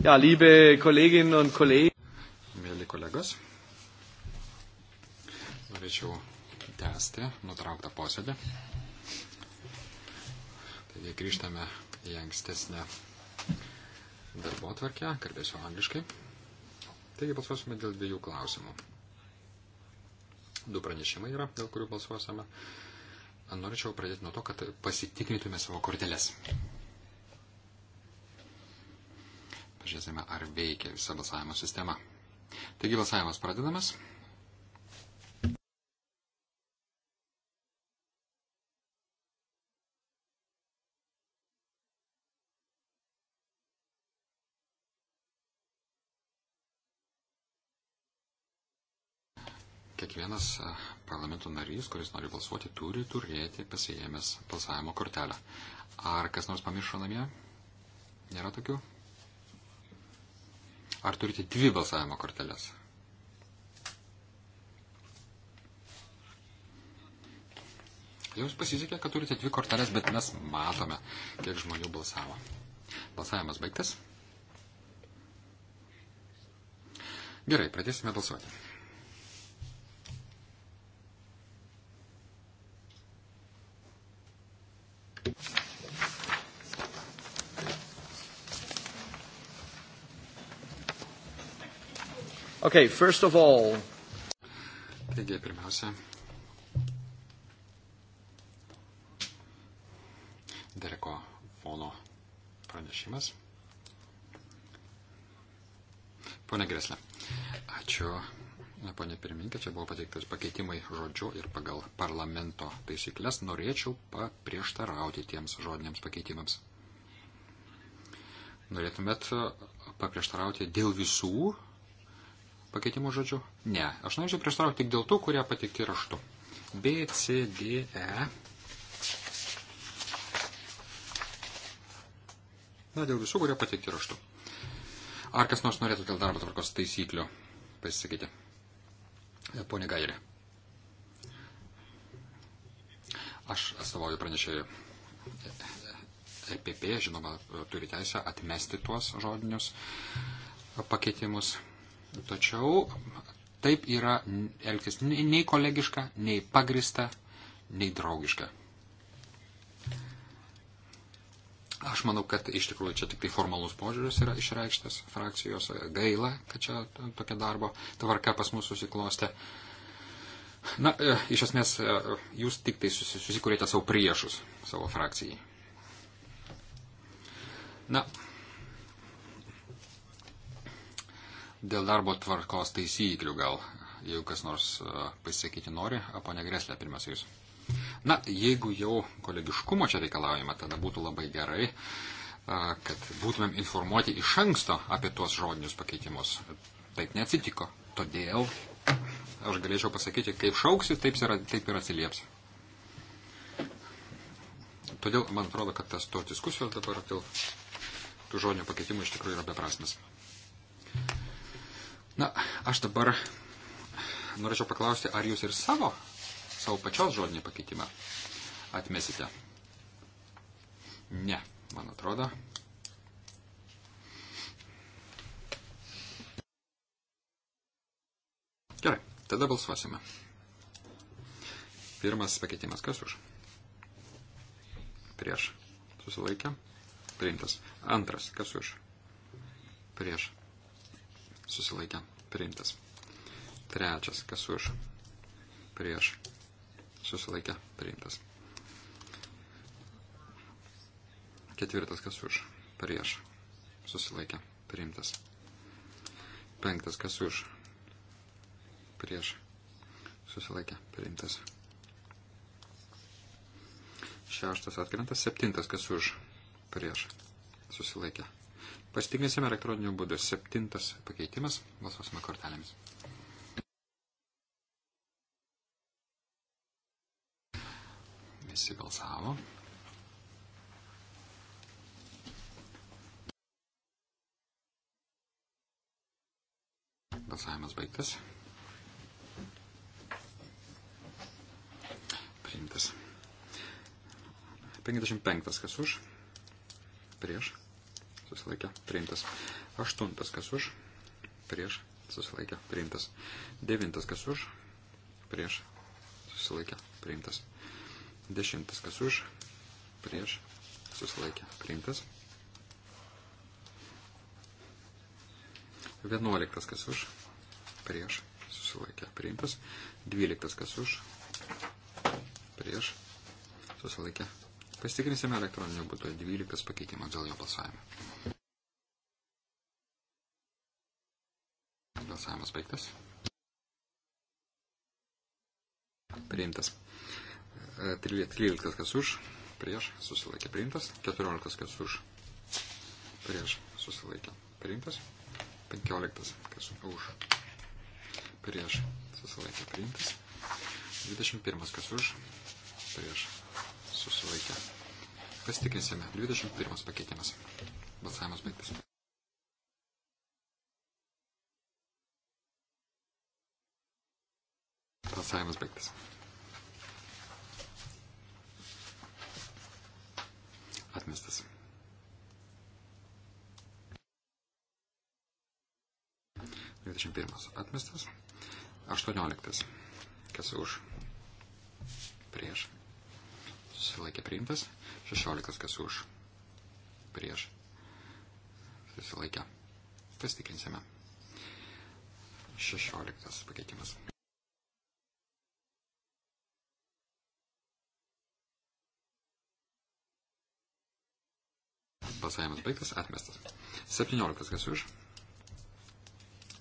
Ja, liebe Kolleginnen und Kollegen. Mėly kolegos, norėčiau tęsti nutrauktą posėdį. Taigi grįžtame į ankstesnę darbo tvarkę, kalbėsiu angliškai. Taigi balsuosime dėl dviejų klausimų. Du pranešimai yra, dėl kurių balsuosime. Norėčiau pradėti nuo to, kad pasitikrintume savo korteles. Žiūrėsime, ar veikia visa balsavimo sistema. Taigi balsavimas pradedamas. kiekvienas e, parlamento narys, kuris nori balsuoti, turi turėti pasijėmęs balsavimo kortelę. Ar kas nors pamiršo namie? Nėra tokių? Ar turite dvi balsavimo korteles? Jums pasisekė, kad turite dvi korteles, bet mes matome, kiek žmonių balsavo. Balsavimas baigtas. Gerai, pradėsime balsuoti. Okay, first of all. Taigi, pirmiausia, Dereko Fono pranešimas. Pone Greslė, ačiū, ponė pirmininkė, čia buvo pateiktas pakeitimai žodžiu ir pagal parlamento taisyklės norėčiau paprieštarauti tiems žodiniams pakeitimams. Norėtumėt paprieštarauti dėl visų pakeitimų žodžių? Ne. Aš norėčiau prieštarauti tik dėl tų, kurie patikti raštu. B, C, D, E. Na, dėl visų, kurie patikti raštu. Ar kas nors norėtų dėl darbo tvarkos taisyklių pasisakyti? E, pone Gairė. Aš atstovauju pranešėjų. EPP, žinoma, turi teisę atmesti tuos žodinius pakeitimus. Tačiau taip yra elgtis nei kolegiška, nei pagrista, nei draugiška. Aš manau, kad iš tikrųjų čia tik tai formalus požiūris yra išreikštas frakcijos. Gaila, kad čia tokia darbo tvarka pas mus susiklostė. Na, e, iš esmės, e, jūs tik tai susikūrėte savo priešus savo frakcijai. Na, Dėl darbo tvarkos taisyklių gal, jeigu kas nors e, pasisakyti nori, ponia Greslė, pirmiausia jūs. Na, jeigu jau kolegiškumo čia reikalaujama, tada būtų labai gerai, kad būtumėm informuoti iš anksto apie tuos žodinius pakeitimus. Taip neatsitiko. Todėl aš galėčiau pasakyti, kaip šauksi, taip ir, taip ir atsilieps. Todėl man atrodo, kad tas to diskusijos dabar dėl tų žodinių pakeitimų iš tikrųjų yra beprasmis. Na, aš dabar norėčiau paklausti, ar jūs ir savo, savo pačios žodinį pakeitimą atmesite? Ne, man atrodo. Gerai, tada balsuosime. Pirmas pakeitimas, kas už? Prieš. Susilaikė. Priimtas. Antras, kas už? Prieš susilaikė priimtas. Trečias, kas už, prieš, susilaikė priimtas. Ketvirtas, kas už, prieš, susilaikė priimtas. Penktas, kas už, prieš, susilaikė priimtas. Šeštas atkrenta, septintas, kas už, prieš, susilaikė Pasitikrinsime elektroniniu būdu. Septintas pakeitimas. Balsuosime kortelėmis. Visi balsavo. Balsavimas baigtas. Priimtas. 55. Kas už? Prieš susilaikė priimtas. Aštuntas kas už, prieš susilaikė priimtas. Devintas kas už, prieš susilaikė priimtas. Dešimtas kas už, prieš susilaikė priimtas. Vienuoliktas kas už, prieš susilaikė priimtas. Dvyliktas kas už, prieš susilaikė priimtas Pasitikrinsime elektroniniu būdu 12 pakeitimas dėl jo balsavimo. Balsavimas baigtas. Priimtas. 13 e, kas už, prieš, susilaikė priimtas. 14 kas už, prieš, susilaikė priimtas. 15 kas už, prieš, susilaikė priimtas. 21 kas už, prieš, susilaikė. Pasitikrinsime. 21 pakeitimas. Balsavimas baigtas. Balsavimas baigtas. Atmestas. Dvidešimt pirmas atmestas. Aštuonioliktas. Kas už? Prieš susilaikė priimtas, 16 kas už, prieš, susilaikė. Pasitikinsime. 16 pakeitimas. Balsavimas baigtas, atmestas. 17 kas už,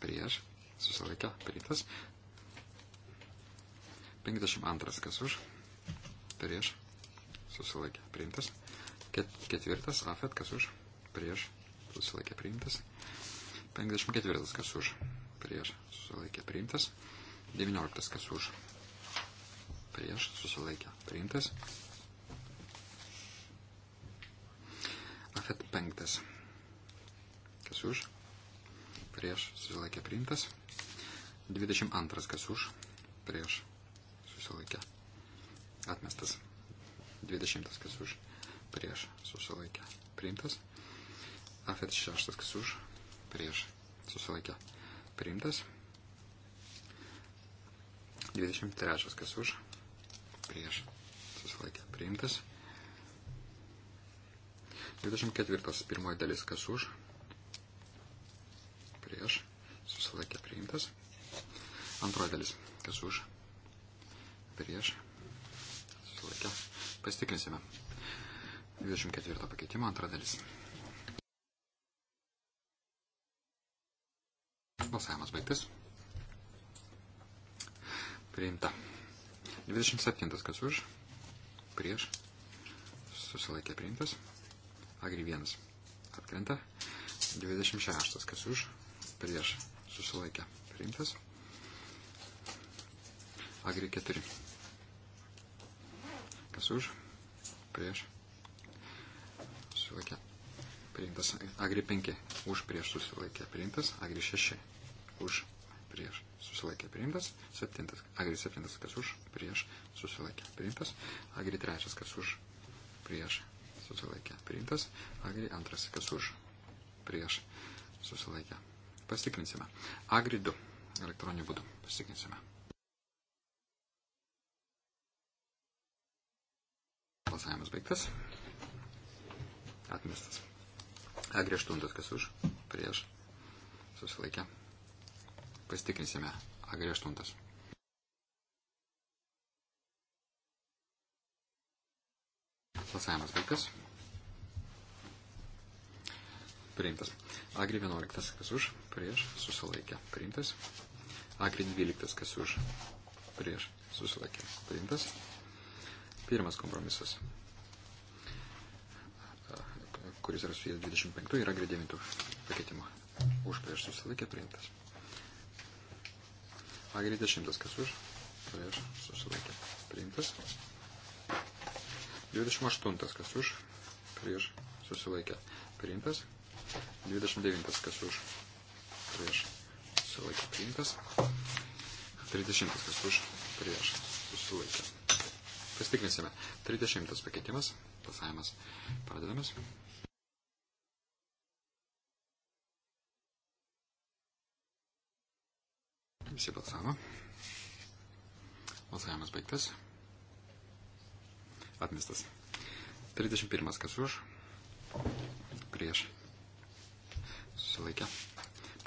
prieš, susilaikė, priimtas. 52 kas už, prieš, susilaikė priimtas. Ketvirtas afet, kas už, prieš, susilaikė priimtas. 54 kas už, prieš, susilaikė priimtas. 19 kas už, prieš, susilaikė priimtas. Afet 5 kas už, prieš, susilaikė priimtas. 22 kas už, prieš, susilaikė atmestas. 20 kas už, prieš susilaikę priimtas. Afet 6 kas už, prieš susilaikę priimtas. 23 kas už, prieš susilaikę priimtas. 24 pirmoji dalis kas už, prieš susilaikė priimtas. Antroji dalis kas už, prieš susilaikė priimtas Pasitikrinsime. 24 pakeitimo antra dalis. Balsavimas baigtas. Priimta. 27 kas už. Prieš. Susilaikė priimtas. Agri 1. Atkrenta. 26 kas už. Prieš. Susilaikė priimtas. Agri 4 Kas už? Prieš. Susilaikė. Priimtas. Agri 5. Už prieš susilaikė. Priimtas. Agri 6. Už prieš susilaikė. Priimtas. 7. Agri 7. Kas už? Prieš susilaikė. Priimtas. Agri 3. Kas už? Prieš susilaikė. Priimtas. Agri 2. Kas už? Prieš susilaikė. Pasitikrinsime. Agri 2. Elektroniniu būdu. Pasitikrinsime. Balsavimas baigtas. Atmestas. Agri 8, kas už, prieš, susilaikė. Pasitikrinsime. Agri 8. Balsavimas baigtas. Priimtas. Agri 11, kas už, prieš, susilaikė. Priimtas. Agri 12, kas už, prieš, susilaikė. Priimtas. Pirmas kompromisas, kuris yra su 25, yra grėdėmintų pakeitimo. Už prieš susilaikė priimtas. Agri 10, kas už, prieš susilaikė priimtas. 28, kas už, prieš susilaikė priimtas. 29, kas už, prieš susilaikė priimtas. 30, kas už, prieš susilaikė Pasitikrinsime. 30 pakeitimas. Pasavimas pradedamas. Visi balsavo. Balsavimas baigtas. Atmestas. 31. Kas už? Prieš. Susilaikė.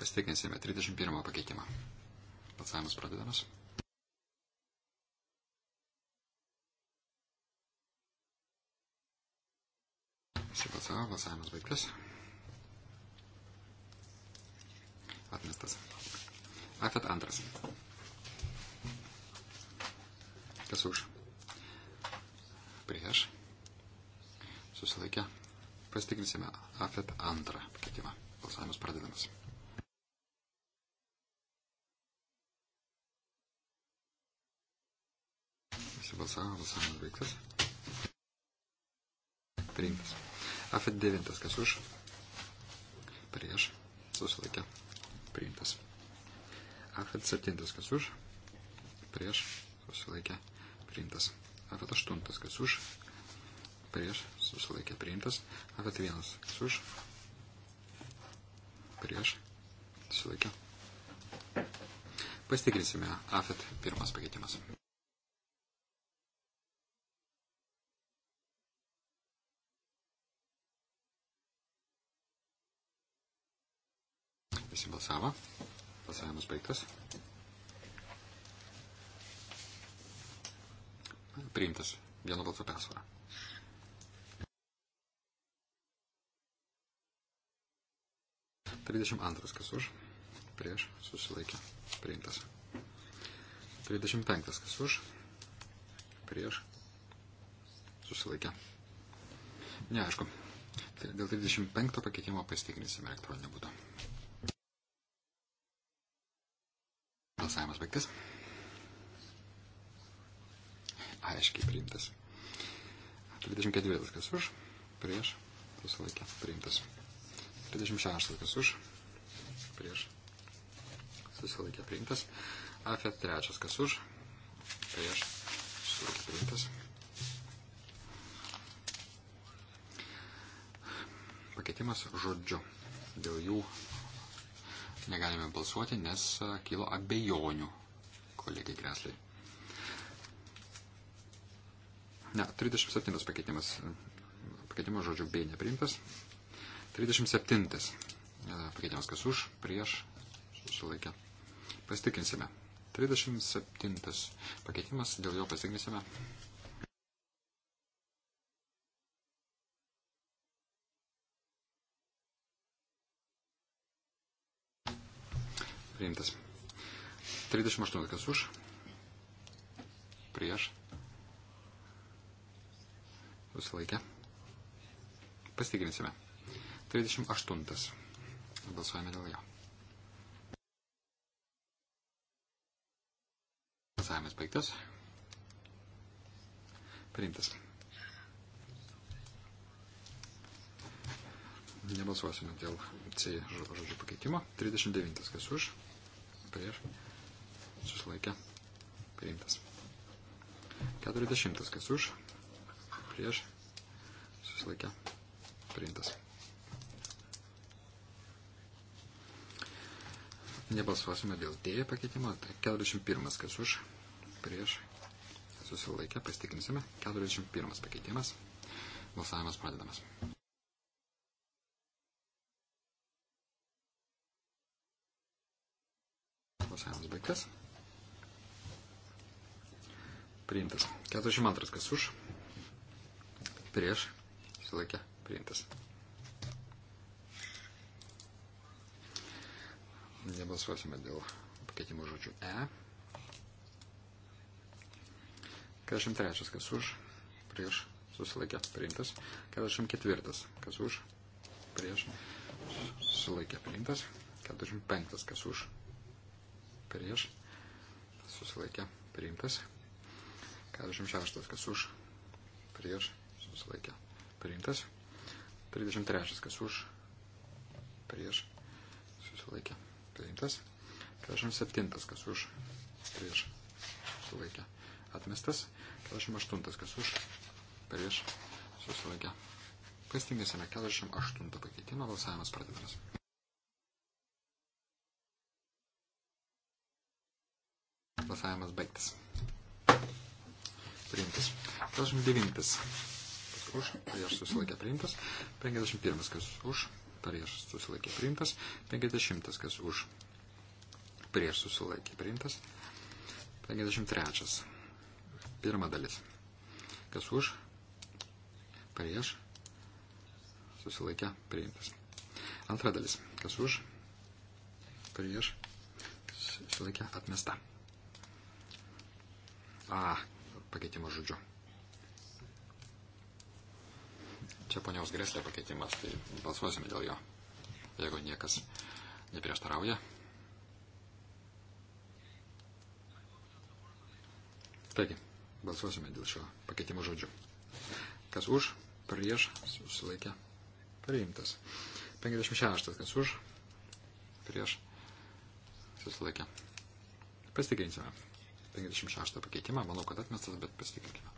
Pasitikinsime 31 pakeitimą. Balsavimas pradedamas. Visi balsavo, balsavimas baigtas. Atmestas. Afet antras. Kas už? Prieš. Susilaikę. Pasitikrinsime Afet antrą pakeitimą. Balsavimas pradedamas. Visi balsavo, balsavimas baigtas. Priimtas. Afet 9, kas už, prieš, susilaikė, priimtas. Afet 7, kas už, prieš, susilaikė, priimtas. Afet 8, kas už, prieš, susilaikė, priimtas. Afet 1, kas už, prieš, susilaikė. Pasitikrinsime AFET pirmas pakeitimas. Visi balsavo. Balsavimas baigtas. Priimtas vieno balso persvara. Trisdešimt antras, kas už, prieš, susilaikė, priimtas. Trisdešimt penktas, kas už, prieš, susilaikė. Neaišku. Tai dėl 35 pakeitimo pasitikrinsime elektroninį būdą. Balsavimas baigtas. Aiškiai priimtas. 34 kas už, prieš, susilaikė, priimtas. 36 kas už, prieš, susilaikė, priimtas. AFE 3 kas už, prieš, susilaikė, priimtas. Pakeitimas žodžiu dėl jų negalime balsuoti, nes e, kilo abejonių kolegai Gresliai. Ne, 37 pakeitimas. Pakeitimas žodžiu B nepriimtas. 37 e, pakeitimas kas už, prieš, sulaikė. Pasitikinsime. 37 pakeitimas, dėl jo pasitikrinsime. priimtas. 38 kas už, prieš, susilaikė. Pasitikrinsime. 38. Balsuojame dėl jo. Balsavimas baigtas. Priimtas. Nebalsuosime dėl C žodžio pakeitimo. 39. Kas už? prieš, susilaikė, priimtas. 40 kas už, prieš, susilaikė, priimtas. Nebalsuosime dėl D pakeitimo. Tai 41 kas už, prieš, susilaikė, pasitikrinsime. 41 pakeitimas. Balsavimas pradedamas. Balsavimas baigtas. Priimtas. 42 kas už. Prieš. Silaikė. Priimtas. Nebalsuosime dėl pakeitimų žodžių E. 43 kas už. Prieš. Susilaikė. Priimtas. 44 e. kas už. Prieš. Susilaikė. Priimtas. 45 kas už prieš, susilaikė, priimtas. 46, kas už, prieš, susilaikė, priimtas. 33, kas už, prieš, susilaikė, priimtas. 47, kas už, prieš, susilaikė, atmestas. 48, kas už, prieš, susilaikė. Pastingėsime 48 pakeitimą, balsavimas pradedamas. Balsavimas baigtas. Priimtas. 49. Kas už, prieš susilaikė priimtas. 51. Kas už, prieš susilaikė priimtas. 50. Kas už, prieš susilaikė priimtas. 53. Pirma dalis. Kas už, prieš susilaikė priimtas. Antra dalis. Kas už, prieš susilaikė atmesta. A pakeitimas žodžiu. Čia poniaus greslė pakeitimas, tai balsuosime dėl jo, jeigu niekas neprieštarauja. Taigi, balsuosime dėl šio pakeitimo žodžių. Kas už, prieš, susilaikė, priimtas. 56. Kas už, prieš, susilaikė. Pasitikinsime. 56 pakeitimą. Manau, kad atmestas, bet pasitikrinkime.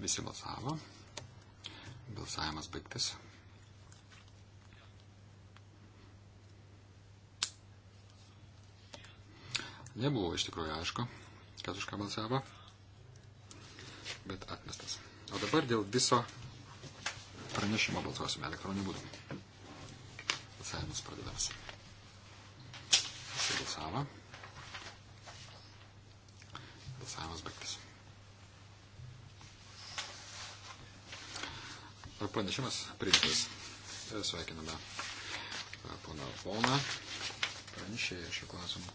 Visi balsavo. Balsavimas baigtas. Nebuvo iš tikrųjų aišku, kas už ką balsavo, bet atmestas. O dabar dėl viso pranešimo balsuosime elektroniniu būdu. Balsavimas pradedamas visi balsavo. Balsavimas baigtas. Pranešimas priimtas. Sveikiname e, poną Foną, pranešėją šio klausimu.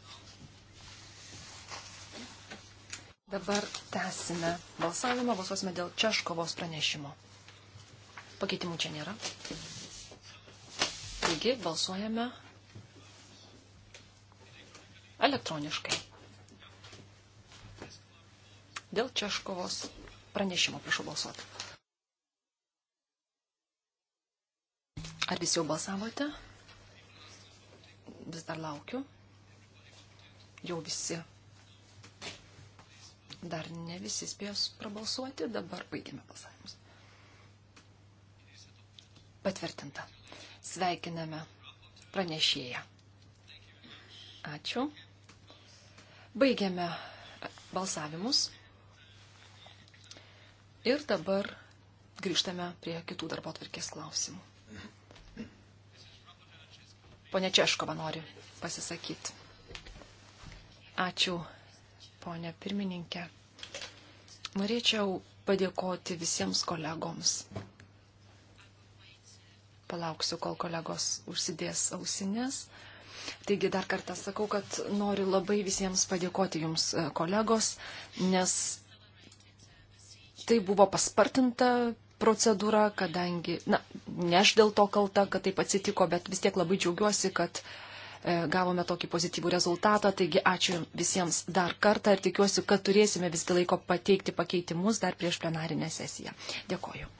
Dabar tęsime balsavimą, balsuosime dėl Češkovos pranešimo. Pakeitimų čia nėra. Taigi balsuojame elektroniškai. Dėl Češkovos pranešimo prašau balsuoti. Ar visi jau balsavote? Vis dar laukiu. Jau visi. Dar ne visi spėjo prabalsuoti, dabar baigiame balsavimus. Patvirtinta. Sveikiname pranešėją. Ačiū. Baigiame balsavimus. Ir dabar grįžtame prie kitų darbo atvarkės klausimų. Pone Češkova nori pasisakyti. Ačiū, ponė pirmininkė. Norėčiau padėkoti visiems kolegoms. Palauksiu, kol kolegos užsidės ausinės. Taigi dar kartą sakau, kad noriu labai visiems padėkoti Jums, e, kolegos, nes tai buvo paspartinta procedūra, kadangi, na, ne aš dėl to kalta, kad taip atsitiko, bet vis tiek labai džiaugiuosi, kad e, gavome tokį pozityvų rezultatą. Taigi ačiū visiems dar kartą ir tikiuosi, kad turėsime visgi laiko pateikti pakeitimus dar prieš plenarinę sesiją. Dėkoju.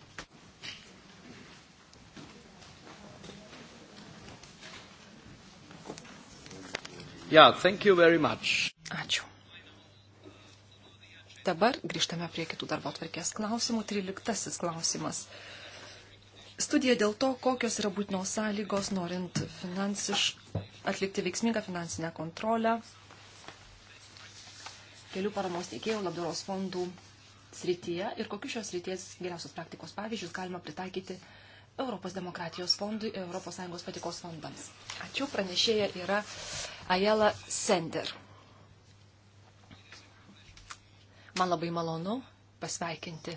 Yeah, thank you very much. Ačiū. Dabar grįžtame prie kitų darbo atvarkės klausimų. 13 klausimas. Studija dėl to, kokios yra būtinos sąlygos, norint finansiš... atlikti veiksmingą finansinę kontrolę kelių paramos teikėjų labdaros fondų srityje ir kokius šios srities geriausios praktikos pavyzdžius galima pritaikyti Europos demokratijos fondui ir ES patikos fondams. Ačiū, pranešėja yra Ajela Sender. Man labai malonu pasveikinti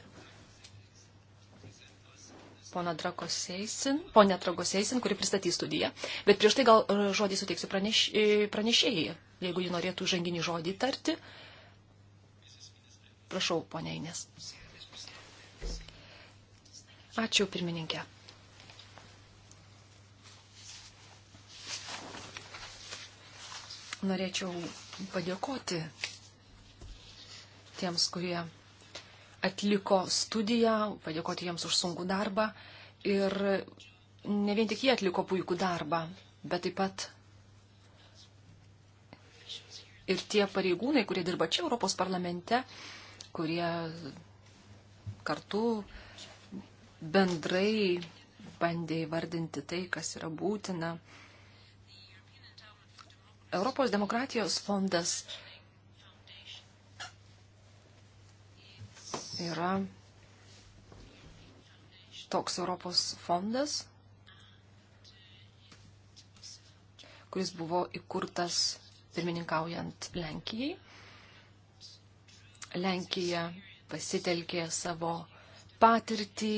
poną Drakoseisin, ponę Drakoseisin, kuri pristatys studiją. Bet prieš tai gal e, žodį suteiksiu praneš, e, pranešėjai, jeigu ji norėtų žanginį žodį tarti. Prašau, ponia Inės. Ačiū, pirmininkė. norėčiau padėkoti tiems, kurie atliko studiją, padėkoti jiems už sunkų darbą. Ir ne vien tik jie atliko puikų darbą, bet taip pat ir tie pareigūnai, kurie dirba čia Europos parlamente, kurie kartu bendrai bandė įvardinti tai, kas yra būtina Europos demokratijos fondas yra toks Europos fondas, kuris buvo įkurtas pirmininkaujant Lenkijai. Lenkija pasitelkė savo patirtį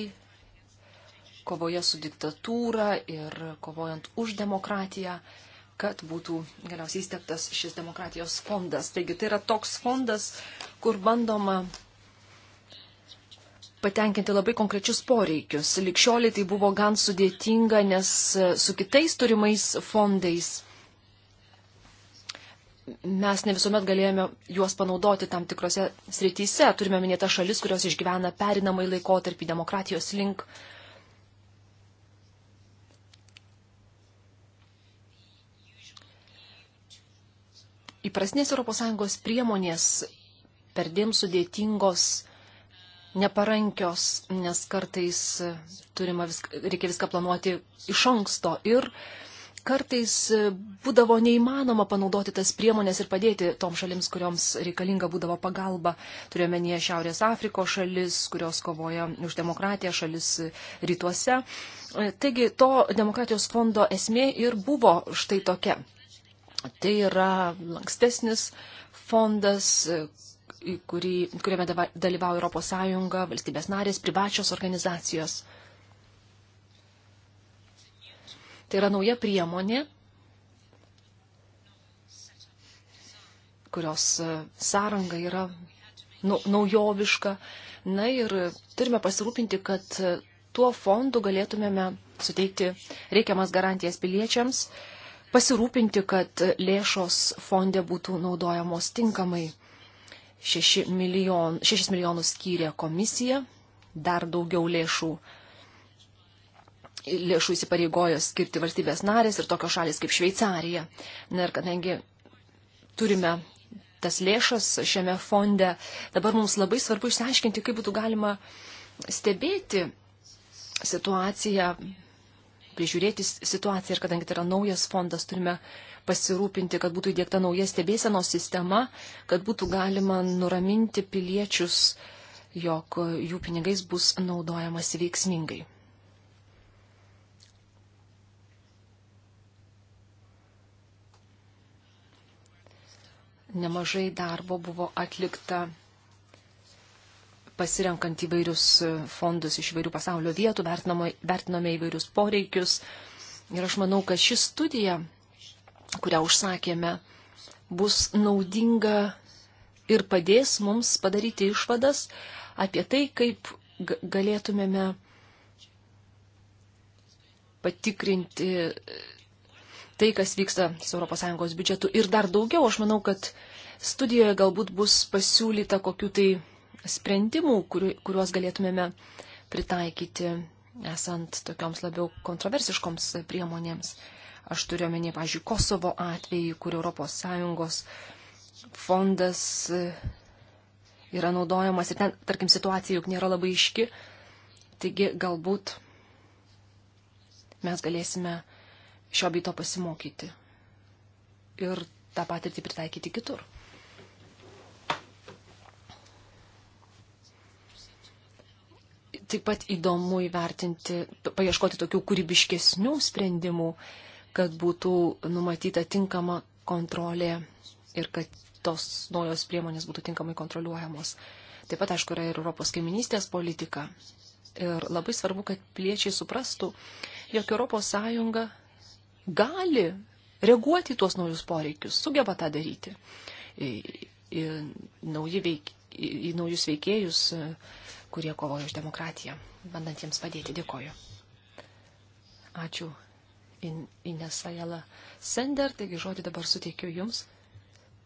kovoje su diktatūra ir kovojant už demokratiją kad būtų galiausiai įsteptas šis demokratijos fondas. Taigi tai yra toks fondas, kur bandoma patenkinti labai konkrečius poreikius. Likščioliai tai buvo gan sudėtinga, nes e, su kitais turimais fondais mes ne visuomet galėjome juos panaudoti tam tikrose srityse. Turime minėtą šalis, kurios išgyvena perinamai laikotarpį demokratijos link. Uh, įprasnės ES priemonės perdėm sudėtingos, neparankios, nes kartais turima viską, reikia viską planuoti iš anksto ir kartais būdavo neįmanoma panaudoti tas priemonės ir padėti tom šalims, kurioms reikalinga būdavo pagalba. Turiuomenėje Šiaurės Afrikos šalis, kurios kovoja už demokratiją, šalis rytuose. Taigi to demokratijos fondo esmė ir buvo štai tokia Tai yra lankstesnis fondas, kurį, kuriame dalyvauja ES, valstybės narės, privačios organizacijos. Tai yra nauja priemonė, kurios e, sąranga yra naujoviška. Na ir turime pasirūpinti, kad e, tuo fondu galėtumėme suteikti reikiamas garantijas piliečiams, pasirūpinti, kad lėšos fonde būtų naudojamos tinkamai. 6, milijon, 6 milijonus skyrė komisija, dar daugiau lėšų, lėšų įsipareigojo skirti valstybės narės ir tokios šalis kaip Šveicarija. Na ir kadangi turime tas lėšas šiame fonde, dabar mums labai svarbu išsiaiškinti, kaip būtų galima stebėti situaciją prižiūrėti situaciją ir kadangi tai yra naujas fondas, turime pasirūpinti, kad būtų įdėkta nauja stebėsenos sistema, kad būtų galima nuraminti piliečius, jog jų pinigais bus naudojamas veiksmingai. Nemažai darbo buvo atlikta pasirenkant įvairius e, fondus iš įvairių pasaulio vietų, vertinome įvairius poreikius. Ir aš manau, kad ši studija, kurią užsakėme, bus naudinga ir padės mums padaryti išvadas apie tai, kaip galėtumėme patikrinti e, tai, kas vyksta su ES biudžetu. Ir dar daugiau, aš manau, kad studijoje galbūt bus pasiūlyta kokiu tai sprendimų, kuriuos galėtumėme pritaikyti, esant tokioms labiau kontroversiškoms priemonėms. Aš turiu omeny, pažiūrėjau, Kosovo atvejį, kur ES fondas e, yra naudojamas ir ten, tarkim, situacija juk nėra labai iški. Taigi galbūt mes galėsime šio byto pasimokyti ir tą patirtį pritaikyti kitur. taip pat įdomu įvertinti, paieškoti tokių kūrybiškesnių sprendimų, kad būtų numatyta tinkama kontrolė ir kad tos naujos priemonės būtų tinkamai kontroliuojamos. Taip pat, aišku, yra ir Europos kaiminystės politika. Ir labai svarbu, kad piliečiai suprastų, jog ES gali reaguoti į tuos naujus poreikius, sugeba tą daryti. Į, į, nauji veik, į, į naujus veikėjus, kurie kovoja už demokratiją, bandant jiems padėti. Dėkoju. Ačiū In, Inesajala Sender, taigi žodį dabar suteikiu Jums,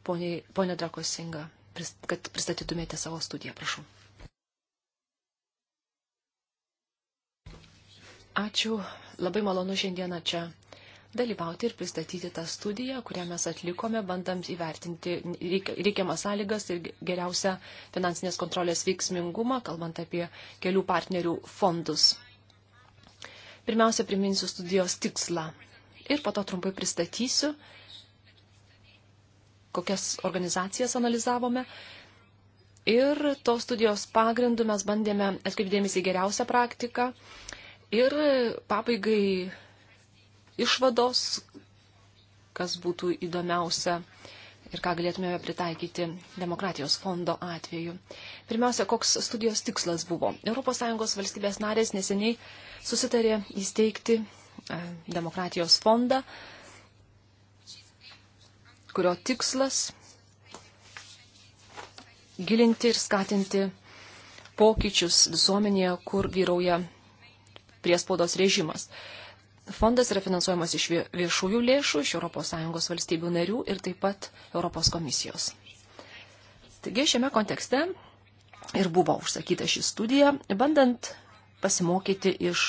ponė, ponė Drakosinga, kad pristatytumėte savo studiją, prašau. Ačiū, labai malonu šiandieną čia dalyvauti ir pristatyti tą studiją, kurią mes atlikome, bandant įvertinti reikiamas sąlygas ir geriausią finansinės kontrolės veiksmingumą, kalbant apie kelių partnerių fondus. Pirmiausia, priminsiu studijos tikslą ir po to trumpai pristatysiu, kokias organizacijas analizavome. Ir tos studijos pagrindų mes bandėme atkreipdėmėsi geriausią praktiką. Ir pabaigai išvados, kas būtų įdomiausia ir ką galėtumėme pritaikyti demokratijos fondo atveju. Pirmiausia, koks studijos tikslas buvo. ES valstybės narės neseniai susitarė įsteigti e, demokratijos fondą, kurio tikslas gilinti ir skatinti pokyčius visuomenėje, kur vyrauja priespaudos režimas. Fondas yra finansuojamas iš viešųjų lėšų, iš ES valstybių narių ir taip pat Europos komisijos. Taigi šiame kontekste ir buvo užsakyta ši studija, bandant pasimokyti iš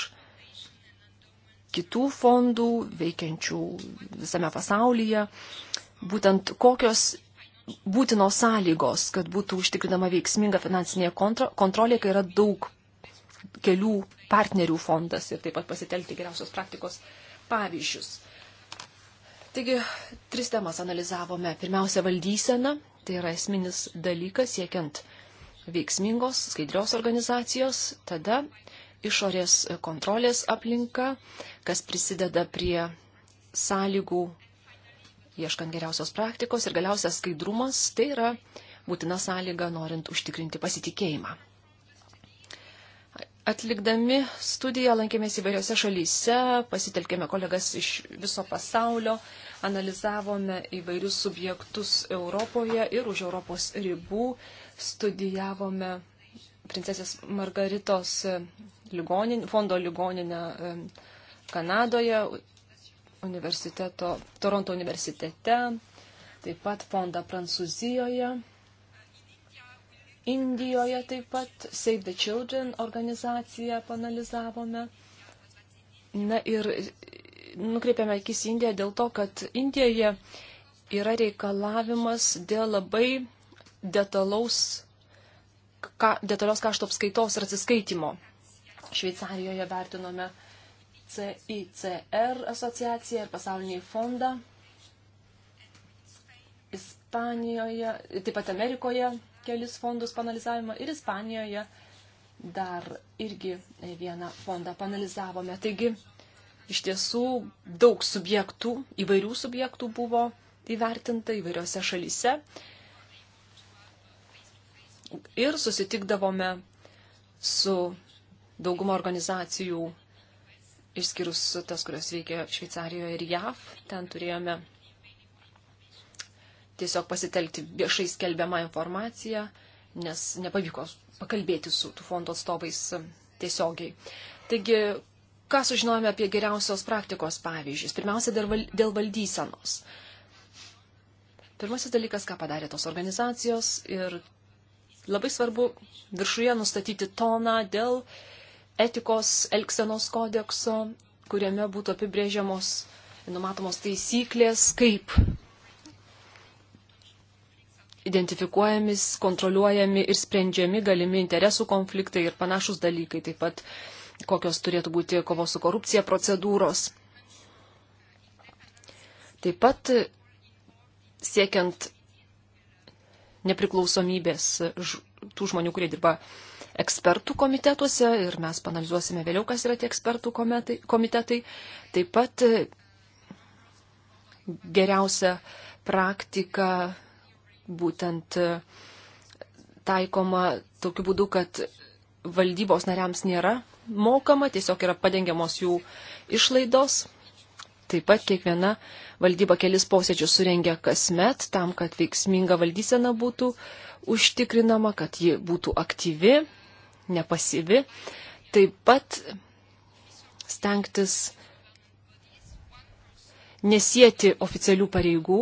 kitų fondų veikiančių visame pasaulyje, būtent kokios būtinos sąlygos, kad būtų užtikrinama veiksminga finansinė kontrolė, kai yra daug kelių partnerių fondas ir taip pat pasitelkti geriausios praktikos pavyzdžius. Taigi, tris temas analizavome. Pirmiausia, valdysena, tai yra esminis dalykas siekiant veiksmingos, skaidrios organizacijos, tada išorės kontrolės aplinka, kas prisideda prie sąlygų ieškant geriausios praktikos ir galiausia skaidrumas, tai yra būtina sąlyga norint užtikrinti pasitikėjimą. Atlikdami studiją lankėmės įvairiose šalyse, pasitelkėme kolegas iš viso pasaulio, analizavome įvairius subjektus Europoje ir už Europos ribų, studijavome princesės Margaritos ligonin, fondo ligoninę e, Kanadoje, universiteto, Toronto universitete, taip pat fondą Prancūzijoje Indijoje taip pat Save the Children organizaciją panalizavome. Na ir nukreipiame akis Indiją dėl to, kad Indijoje yra reikalavimas dėl labai detalaus, ka, detalios kašto apskaitos ir atsiskaitimo. Šveicarijoje vertinome CICR asociaciją ir pasaulinį fondą. Ispanijoje, taip pat Amerikoje kelis fondus panalizavimo ir Ispanijoje dar irgi vieną fondą panalizavome. Taigi iš tiesų daug subjektų, įvairių subjektų buvo įvertinta įvairiose šalyse. Ir susitikdavome su dauguma organizacijų, išskyrus tas, kurios veikia Šveicarijoje ir JAV. Ten turėjome tiesiog pasitelkti viešai skelbiamą informaciją, nes nepavyko pakalbėti su tų fondo atstovais um, tiesiogiai. Taigi, ką sužinojome apie geriausios praktikos pavyzdžius? Pirmiausia, dėl valdysenos. Pirmasis dalykas, ką padarė tos organizacijos ir labai svarbu viršuje nustatyti toną dėl etikos elksenos kodekso, kuriame būtų apibrėžiamos numatomos taisyklės, kaip identifikuojami, kontroliuojami ir sprendžiami galimi interesų konfliktai ir panašus dalykai, taip pat kokios turėtų būti kovos su korupcija procedūros. Taip pat siekiant nepriklausomybės tų žmonių, kurie dirba ekspertų komitetuose ir mes panalizuosime vėliau, kas yra tie ekspertų komitetai. Taip pat geriausia praktika būtent e, taikoma tokiu būdu, kad valdybos nariams nėra mokama, tiesiog yra padengiamos jų išlaidos. Taip pat kiekviena valdyba kelis posėdžius surengia kasmet tam, kad veiksminga valdysena būtų užtikrinama, kad ji būtų aktyvi, nepasyvi. Taip pat stengtis nesėti oficialių pareigų,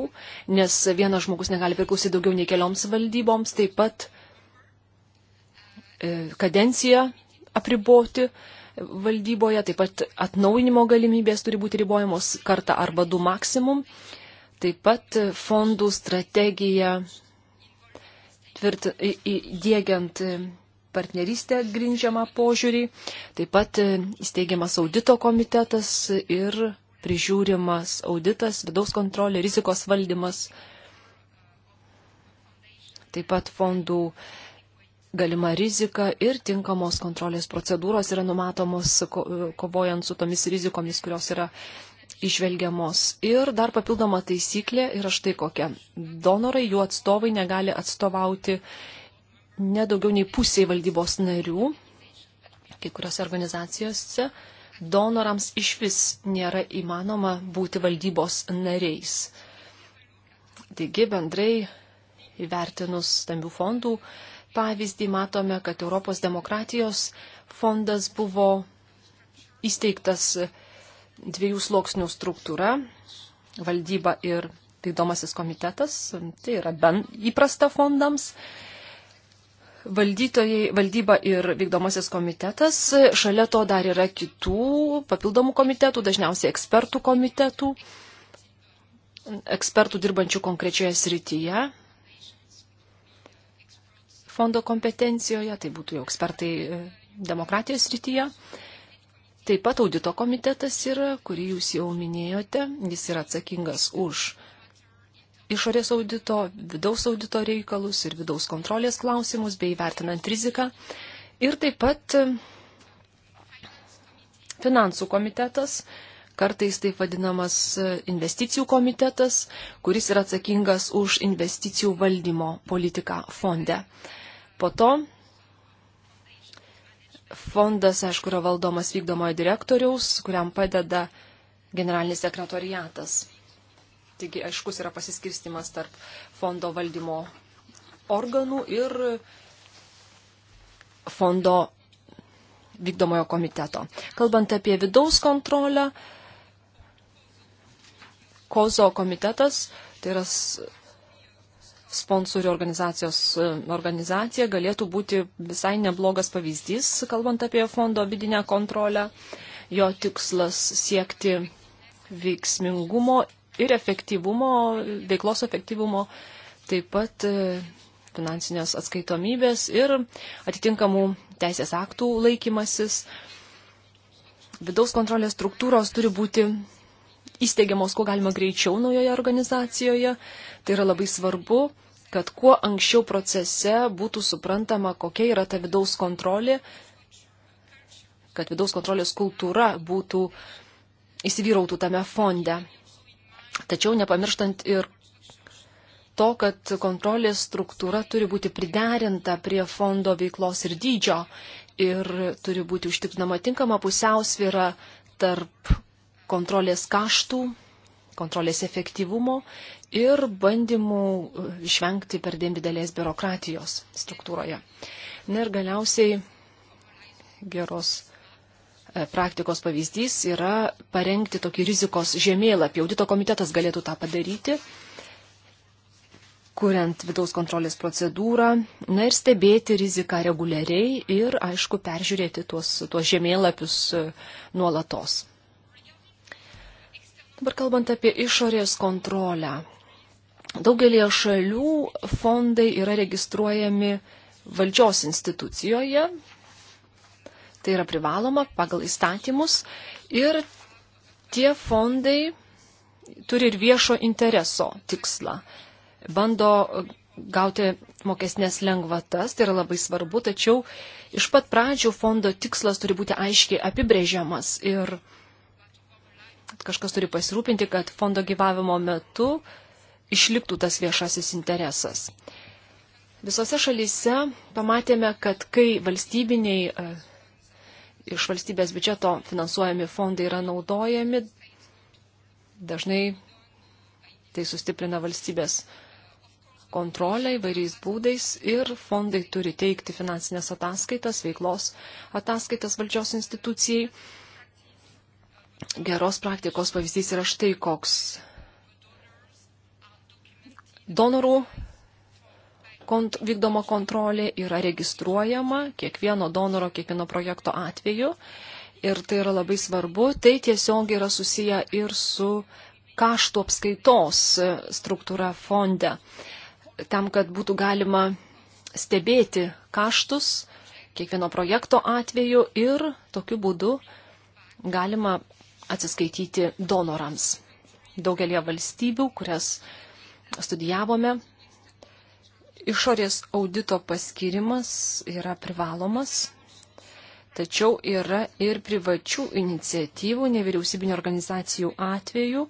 nes vienas žmogus negali priklausyti daugiau nei kelioms valdyboms, taip pat e, kadenciją apriboti valdyboje, taip pat atnaujinimo galimybės turi būti ribojamos kartą arba du maksimum, taip pat fondų strategija tvirt, įdėgiant partnerystę grindžiamą požiūrį, taip pat įsteigiamas audito komitetas ir prižiūrimas auditas, vidaus kontrolė, rizikos valdymas, taip pat fondų galima rizika ir tinkamos kontrolės procedūros yra numatomos kovojant su tomis rizikomis, kurios yra išvelgiamos. Ir dar papildoma taisyklė yra štai kokia. Donorai, jų atstovai negali atstovauti nedaugiau nei pusiai valdybos narių, kai kuriuose organizacijose donorams iš vis nėra įmanoma būti valdybos nariais. Taigi bendrai įvertinus stambių fondų pavyzdį matome, kad Europos demokratijos fondas buvo įsteigtas dviejų sluoksnių struktūra - valdyba ir vykdomasis komitetas. Tai yra ben, įprasta fondams valdytojai, valdyba ir vykdomasis komitetas. Šalia to dar yra kitų papildomų komitetų, dažniausiai ekspertų komitetų, ekspertų dirbančių konkrečioje srityje fondo kompetencijoje, tai būtų jau ekspertai e, demokratijos srityje. Taip pat audito komitetas yra, kurį jūs jau minėjote, jis yra atsakingas už išorės audito, vidaus audito reikalus ir vidaus kontrolės klausimus bei vertinant riziką. Ir taip pat e, finansų komitetas, kartais taip vadinamas e, investicijų komitetas, kuris yra atsakingas už investicijų valdymo politiką fonde. Po to fondas, aišku, yra valdomas vykdomojo direktoriaus, kuriam padeda generalinis sekretoriatas. Taigi aiškus yra pasiskirstimas tarp fondo valdymo organų ir fondo vykdomojo komiteto. Kalbant apie vidaus kontrolę, Kozo komitetas, tai yra sponsorių organizacijos e, organizacija, galėtų būti visai neblogas pavyzdys, kalbant apie fondo vidinę kontrolę. Jo tikslas siekti veiksmingumo ir efektyvumo, veiklos efektyvumo, taip pat e, finansinės atskaitomybės ir atitinkamų teisės aktų laikymasis. Vidaus kontrolės struktūros turi būti įsteigiamos kuo galima greičiau naujoje organizacijoje. Tai yra labai svarbu, kad kuo anksčiau procese būtų suprantama, kokia yra ta vidaus kontrolė, kad vidaus kontrolės kultūra būtų įsivyrautų tame fonde. Tačiau nepamirštant ir to, kad kontrolės struktūra turi būti priderinta prie fondo veiklos ir dydžio ir turi būti užtikrinama tinkama pusiausvyrą tarp kontrolės kaštų, kontrolės efektyvumo ir bandymų išvengti per dėm didelės biurokratijos struktūroje. Na ir galiausiai geros E, praktikos pavyzdys yra parengti tokį rizikos žemėlapį. Audito komitetas galėtų tą padaryti, kuriant vidaus kontrolės procedūrą, na ir stebėti riziką reguliariai ir, aišku, peržiūrėti tuos, tuos žemėlapius e, nuolatos. Dabar kalbant apie išorės kontrolę. Daugelie šalių fondai yra registruojami valdžios institucijoje, tai yra privaloma pagal įstatymus ir tie fondai turi ir viešo intereso tikslą. Bando gauti mokesnės lengvatas, tai yra labai svarbu, tačiau iš pat pradžių fondo tikslas turi būti aiškiai apibrėžiamas ir kažkas turi pasirūpinti, kad fondo gyvavimo metu išliktų tas viešasis interesas. Visose šalyse pamatėme, kad kai valstybiniai iš valstybės biudžeto finansuojami fondai yra naudojami, dažnai tai sustiprina valstybės kontrolę įvairiais būdais ir fondai turi teikti finansinės ataskaitas, veiklos ataskaitas valdžios institucijai. Geros praktikos pavyzdys yra štai koks. Donorų kont vykdoma kontrolė yra registruojama kiekvieno donoro, kiekvieno projekto atveju. Ir tai yra labai svarbu. Tai tiesiog yra susiję ir su kaštų apskaitos e, struktūra fonde. Tam, kad būtų galima stebėti kaštus kiekvieno projekto atveju ir tokiu būdu galima atsiskaityti donorams. Daugelie valstybių, kurias studijavome, Išorės audito paskirimas yra privalomas, tačiau yra ir privačių iniciatyvų nevyriausybinio organizacijų atveju.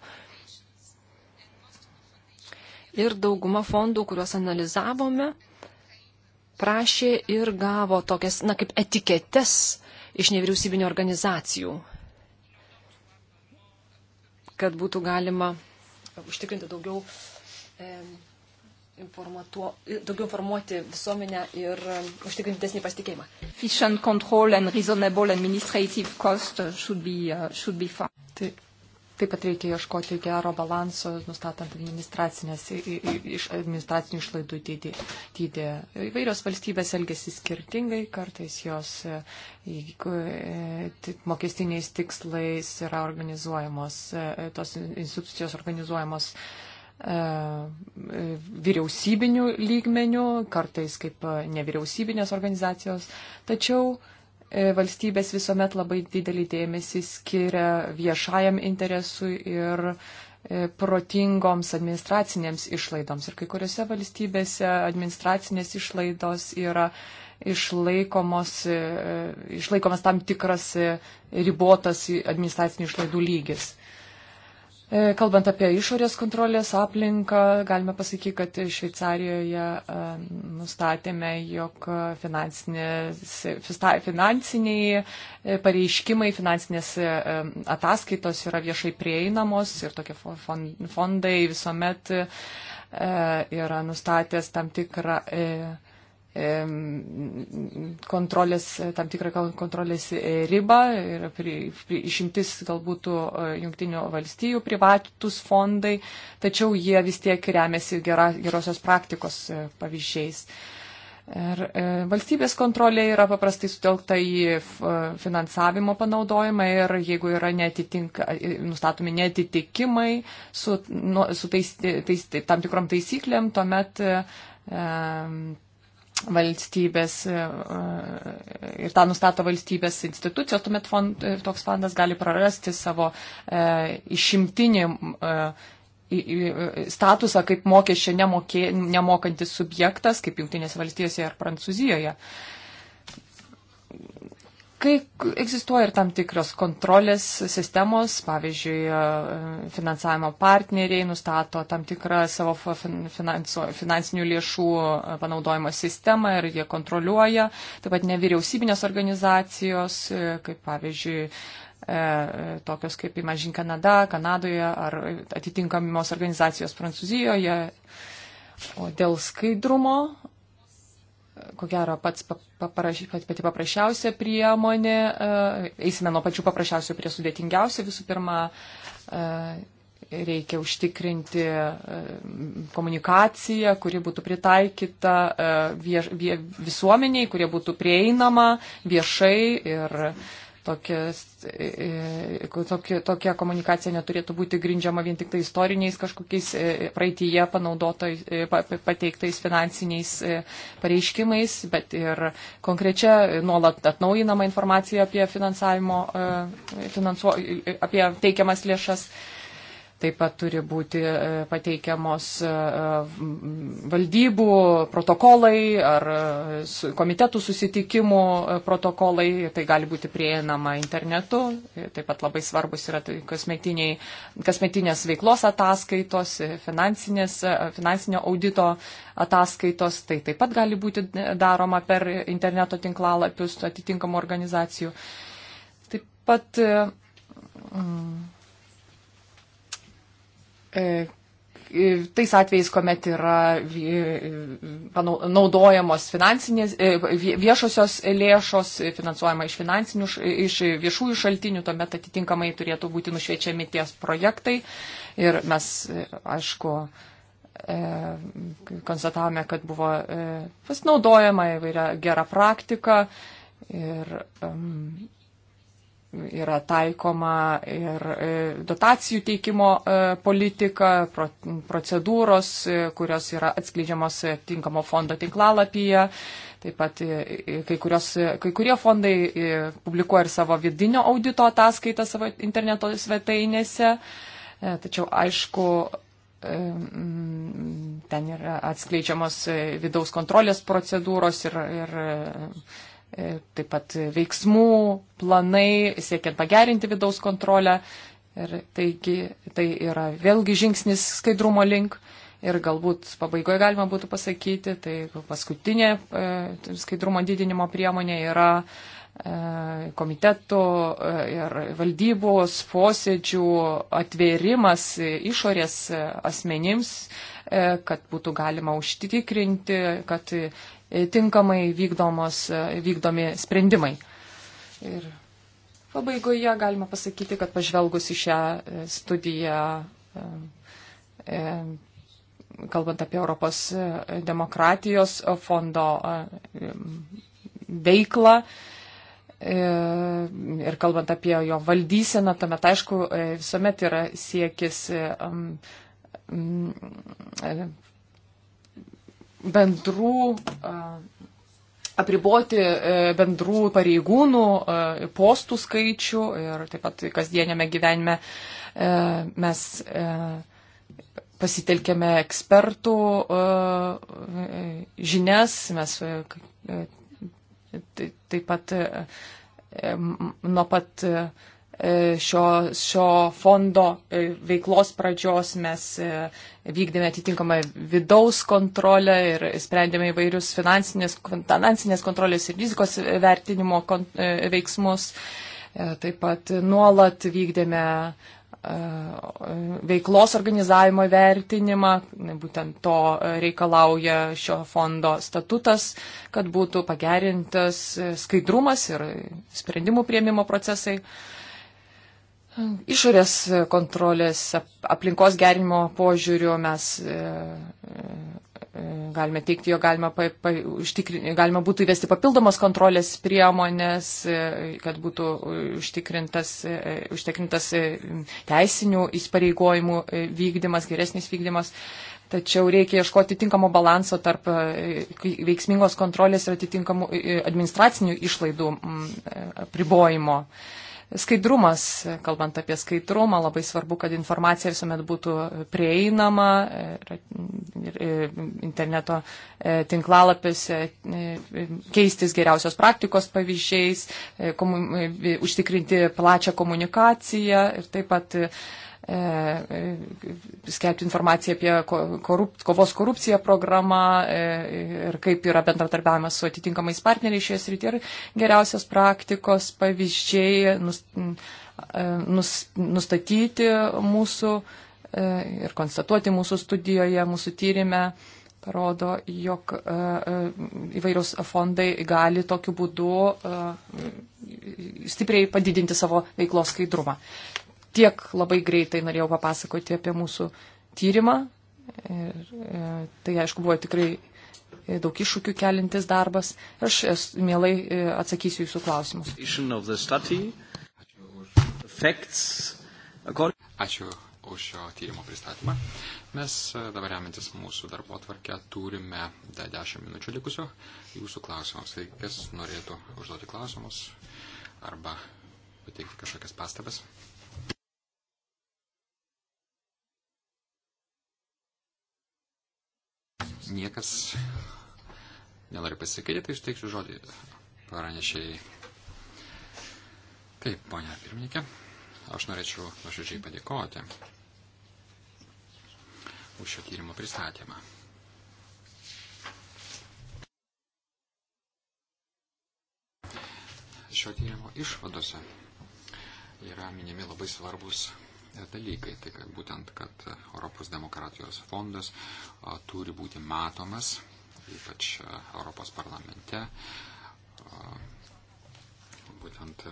Ir dauguma fondų, kuriuos analizavome, prašė ir gavo tokias, na, kaip etiketes iš nevyriausybinio organizacijų, kad būtų galima užtikrinti daugiau. E, daugiau informuoti visuomenę ir um, užtikrinti didesnį pasitikėjimą. Efficient control and reasonable administrative cost should be, uh, should be found. Tai. Taip pat reikia ieškoti gero balanso, nustatant administracinės, iš administracinių išlaidų dydį. dydį. Įvairios valstybės elgesi skirtingai, kartais jos e, e, mokestiniais tikslais yra organizuojamos, e, tos institucijos organizuojamos uh, E, vyriausybinių lygmenių, kartais kaip nevyriausybinės organizacijos, tačiau e, valstybės visuomet labai didelį dėmesį skiria viešajam interesui ir e, protingoms administracinėms išlaidoms. Ir kai kuriuose valstybėse administracinės išlaidos yra išlaikomos, išlaikomas tam tikras ribotas administracinių išlaidų lygis. E, kalbant apie išorės kontrolės aplinką, galime pasakyti, kad Šveicarijoje e, nustatėme, jog finansiniai e, pareiškimai, finansinės ataskaitos yra viešai prieinamos ir tokie fondai visuomet yra nustatęs tam tikrą kontrolės, tam tikrą kontrolės e, ribą ir pri, pri, išimtis galbūt e, jungtinių valstybių privatus fondai, tačiau jie vis tiek remiasi gera, gerosios praktikos e, pavyzdžiais. Ir valstybės kontrolė yra paprastai sutelkta į finansavimo panaudojimą ir jeigu yra netitinka, nustatomi netitikimai su, nu, su tais, tais, tam tikrom taisyklėm, tuomet e, valstybės e, e, ir tą nustato valstybės institucijos, tuomet fond, e, toks fondas gali prarasti savo išimtinį statusą kaip mokesčio nemokantis subjektas, kaip Junktinėse valstijose ar Prancūzijoje. Uh, Kai egzistuoja ir tam tikros kontrolės sistemos, pavyzdžiui, e, finansavimo partneriai nustato tam tikrą savo finansu, finansinių lėšų e, panaudojimo sistemą ir jie kontroliuoja, taip pat nevyriausybinės organizacijos, e, kaip pavyzdžiui, tokios kaip Imagine Kanada, Kanadoje ar atitinkamos organizacijos Prancūzijoje. O dėl skaidrumo ko gero, pats papraš, pati paprasčiausia priemonė, e, eisime nuo pačių paprasčiausių prie sudėtingiausių. Visų pirma, e, reikia užtikrinti e, komunikaciją, kuri būtų pritaikyta vieš, vie, visuomeniai, kurie būtų prieinama viešai ir tokias, e, e, tokia, tokia komunikacija neturėtų būti grindžiama vien tik tai istoriniais kažkokiais e, praeitįje panaudotais, pateiktais finansiniais pareiškimais, bet ir konkrečia nuolat atnaujinama informacija apie, finansuo, apie teikiamas lėšas. Taip pat turi būti e, pateikiamos e, valdybų protokolai ar e, komitetų susitikimų protokolai. Tai gali būti prieinama internetu. Taip pat labai svarbus yra tai kasmetinės veiklos ataskaitos, finansinio audito ataskaitos. Tai taip pat gali būti daroma per interneto tinklalapius atitinkamų organizacijų. Taip pat. Mm, E, e, tais atvejais, kuomet yra naudojamos finansinės, e, viešosios lėšos, finansuojama iš, iš viešųjų šaltinių, tuomet atitinkamai turėtų būti nušviečiami ties projektai. Ir mes, aišku, konstatavome, kad buvo pasinaudojama įvairia gera praktika. Ir um, yra taikoma ir e, dotacijų teikimo e, politika, procedūros, e, kurios yra atskleidžiamos tinkamo fondo tinklalapyje. Taip pat kai, kurios, kai kurie fondai publikuoja ir savo vidinio audito ataskaitą savo interneto svetainėse. Tačiau, aišku, ten yra atskleidžiamos vidaus kontrolės procedūros ir, ir E, taip pat veiksmų, planai, siekiant pagerinti vidaus kontrolę. Ir taigi tai yra vėlgi žingsnis skaidrumo link. Ir galbūt pabaigoje galima būtų pasakyti, tai paskutinė e, skaidrumo didinimo priemonė yra e, komitetų ir valdybos posėdžių atvėrimas išorės asmenims, kad būtų galima užtikrinti, kad tinkamai vykdomos, vykdomi sprendimai. Ir pabaigoje galima pasakyti, kad pažvelgus į šią e, studiją, e, e, kalbant apie Europos demokratijos fondo veiklą, ir kalbant apie jo valdyseną, tuomet aišku visuomet yra siekis bendrų apriboti e, bendrų pareigūnų postų skaičių ir taip pat kasdienėme gyvenime e, mes e, pasitelkėme ekspertų žinias, mes taip pat nuo pat E, šio, šio fondo e, veiklos pradžios mes e, vykdėme atitinkamą vidaus kontrolę ir sprendėme įvairius finansinės, finansinės kontrolės ir rizikos vertinimo veiksmus. Taip pat nuolat vykdėme veiklos organizavimo vertinimą, būtent to reikalauja šio fondo statutas, kad būtų pagerintas skaidrumas ir sprendimų prieimimo procesai. Uh, Išorės kontrolės aplinkos gerinimo požiūriu mes e, e, galime teikti, jo galima, pa, pa, užtikrin, galima būtų įvesti papildomas kontrolės priemonės, e, kad būtų užtikrintas, užtikrintas teisinių įsipareigojimų vykdymas, geresnis vykdymas. Tačiau reikia ieškoti tinkamo balanso tarp veiksmingos kontrolės ir atitinkamų administracinių išlaidų pribojimo. Mm, Skaidrumas, kalbant apie skaidrumą, labai svarbu, kad informacija visuomet būtų prieinama ir interneto e, tinklalapiuose e, keistis geriausios praktikos pavyzdžiais, e, komu, užtikrinti plačią komunikaciją ir taip pat E, skelbti informaciją apie korup, kovos korupciją programą e, ir kaip yra bendratarbiavimas su atitinkamais partneriais šioje srityje ir geriausios praktikos pavyzdžiai nus, e, nus, nustatyti mūsų ir konstatuoti mūsų studijoje, mūsų tyrimė parodo, jog įvairios fondai gali tokiu būdu stipriai padidinti savo veiklos skaidrumą tiek labai greitai norėjau papasakoti apie mūsų tyrimą. Ir e, tai, aišku, buvo tikrai e, daug iššūkių kelintis darbas. Aš es, mielai e, atsakysiu jūsų klausimus. Ačiū už šio tyrimo pristatymą. Mes e, dabar remintis mūsų darbo atvarkę turime 10 minučių likusio jūsų klausimams. Tai kas norėtų užduoti klausimus arba pateikti kažkokias pastabas. niekas nenori pasakyti, tai išteiksiu žodį pranešėjai. Taip, ponia pirmininkė, aš norėčiau nuoširdžiai padėkoti už šio tyrimo pristatymą. Šio tyrimo išvadose yra minimi labai svarbus dalykai. Tai kad būtent, kad Europos demokratijos fondas turi būti matomas, ypač Europos parlamente. Būtent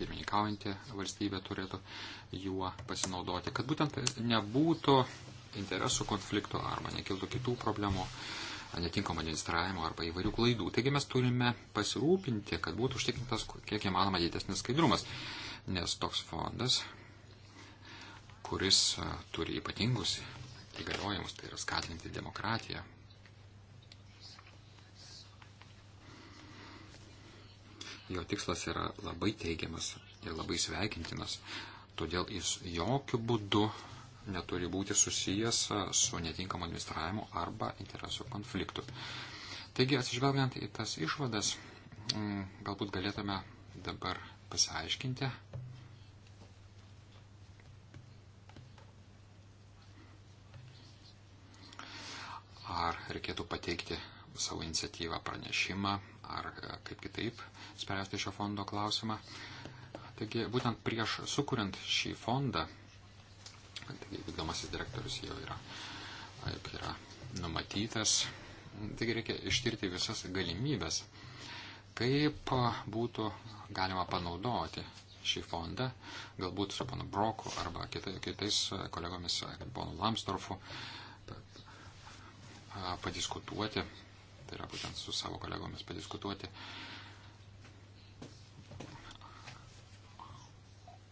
pirmininkaujantį valstybę turėtų juo pasinaudoti, kad būtent nebūtų interesų konflikto arba nekiltų kitų problemų, netinkamo administravimo arba įvairių klaidų. Taigi mes turime pasirūpinti, kad būtų užtikrintas kiek įmanoma didesnis skaidrumas, nes toks fondas kuris e, turi ypatingus įgaliojimus, tai yra skatinti demokratiją. Jo tikslas yra labai teigiamas ir labai sveikintinas, todėl jis jokių būdų neturi būti susijęs e, su netinkamu administravimu arba interesų konfliktu. Taigi, atsižvelgiant į tas išvadas, galbūt galėtume dabar pasiaiškinti, ar reikėtų pateikti savo iniciatyvą pranešimą, ar e, kaip kitaip spręsti šio fondo klausimą. Taigi, būtent prieš sukuriant šį fondą, taigi, vykdomasis direktorius jau yra, jau yra numatytas, taigi reikia ištirti visas galimybės, kaip būtų galima panaudoti šį fondą, galbūt su panu Broku arba kitai, kitais kolegomis, ponu Lamstorfu, uh, padiskutuoti, tai yra būtent su savo kolegomis padiskutuoti.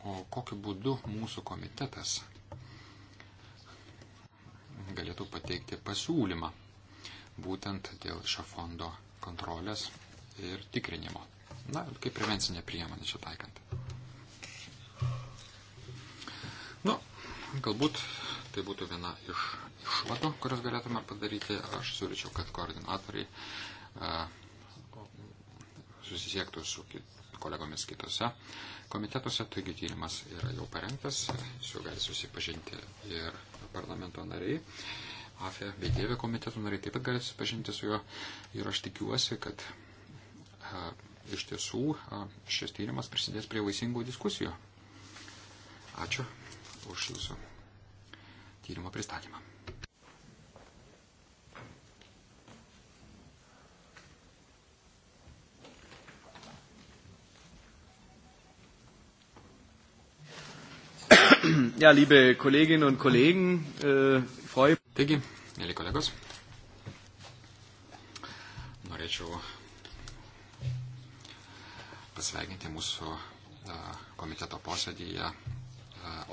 O kokiu būdu mūsų komitetas galėtų pateikti pasiūlymą būtent dėl šio fondo kontrolės ir tikrinimo. Na, kaip prevencinė priemonė čia taikant. Nu, galbūt Tai būtų viena iš išvadų, kurias galėtume padaryti. Aš siūlyčiau, kad koordinatoriai e, susisiektų su kolegomis kitose komitetuose. Taigi tyrimas yra jau parengtas, su juo gali susipažinti ir parlamento nariai. AFE bei Dievė komitetų nariai taip pat gali susipažinti su juo. Ir aš tikiuosi, kad a, e, iš tiesų a, e, šis tyrimas prisidės prie vaisingų diskusijų. Ačiū už jūsų tyrimo pristatymą. Ja, liebe Kolleginnen und Kollegen, äh, freue Taigi, mėly kolegos, norėčiau pasveikinti mūsų komiteto posėdėje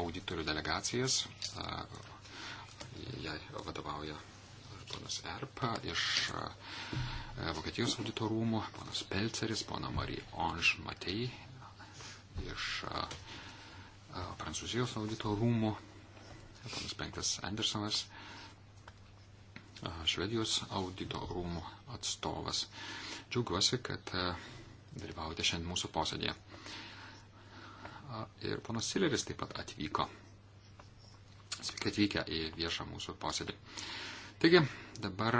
auditorių delegacijas jai vadovauja ponas Erpa iš e, Vokietijos audito rūmų, ponas Pelceris, pona Marija Onž Matei iš e, e, Prancūzijos audito rūmų, ponas Penktas Andersonas, Švedijos audito rūmų atstovas. Džiaugiuosi, kad dalyvaujate šiandien mūsų posėdėje. Ir ponas Sileris taip pat atvyko. Sveiki atvykę į viešą mūsų posėdį. Taigi, dabar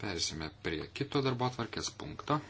persime prie kito darbo atvarkės punkto.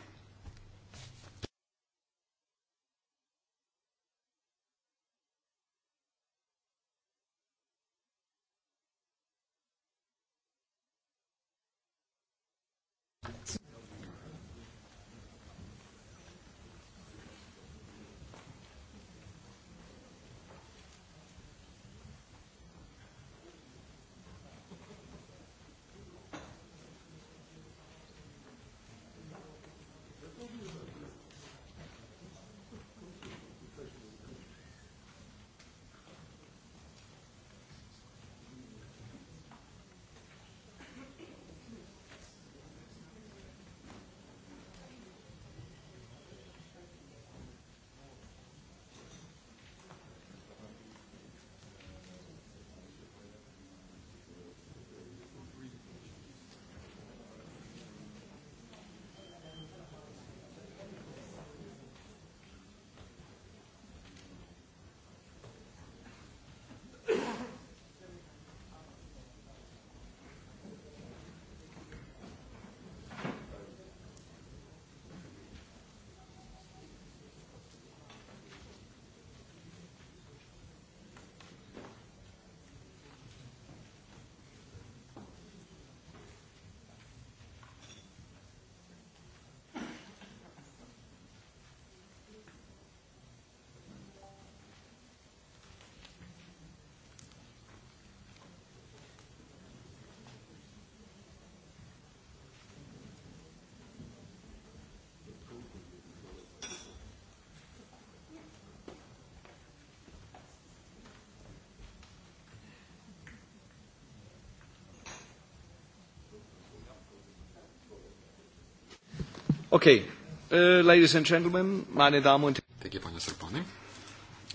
Okay. Uh, ladies and gentlemen, meine Damen und Herren. Taigi, ponios ir ponai,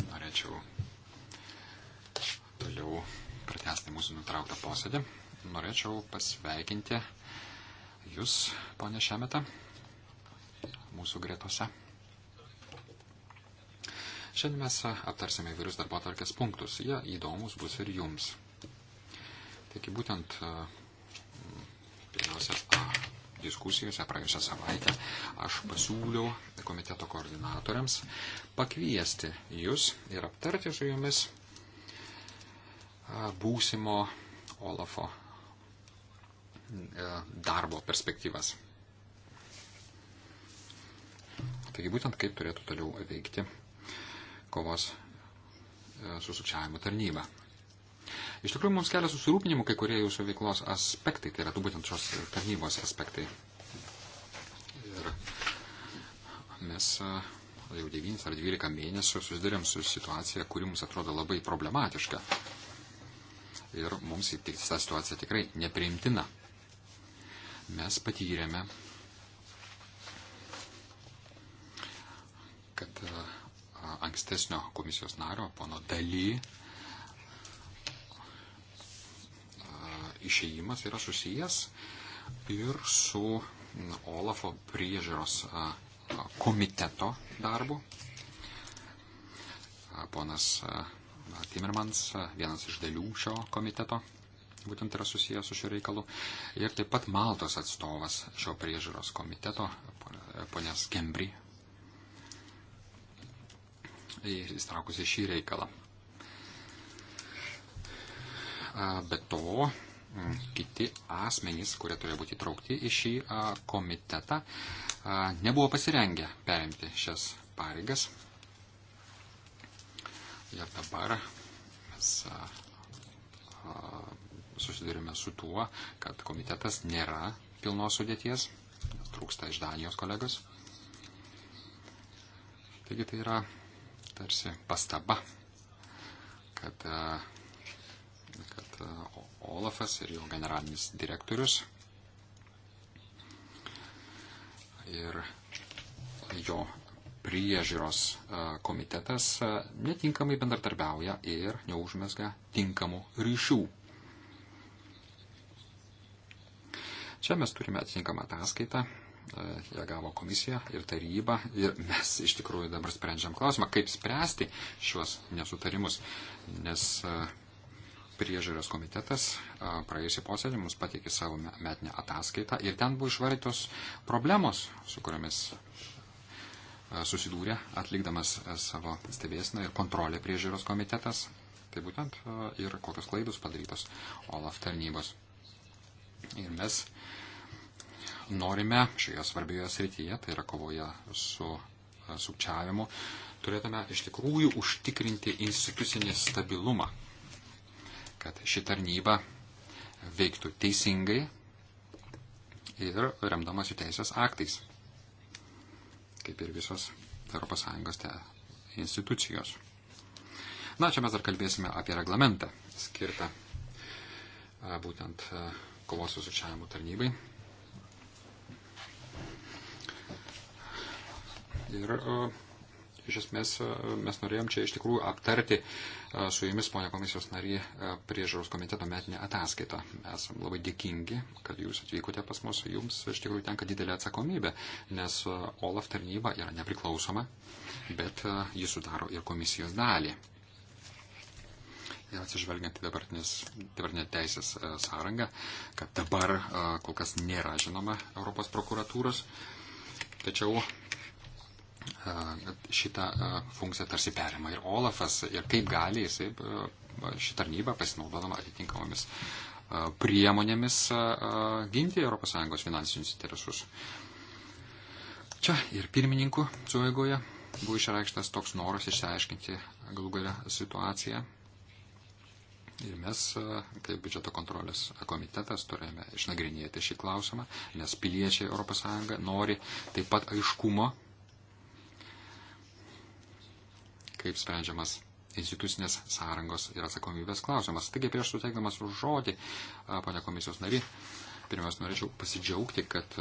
norėčiau toliau pratesti mūsų nutrauktą posėdį. Norėčiau pasveikinti Jūs, ponė Šemetą, mūsų gretose. Šiandien mes aptarsime įvairius darbo atvarkės punktus. Jie įdomus bus ir jums. Taigi būtent uh, pirmiausia A diskusijose praėjusią savaitę aš pasiūliau komiteto koordinatoriams pakviesti jūs ir aptarti su jumis būsimo Olafo e, darbo perspektyvas. Taigi būtent kaip turėtų toliau veikti kovos e, su sukčiavimu tarnyba. Iš tikrųjų, mums kelia susirūpinimų kai kurie jūsų veiklos aspektai, tai yra būtent šios tarnybos aspektai. Ir mes jau 9 ar 12 mėnesių susidurėm su situacija, kuri mums atrodo labai problematiška. Ir mums ta situacija tikrai nepriimtina. Mes patyrėme, kad ankstesnio komisijos nario, pono Daly, išėjimas yra susijęs ir su Olafo priežiūros komiteto darbu. Ponas Timirmans, vienas iš dalių šio komiteto, būtent yra susijęs su šiuo reikalu. Ir taip pat Maltos atstovas šio priežiūros komiteto, ponės Gembri, įstraukusi šį reikalą. Be to, Mm, kiti asmenys, kurie turėjo būti įtraukti į šį komitetą, nebuvo pasirengę perimti šias pareigas. Ir dabar mes susidurime su tuo, kad komitetas nėra pilnos sudėties, trūksta iš Danijos kolegos. Taigi tai yra tarsi pastaba, kad, kad kad e, Olafas ir jo generalinis direktorius ir jo priežiūros e, komitetas e, netinkamai bendradarbiauja ir neužmesga tinkamų ryšių. Čia mes turime atitinkamą ataskaitą, ją gavo komisija ir taryba ir mes iš tikrųjų dabar sprendžiam klausimą, kaip spręsti šiuos nesutarimus, nes priežiūros komitetas praėjusį posėdį mums pateikė savo metinę ataskaitą ir ten buvo išvarytos problemos, su kuriamis susidūrė atlikdamas savo stebėsiną ir kontrolę priežiūros komitetas. Tai būtent ir kokios klaidos padarytos OLAF tarnybos. Ir mes norime šioje svarbioje srityje, tai yra kovoje su sukčiavimu, turėtume iš tikrųjų užtikrinti institucinį stabilumą kad ši tarnyba veiktų teisingai ir remdamasi teisės aktais, kaip ir visos ES institucijos. Na, čia mes dar kalbėsime apie reglamentą skirtą būtent kovos su sučiavimu tarnybai. Ir Iš esmės e, mes norėjom čia iš tikrųjų aptarti e, su jumis, ponia komisijos narė, e, priežaros komiteto metinę ataskaitą. Esam labai dėkingi, kad jūs atvykote pas mus. Jums iš tikrųjų tenka didelė atsakomybė, nes OLAF tarnyba yra nepriklausoma, bet jis sudaro ir komisijos dalį ir atsižvelgiant į dabartinę teisės sąrangą, kad dabar kol kas nėra žinoma Europos prokuratūros. Tačiau šitą funkciją tarsi perima ir Olafas, ir kaip gali jisai šį tarnybą pasinaudodama atitinkamomis priemonėmis ginti ES finansinius interesus. Čia ir pirmininkų suėgoje buvo išreikštas toks noras išsiaiškinti galų galę situaciją. Ir mes, kaip biudžeto kontrolės komitetas, turėjome išnagrinėti šį klausimą, nes piliečiai ES nori taip pat aiškumo kaip sprendžiamas institucinės sąrangos ir atsakomybės klausimas. Taigi prieš suteikdamas žodį, pane komisijos nari, pirmiausia, norėčiau pasidžiaugti, kad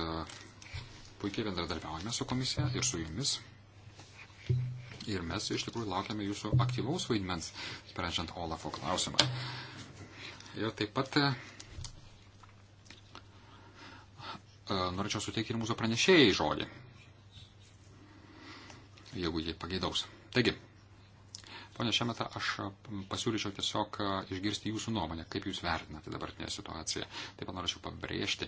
puikiai bendradarbiaujame su komisija ir su jumis. Ir mes iš tikrųjų laukiame jūsų aktyvaus vaidmens, sprendžiant Olafo klausimą. Ir taip pat norėčiau suteikti ir mūsų pranešėjai žodį, jeigu jie pageidaus. Taigi, Pone Šemeta, aš pasiūlyčiau tiesiog išgirsti jūsų nuomonę, kaip jūs vertinate dabartinę situaciją. Taip pat norėčiau pabrėžti,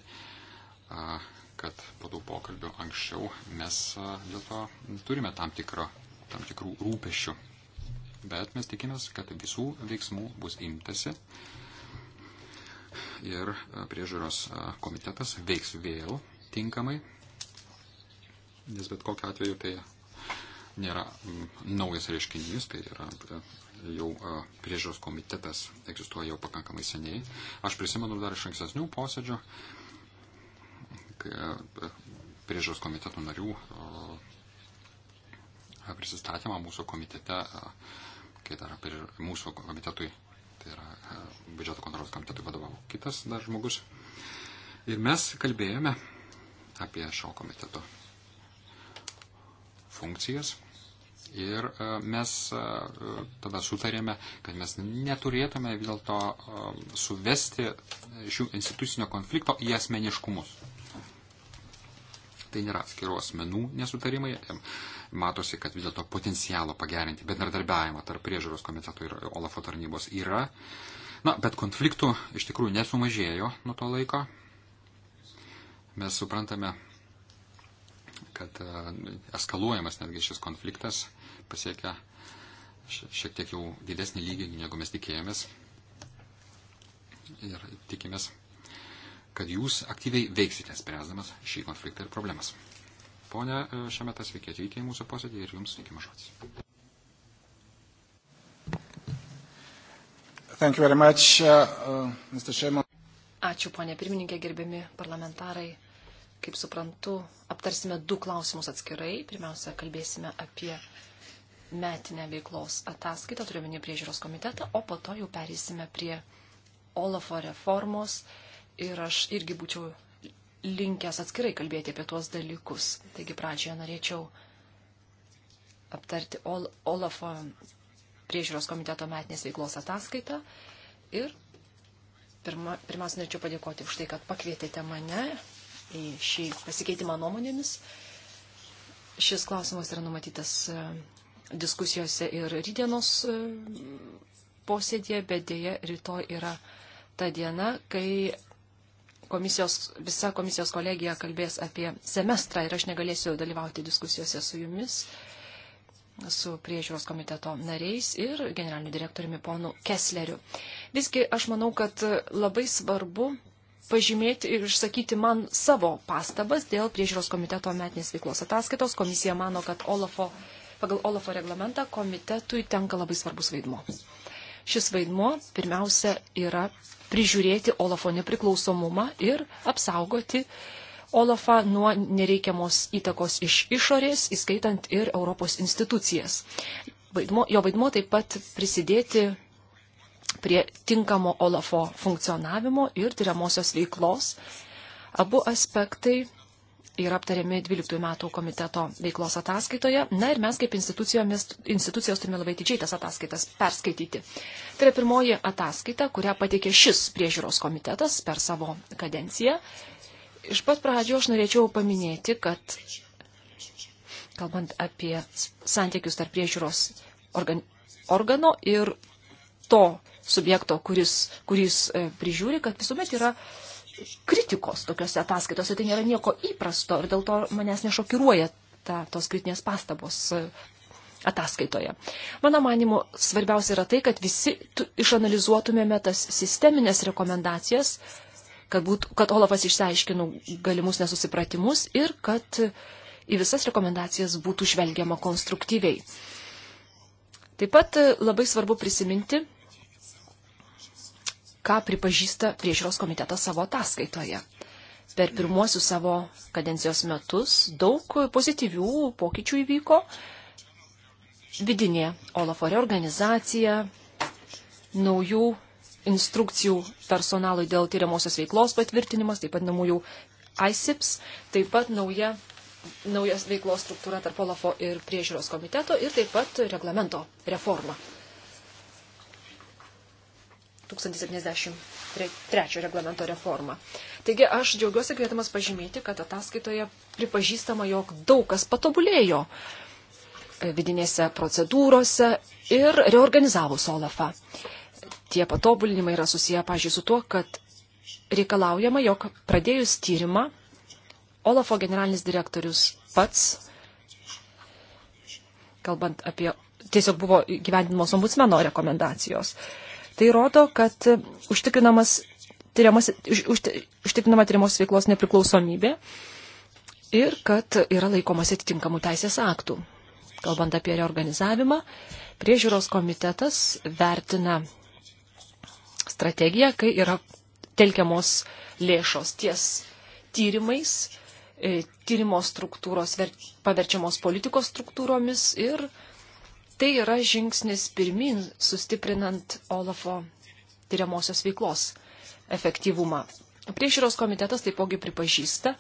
kad po daug pokalbių anksčiau mes dėl to turime tam, tikro, tam tikrų rūpešių. Bet mes tikimės, kad visų veiksmų bus imtasi ir priežiūros komitetas veiks vėl tinkamai, nes bet kokiu atveju tai nėra mm, naujas reiškinys, tai yra e, jau e, priežiūros komitetas egzistuoja jau pakankamai seniai. Aš prisimenu dar iš ankstesnių posėdžių e, priežiūros komiteto narių prisistatymą mūsų komitete, kai dar mūsų komitetui, tai yra biudžeto kontrolos komitetui vadovavo kitas dar žmogus. Ir mes kalbėjome apie šio komiteto funkcijas Ir e, mes e, tada sutarėme, kad mes neturėtume vis dėlto e, suvesti šių institucinio konflikto į asmeniškumus. Tai nėra atskirų asmenų nesutarimai. Matosi, kad vis dėlto potencialo pagerinti bendradarbiavimą tarp priežiūros komiteto ir Olafo tarnybos yra. Na, bet konfliktų iš tikrųjų nesumažėjo nuo to laiko. Mes suprantame, kad e, eskaluojamas netgi šis konfliktas pasiekia šiek tiek jau didesnį lygį, negu mes tikėjomės. Ir tikimės, kad jūs aktyviai veiksite, spręsdamas šį konfliktą ir problemas. Pone e, Šemeta, sveiki atvykę į mūsų posėdį ir jums sveiki mažotis. Uh, uh, Ačiū, ponė pirmininkė, gerbiami parlamentarai kaip suprantu, aptarsime du klausimus atskirai. Pirmiausia, kalbėsime apie metinę veiklos ataskaitą, turiuomenį priežiūros komitetą, o po to jau perėsime prie Olafo reformos ir aš irgi būčiau linkęs atskirai kalbėti apie tuos dalykus. Taigi pradžioje norėčiau aptarti Ol Olafo priežiūros komiteto metinės veiklos ataskaitą ir pirma, pirmiausia, norėčiau padėkoti už tai, kad pakvietėte mane į šį pasikeitimą nuomonėmis. Šis klausimas yra numatytas e, diskusijose ir rydienos e, posėdėje, bet dėja rytoj yra ta diena, kai komisijos, visa komisijos kolegija kalbės apie semestrą ir aš negalėsiu dalyvauti diskusijose su jumis su priežiūros komiteto nariais ir generaliniu direktoriumi ponu Kessleriu. Visgi aš manau, kad labai svarbu pažymėti ir išsakyti man savo pastabas dėl priežiūros komiteto metinės veiklos ataskaitos. Komisija mano, kad Olafo, pagal Olafo reglamentą komitetui tenka labai svarbus vaidmo. Šis vaidmo pirmiausia yra prižiūrėti Olafo nepriklausomumą ir apsaugoti Olafą nuo nereikiamos įtakos iš išorės, įskaitant ir Europos institucijas. Vaidmo, jo vaidmo taip pat prisidėti prie tinkamo Olafo funkcionavimo ir tyriamosios veiklos. Abu aspektai yra aptariami 12 metų komiteto veiklos ataskaitoje. Na ir mes kaip institucijos turime labai didžiai tas ataskaitas perskaityti. Tai yra pirmoji ataskaita, kurią pateikė šis priežiūros komitetas per savo kadenciją. Iš pat pradžio aš norėčiau paminėti, kad kalbant apie santykius tarp priežiūros organ, organo ir to subjekto, kuris, kuris e, prižiūri, kad visuomet yra kritikos tokiuose ataskaitose. Tai nėra nieko įprasto ir dėl to manęs nešokiruoja ta, tos kritinės pastabos e, ataskaitoje. Mano manimo, svarbiausia yra tai, kad visi išanalizuotumėme tas sisteminės rekomendacijas, kad, būt, kad Olafas išsiaiškinų galimus nesusipratimus ir kad į visas rekomendacijas būtų žvelgiama konstruktyviai. Taip pat e, labai svarbu prisiminti, ką pripažįsta priežiūros komitetas savo ataskaitoje. Per pirmuosius savo kadencijos metus daug pozityvių pokyčių įvyko. Vidinė Olafo reorganizacija, naujų instrukcijų personalui dėl tyriamosios veiklos patvirtinimas, taip pat namųjų ISIPS, taip pat nauja, naujas veiklos struktūra tarp Olafo ir priežiūros komiteto ir taip pat reglamento reforma. 1073 reglamento reformą. Taigi aš džiaugiuosi kvietimas pažymėti, kad ataskaitoje pripažįstama, jog daug kas patobulėjo e, vidinėse procedūrose ir reorganizavus Olafą. Tie patobulinimai yra susiję, pažiūrėjau, su tuo, kad reikalaujama, jog pradėjus tyrimą, Olafo generalinis direktorius pats, kalbant apie, tiesiog buvo gyvendinamos ombudsmeno rekomendacijos. Tai rodo, kad užtikrinamas tyriamas, užtikrinama tyriamos veiklos nepriklausomybė ir kad yra laikomasi atitinkamų teisės aktų. Kalbant apie reorganizavimą, priežiūros komitetas vertina strategiją, kai yra telkiamos lėšos ties tyrimais, e, tyrimo struktūros paverčiamos politikos struktūromis ir Tai yra žingsnis pirmin, sustiprinant Olafo tyriamosios veiklos efektyvumą. Priežiūros komitetas taipogi pripažįsta,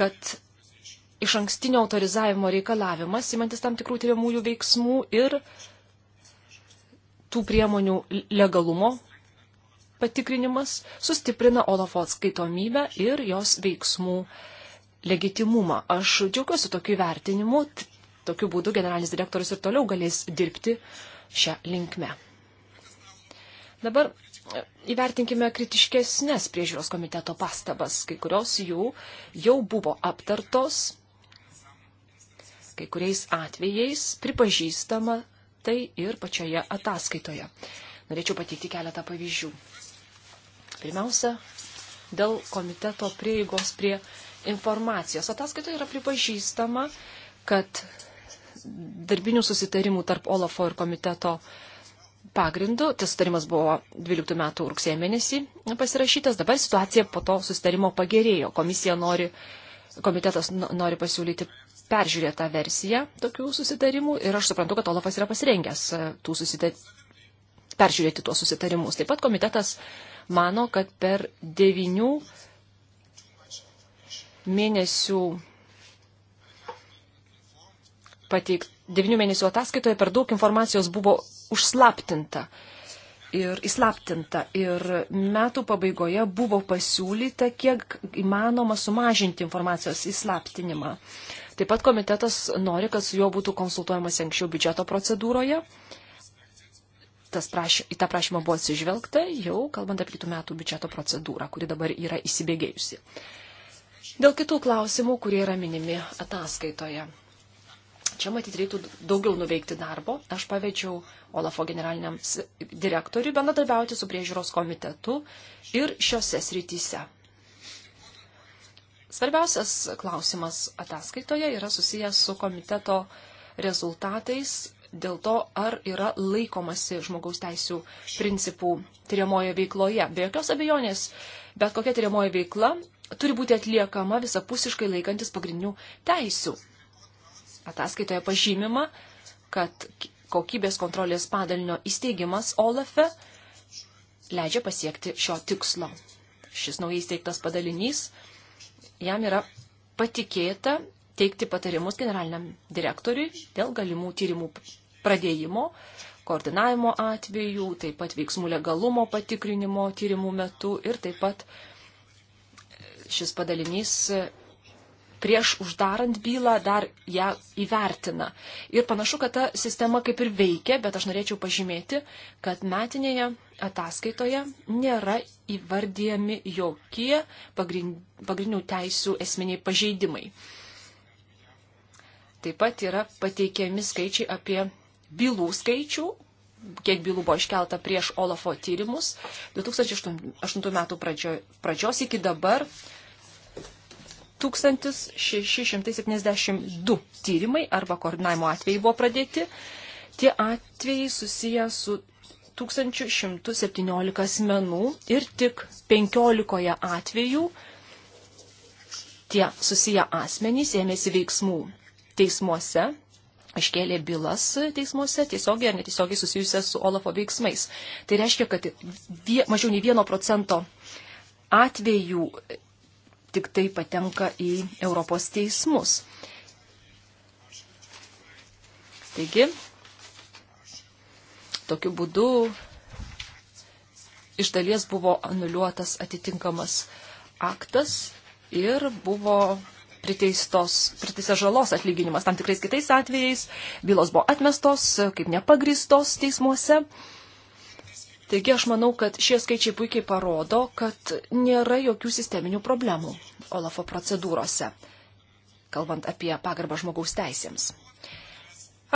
kad iš ankstinio autorizavimo reikalavimas, įmantis tam tikrų tyriamųjų veiksmų ir tų priemonių legalumo patikrinimas sustiprina Olafo atskaitomybę ir jos veiksmų legitimumą. Aš džiaugiuosi tokiu vertinimu, Tokiu būdu generalinis direktorius ir toliau galės dirbti šią linkmę. Dabar e, įvertinkime kritiškesnės priežiūros komiteto pastabas. Kai kurios jų jau buvo aptartos, kai kuriais atvejais pripažįstama tai ir pačioje ataskaitoje. Norėčiau pateikti keletą pavyzdžių. Pirmiausia, dėl komiteto prieigos prie informacijos. Ataskaitoje yra pripažįstama, kad darbinių susitarimų tarp Olafo ir komiteto pagrindu. Tas sutarimas buvo 12 metų rugsėjo mėnesį pasirašytas. Dabar situacija po to susitarimo pagerėjo. Komisija nori, komitetas nori pasiūlyti peržiūrėtą versiją tokių susitarimų ir aš suprantu, kad Olafas yra pasirengęs e, tų susitarimų peržiūrėti tuos susitarimus. Taip pat komitetas mano, kad per devinių mėnesių pateikt, devinių mėnesių ataskaitoje per daug informacijos buvo užslaptinta ir įslaptinta. Ir metų pabaigoje buvo pasiūlyta, kiek įmanoma sumažinti informacijos įslaptinimą. Taip pat komitetas nori, kad su juo būtų konsultuojamas anksčiau biudžeto procedūroje. Tas praš, į tą prašymą buvo atsižvelgta jau kalbant apie kitų metų biudžeto procedūrą, kuri dabar yra įsibėgėjusi. Dėl kitų klausimų, kurie yra minimi ataskaitoje. Čia matyt reiktų daugiau nuveikti darbo. Aš pavedžiau Olafo generaliniam direktoriui bendradarbiauti su priežiūros komitetu ir šiose srityse. Svarbiausias klausimas ataskaitoje yra susijęs su komiteto rezultatais dėl to, ar yra laikomasi žmogaus teisų principų tyriamojo veikloje. Be jokios abejonės, bet kokia tyriamoja veikla turi būti atliekama visapusiškai laikantis pagrindinių teisų. Ataskaitoje pažymima, kad kokybės kontrolės padalinio įsteigimas OLAFE leidžia pasiekti šio tikslo. Šis naujai įsteigtas padalinys, jam yra patikėta teikti patarimus generaliniam direktoriui dėl galimų tyrimų pradėjimo, koordinavimo atvejų, taip pat veiksmų legalumo patikrinimo tyrimų metu ir taip pat šis padalinys prieš uždarant bylą dar ją įvertina. Ir panašu, kad ta sistema kaip ir veikia, bet aš norėčiau pažymėti, kad metinėje ataskaitoje nėra įvardyjami jokie pagrindinių teisų esminiai pažeidimai. Taip pat yra pateikiami skaičiai apie bylų skaičių, kiek bylų buvo iškelta prieš Olafo tyrimus. 2008 metų pradžio, pradžios iki dabar 1672 tyrimai arba koordinavimo atvejai buvo pradėti. Tie atvejai susiję su 1117 asmenų ir tik 15 atvejų tie susiję asmenys ėmėsi veiksmų teismuose, iškėlė bylas teismuose tiesiogiai ar netiesiogiai susijusias su Olafo veiksmais. Tai reiškia, kad vie, mažiau nei vieno procento atvejų tik tai patenka į Europos teismus. Taigi, tokiu būdu iš dalies buvo anuliuotas atitinkamas aktas ir buvo priteistos, priteistas žalos atlyginimas. Tam tikrais kitais atvejais bylos buvo atmestos kaip nepagristos teismuose. Taigi aš manau, kad šie skaičiai puikiai parodo, kad nėra jokių sisteminių problemų Olafo procedūrose, kalbant apie pagarbą žmogaus teisėms.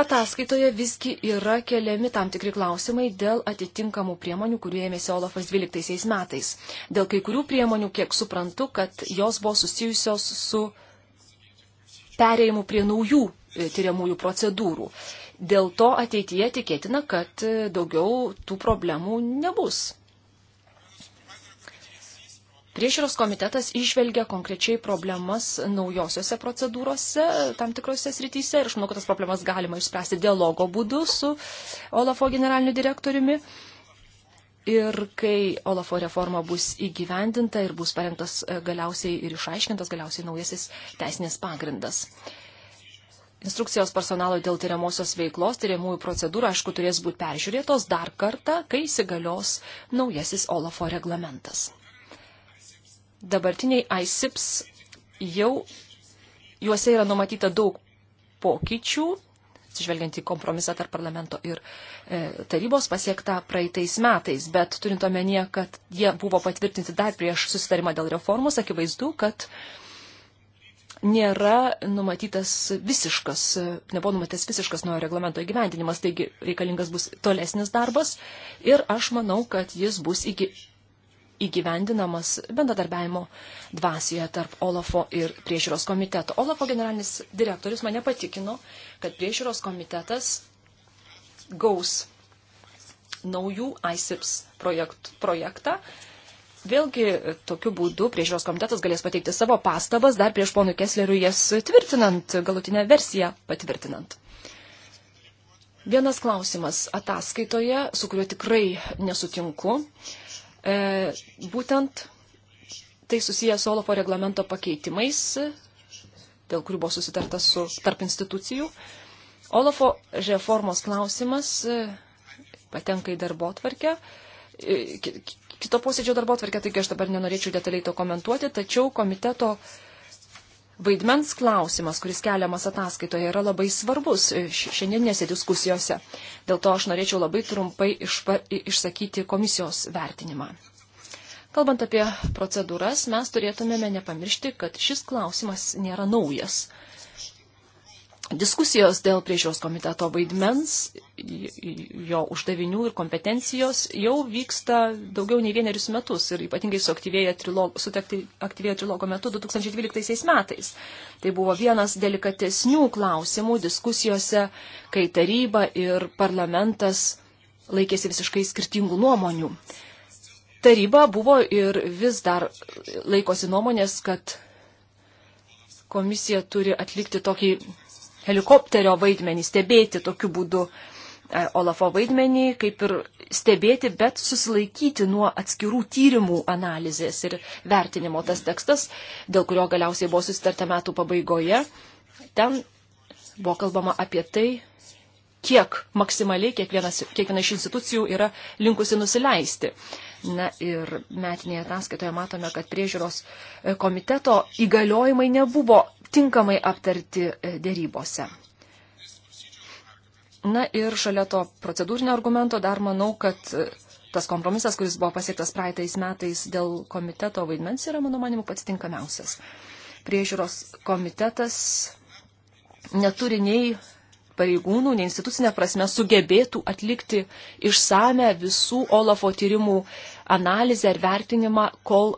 Ataskaitoje visgi yra keliami tam tikri klausimai dėl atitinkamų priemonių, kurių ėmėsi Olafas 12 metais. Dėl kai kurių priemonių, kiek suprantu, kad jos buvo susijusios su perėjimu prie naujų e, tyriamųjų procedūrų. Dėl to ateityje tikėtina, kad e, daugiau tų problemų nebus. Priežiūros komitetas išvelgia konkrečiai problemas naujosiuose procedūrose, tam tikrose srityse ir aš manau, kad tas problemas galima išspręsti dialogo būdu su Olafo generaliniu direktoriumi. Ir kai Olafo reforma bus įgyvendinta ir bus parengtas e, galiausiai ir išaiškintas galiausiai naujasis teisinės pagrindas instrukcijos personalo dėl tyriamosios veiklos, tyriamųjų procedūrų, aišku, turės būti peržiūrėtos dar kartą, kai įsigalios naujasis Olafo reglamentas. Dabartiniai ISIPS jau juose yra numatyta daug pokyčių, atsižvelgiant į kompromisą tarp parlamento ir e, tarybos pasiektą praeitais metais, bet turint omenyje, kad jie buvo patvirtinti dar prieš susitarimą dėl reformos, akivaizdu, kad e, nėra numatytas visiškas, nebuvo numatytas visiškas naujo reglamento įgyvendinimas, taigi reikalingas bus tolesnis darbas ir aš manau, kad jis bus įgy, įgyvendinamas bendradarbiavimo dvasioje tarp Olafo ir priežiūros komiteto. Olafo generalinis direktorius mane patikino, kad priežiūros komitetas gaus naujų ISIPS projekt, projektą Vėlgi, tokiu būdu priežiūros komitetas galės pateikti savo pastabas dar prieš ponui Kesleriui jas tvirtinant, galutinę versiją patvirtinant. Vienas klausimas ataskaitoje, su kuriuo tikrai nesutinku, e, būtent tai susijęs su Olofo reglamento pakeitimais, dėl kurių buvo susitarta su tarp institucijų. Olofo reformos klausimas e, patenka į darbo tvarkę e, kito posėdžio darbo atvarkę, taigi aš dabar nenorėčiau detaliai to komentuoti, tačiau komiteto vaidmens klausimas, kuris keliamas ataskaitoje, yra labai svarbus šiandieninėse diskusijose. Dėl to aš norėčiau labai trumpai išpa, išsakyti komisijos vertinimą. Kalbant apie procedūras, mes turėtumėme nepamiršti, kad šis klausimas nėra naujas diskusijos dėl priežiūros komiteto vaidmens, jo uždavinių ir kompetencijos jau vyksta daugiau nei vienerius metus ir ypatingai suaktyvėja trilogo, suaktyvėja trilogo metu 2012 metais. Tai buvo vienas delikatesnių klausimų diskusijose, kai taryba ir parlamentas laikėsi visiškai skirtingų nuomonių. Taryba buvo ir vis dar laikosi nuomonės, kad komisija turi atlikti tokį helikopterio vaidmenį, stebėti tokiu būdu e, Olafo vaidmenį, kaip ir stebėti, bet susilaikyti nuo atskirų tyrimų analizės ir vertinimo. Tas tekstas, dėl kurio galiausiai buvo susitarta metų pabaigoje, ten buvo kalbama apie tai, kiek maksimaliai kiekviena iš institucijų yra linkusi nusileisti. Na ir metinėje ataskaitoje matome, kad priežiūros e, komiteto įgaliojimai nebuvo tinkamai aptarti e, dėrybose. Na ir šalia to procedūrinio argumento dar manau, kad e, tas kompromisas, kuris buvo pasiektas praeitais metais dėl komiteto vaidmens, yra, mano manimu, pats tinkamiausias. Priežiūros komitetas neturi nei pareigūnų, nei institucinė prasme sugebėtų atlikti išsame visų Olafo tyrimų analizę ir vertinimą, kol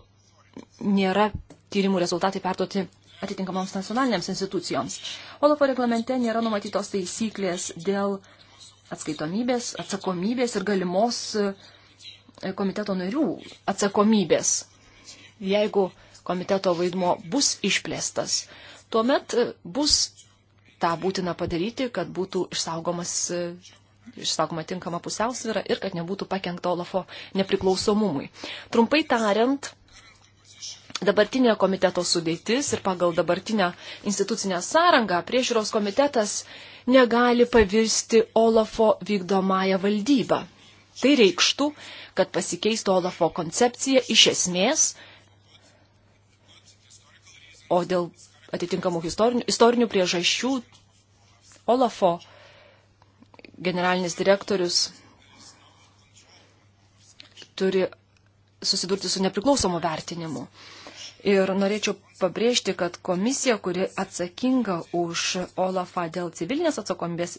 nėra tyrimų rezultatai perduoti atitinkamoms nacionalinėms institucijoms. Olafo reglamente nėra numatytos taisyklės dėl atskaitomybės, atsakomybės ir galimos e, komiteto narių atsakomybės, jeigu komiteto vaidmo bus išplėstas. Tuomet e, bus tą būtina padaryti, kad būtų išsaugomas, e, išsaugoma tinkama pusiausvyrą ir kad nebūtų pakengta Olafo nepriklausomumui. Trumpai tariant, dabartinė komiteto sudėtis ir pagal dabartinę institucinę sąrangą priežiūros komitetas negali pavirsti Olafo vykdomąją valdybą. Tai reikštų, kad pasikeistų Olafo koncepcija iš esmės, o dėl atitinkamų istorinių, istorinių priežasčių Olafo generalinis direktorius turi susidurti su nepriklausomu vertinimu. Ir norėčiau pabrėžti, kad komisija, kuri atsakinga už Olafą dėl civilinės atsakomybės,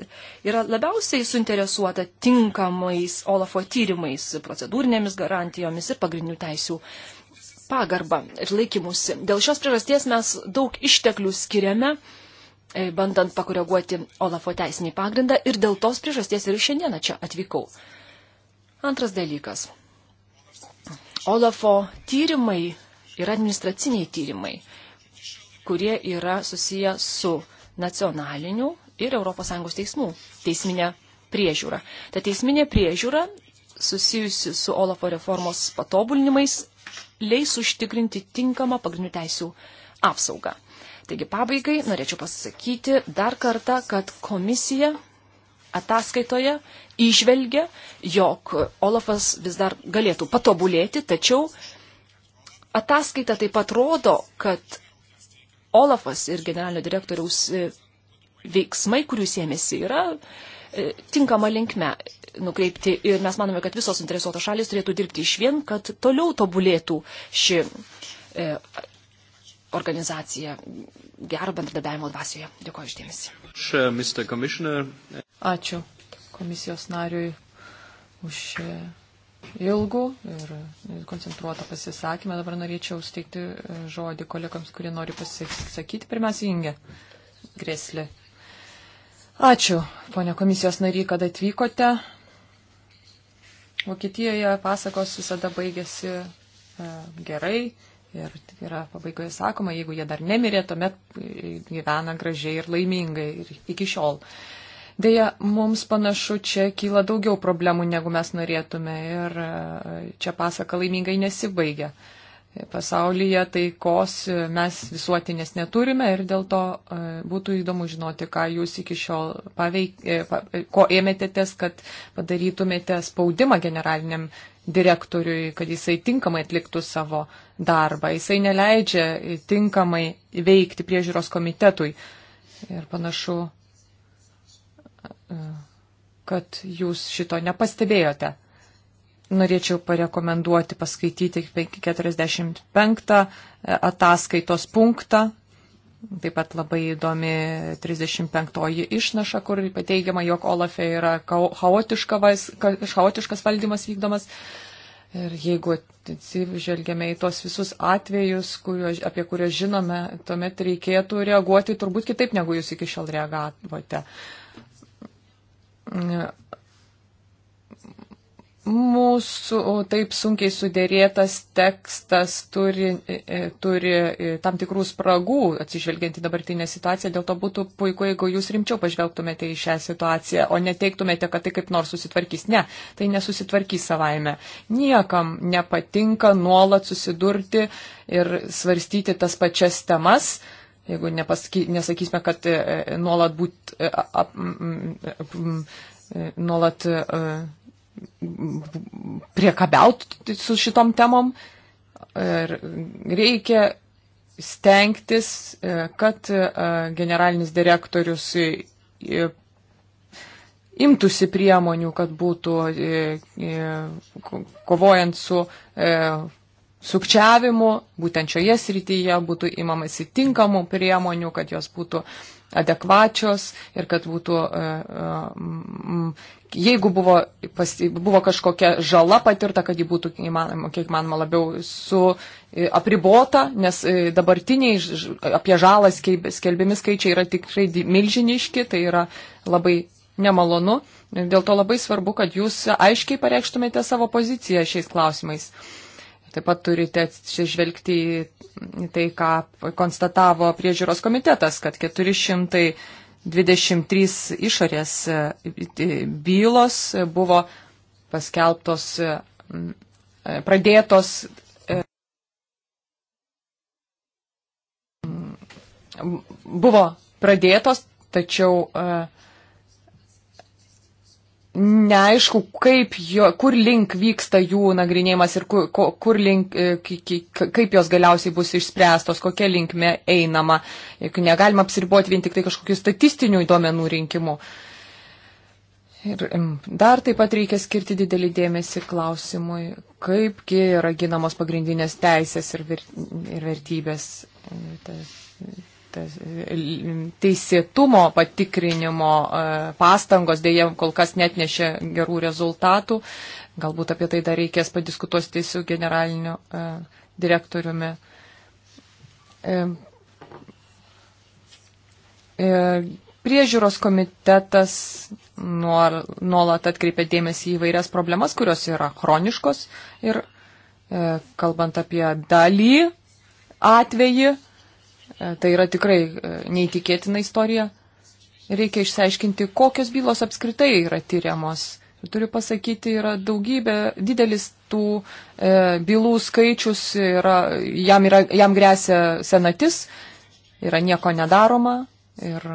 yra labiausiai suinteresuota tinkamais Olafo tyrimais, procedūrinėmis garantijomis ir pagrindinių teisių pagarbą ir laikymusi. Dėl šios priežasties mes daug išteklių skiriame e, bandant pakoreguoti Olafo teisinį pagrindą ir dėl tos priežasties ir šiandieną čia atvykau. Antras dalykas. Olafo tyrimai yra administraciniai tyrimai, kurie yra susiję su nacionaliniu ir ES teismų teisminė priežiūra. Ta teisminė priežiūra susijusi su Olafo reformos patobulinimais leis užtikrinti tinkamą pagrindinių teisių apsaugą. Taigi pabaigai norėčiau pasakyti dar kartą, kad komisija ataskaitoje išvelgia, jog Olafas vis dar galėtų patobulėti, tačiau Ataskaita taip pat rodo, kad Olafas ir generalinio direktoriaus e, veiksmai, kurių sėmėsi, yra e, tinkama linkme nukreipti ir mes manome, kad visos interesuotos šalis turėtų dirbti iš vien, kad toliau tobulėtų ši e, organizacija gero bendradarbiavimo dvasioje. Dėkuoju išdėmesi. Ačiū komisijos nariui už e, ilgų ir koncentruotą pasisakymą. Dabar norėčiau steigti e, žodį kolegams, kurie nori pasisakyti. Pirmiausia, Inge Greslė. Ačiū, ponia komisijos nariai, kad atvykote. Vokietijoje pasakos visada baigėsi e, gerai ir yra pabaigoje sakoma, jeigu jie dar nemirė, tuomet gyvena gražiai ir laimingai ir iki šiol. Uh, Deja, mums panašu, čia kyla daugiau problemų, negu mes norėtume ir e, čia pasaka laimingai nesibaigia. Pasaulyje taikos e, mes visuotinės neturime ir dėl to e, būtų įdomu žinoti, ką jūs iki šiol paveik, ko ėmėtėtės, kad padarytumėte spaudimą generaliniam direktoriui, kad jisai tinkamai atliktų savo darbą. Jisai neleidžia tinkamai veikti priežiūros komitetui. Ir panašu, kad jūs šito nepastebėjote. Norėčiau parekomenduoti paskaityti 45 e, ataskaitos punktą. Taip pat labai įdomi 35 išnaša, kur pateigiama, jog Olafe yra chaotiškas valdymas vykdomas. Ir jeigu atsižvelgiame į tos visus atvejus, kurio, apie kuriuos žinome, tuomet reikėtų reaguoti turbūt kitaip, negu jūs iki šiol reagavote. Uh, mūsų taip sunkiai sudėrėtas tekstas turi, e, e, turi e, tam tikrų spragų, atsižvelgiant į dabartinę situaciją, dėl to būtų puiku, jeigu jūs rimčiau pažvelgtumėte į šią situaciją, o neteiktumėte, kad tai kaip nors susitvarkys. Ne, tai nesusitvarkys savaime. Niekam nepatinka nuolat susidurti ir svarstyti tas pačias temas jeigu nepasaky, nesakysime, kad e, e, nuolat būt, e, ap, ap, nuolat priekabiaut su šitom temom. Ir reikia stengtis, kad generalinis direktorius imtųsi priemonių, kad būtų kovojant su sukčiavimu, būtent šioje srityje būtų imamasi tinkamų priemonių, kad jos būtų adekvačios ir kad būtų, e, e, jeigu buvo, pas, buvo kažkokia žala patirta, kad ji būtų, įmanoma, kiek manoma, labiau su e, apribota, nes dabartiniai apie žalą skelbiami skaičiai yra tikrai milžiniški, tai yra labai nemalonu. Dėl to labai svarbu, kad jūs aiškiai pareikštumėte savo poziciją šiais klausimais. Uh, Taip pat turite atsižvelgti į tai, ką konstatavo priežiūros komitetas, kad 423 išorės e, bylos buvo paskelbtos, e, pradėtos, e, buvo pradėtos, tačiau uh, neaišku, kaip jo, kur link vyksta jų nagrinėjimas ir kur, kur link, e, kaip jos galiausiai bus išspręstos, kokia linkme einama. Juk negalima apsiriboti vien tik tai kažkokiu statistiniu duomenų rinkimu. Ir dar taip pat reikia skirti didelį dėmesį klausimui, kaipgi yra ginamos pagrindinės teisės ir, ver, ir vertybės. Tai teisėtumo patikrinimo e, pastangos dėja kol kas net nešia gerų rezultatų. Galbūt apie tai dar reikės padiskutuoti su generaliniu e, direktoriumi. E, priežiūros komitetas nuolat atkreipia dėmesį į vairias problemas, kurios yra chroniškos ir kalbant apie dalį atvejį, E, tai yra tikrai e, neįtikėtina istorija. Reikia išsiaiškinti, kokios bylos apskritai yra tyriamos. Turiu pasakyti, yra daugybė, didelis tų e, bylų skaičius, yra, jam, yra, jam grėsia senatis, yra nieko nedaroma. Ir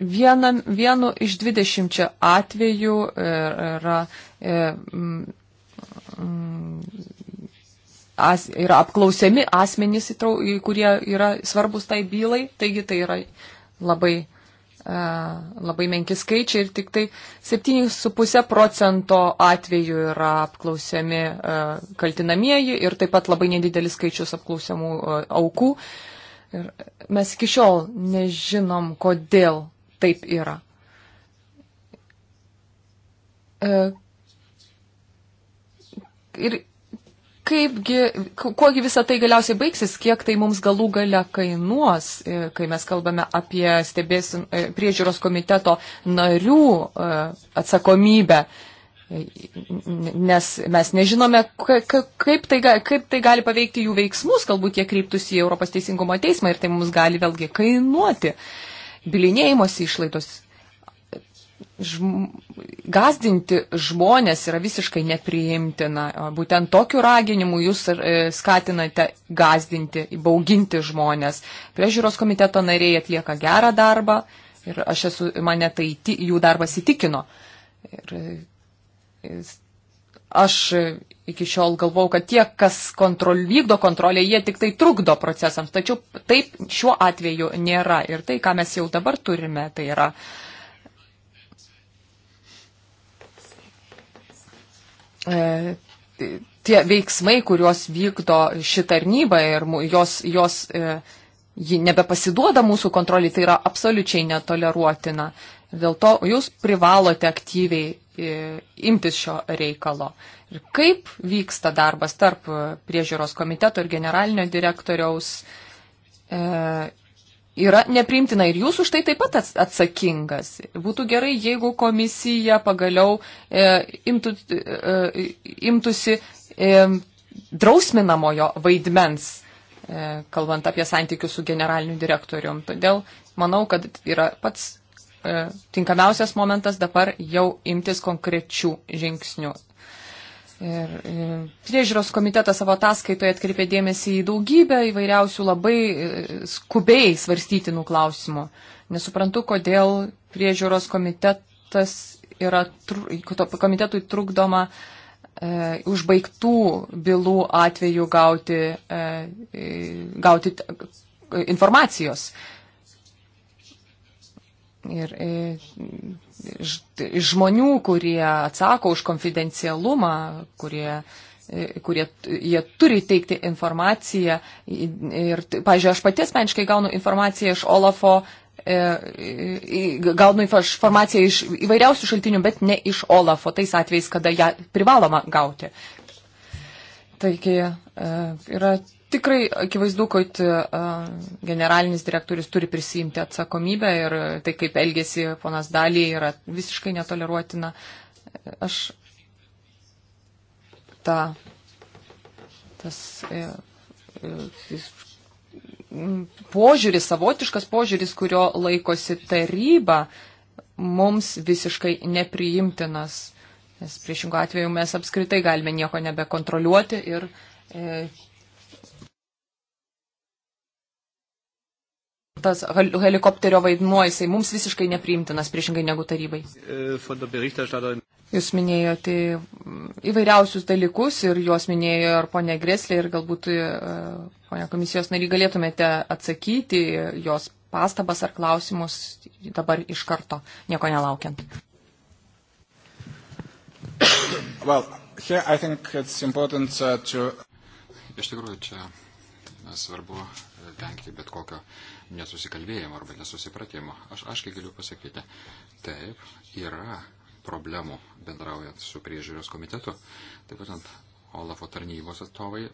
vienam, vienu iš dvidešimčia atvejų e, yra. E, mm, as, yra apklausiami asmenys, kurie yra svarbus tai bylai, taigi tai yra labai, e, labai menki skaičiai ir tik tai 7,5 procento atveju yra apklausiami e, kaltinamieji ir taip pat labai nedidelis skaičius apklausiamų e, aukų. Ir mes iki šiol nežinom, kodėl taip yra. Ir kaipgi, kuogi visą tai galiausiai baigsis, kiek tai mums galų gale kainuos, e, kai mes kalbame apie stebėsim, e, priežiūros komiteto narių e, atsakomybę. Nes mes nežinome, kaip tai, kaip tai gali paveikti jų veiksmus, galbūt jie kryptųsi į Europos Teisingumo teismą ir tai mums gali vėlgi kainuoti. Bilinėjimosi išlaidos žm... gazdinti žmonės yra visiškai nepriimtina. Būtent tokiu raginimu jūs e, skatinate gazdinti, bauginti žmonės. Priežiūros komiteto nariai atlieka gerą darbą ir aš esu, mane tai jų darbas įtikino. Ir e, aš iki šiol galvau, kad tie, kas kontrol, vykdo kontrolę, jie tik tai trukdo procesams. Tačiau taip šiuo atveju nėra. Ir tai, ką mes jau dabar turime, tai yra uh, E, tie veiksmai, kuriuos vykdo ši tarnyba ir jos, jos e, ji nebepasiduoda mūsų kontroliai, tai yra absoliučiai netoleruotina. Dėl to jūs privalote aktyviai e, imtis šio reikalo. Ir kaip vyksta darbas tarp priežiūros komiteto ir generalinio direktoriaus yra nepriimtina ir jūs už tai taip pat atsakingas. Būtų gerai, jeigu komisija pagaliau e, imtų, e, e, imtųsi e, drausminamojo vaidmens, e, kalbant apie santykius su generaliniu direktorium. Todėl manau, kad yra pats e, tinkamiausias momentas dabar jau imtis konkrečių žingsnių Ir e, priežiūros komitetas savo ataskaitoje atkreipė dėmesį į daugybę įvairiausių labai e, skubiai svarstytinų klausimų. Nesuprantu, kodėl priežiūros komitetas yra, komitetui trukdoma e, užbaigtų bylų atveju gauti, e, e gauti informacijos. E, ir e, iš žmonių, kurie atsako už konfidencialumą, kurie e, kurie jie turi teikti informaciją. Ir, pažiūrėjau, aš pati asmeniškai gaunu informaciją iš Olafo, e, gaunu informaciją iš įvairiausių šaltinių, bet ne iš Olafo, tais atvejais, kada ją privaloma gauti. Taigi yra tikrai akivaizdu, kad e, generalinis direktorius turi prisijimti atsakomybę ir tai, kaip elgesi ponas Dalį, yra visiškai netoleruotina. Aš tą, tas e, e, požiūris, savotiškas požiūris, kurio laikosi taryba, mums visiškai nepriimtinas. Nes priešingų atveju mes apskritai galime nieko nebekontroliuoti ir e, tas helikopterio vaidmuo, jisai mums visiškai nepriimtinas, priešingai negu tarybai. Jūs minėjote įvairiausius dalykus ir juos minėjo ir ponia Greslė, ir galbūt e, ponia komisijos nariai galėtumėte atsakyti jos pastabas ar klausimus dabar iš karto, nieko nelaukiant. Well, here I think it's important uh, to... Iš tikrųjų, čia e, svarbu e, vengti bet kokio uh, nesusikalbėjimo arba nesusipratimo. Aš aiškiai galiu pasakyti, taip, yra problemų bendraujant su priežiūros komitetu. Taip būtent Olafo tarnybos atstovai e,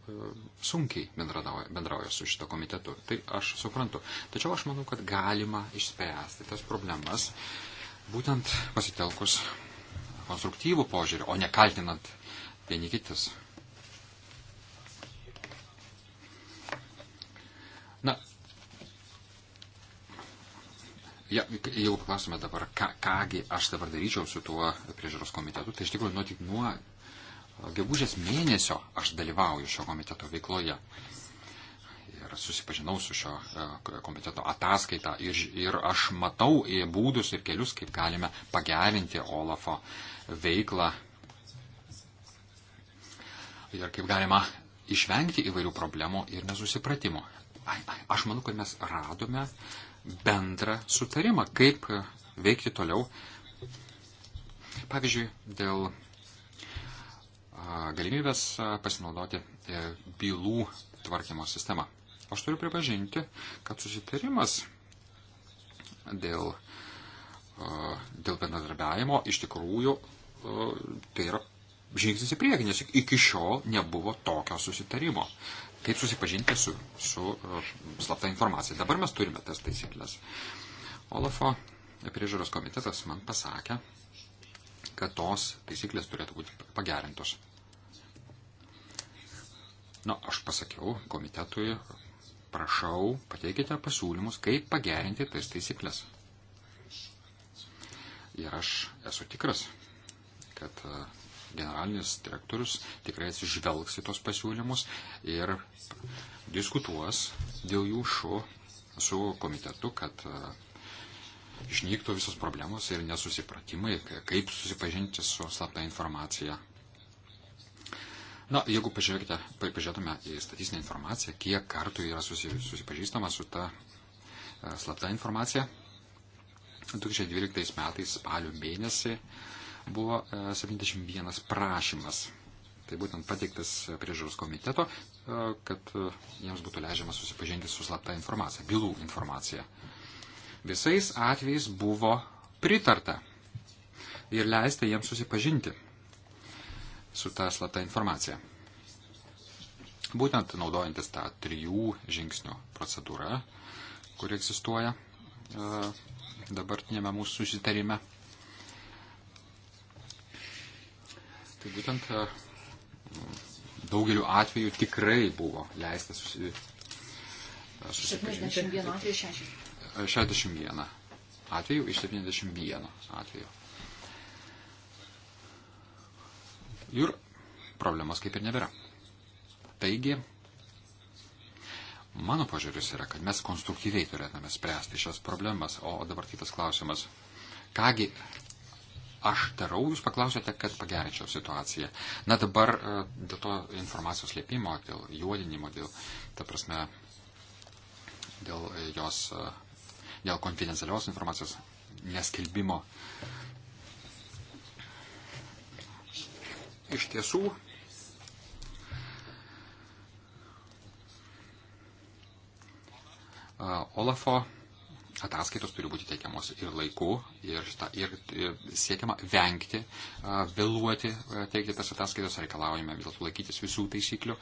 sunkiai bendrauja, bendrauja su šito komitetu. Tai aš suprantu. Tačiau aš manau, kad galima išspręsti tas problemas būtent pasitelkus konstruktyvų požiūrį, o ne kaltinant vieni kitus. Ja, jeigu paklausome dabar, ką, kągi aš dabar daryčiau su tuo priežiūros komitetu, tai iš tikrųjų nuo tik nuo gegužės mėnesio aš dalyvauju šio komiteto veikloje. Ir susipažinau su šio komiteto ataskaita ir, ir aš matau būdus ir kelius, kaip galime pagerinti Olafo veiklą ir kaip galima išvengti įvairių problemų ir nesusipratimo. Aš manau, kad mes radome bendrą sutarimą, kaip veikti toliau. Pavyzdžiui, dėl galimybės pasinaudoti e, bylų tvarkymo sistemą. Aš turiu pripažinti, kad susitarimas dėl, dėl bendradarbiavimo iš tikrųjų tai yra žingsnis į priekį, nes iki šiol nebuvo tokio susitarimo kaip susipažinti su, su e, slapta informacija. Dabar mes turime tas taisyklės. Olafo priežiūros komitetas man pasakė, kad tos taisyklės turėtų būti pagerintos. Na, aš pasakiau komitetui, prašau, pateikite pasiūlymus, kaip pagerinti tas taisyklės. Ir aš esu tikras, kad e, generalinis direktorius tikrai atsižvelgs į tos pasiūlymus ir diskutuos dėl jų šu, su komitetu, kad e, išnyktų visos problemos ir nesusipratimai, kaip susipažinti su slapta informacija. Na, jeigu pažiūrėtume į statistinę informaciją, kiek kartų yra susi, susipažįstama su ta e, slapta informacija, 2012 metais spalio mėnesį uh, buvo 71 e, prašymas. Tai būtent pateiktas priežiūros komiteto, e, kad e, jiems būtų leidžiama susipažinti su slapta informacija, bylų informacija. Visais atvejais buvo pritarta ir leista jiems susipažinti su ta slapta informacija. Būtent naudojantis tą trijų žingsnių procedūrą, kuri egzistuoja dabartinėme mūsų susitarime Tai būtent e, daugeliu atveju tikrai buvo leista susi... E, susipažinti. 71 atveju 60. 61 e, atveju iš 71 atveju. Ir problemos kaip ir nebėra. Taigi, mano požiūris yra, kad mes konstruktyviai turėtume spręsti šias problemas, o dabar kitas klausimas. Kągi aš darau, jūs paklausėte, kad pagerinčiau situaciją. Na dabar e, dėl to informacijos slėpimo, dėl juodinimo, dėl, ta prasme, dėl jos, e, dėl konfidencialios informacijos neskelbimo. Iš tiesų, e, Olafo ataskaitos turi būti teikiamos ir laiku, ir, šita, ir, ir siekiama vengti, vėluoti teikti tas ataskaitos, reikalaujame vis dėlto laikytis visų taisyklių.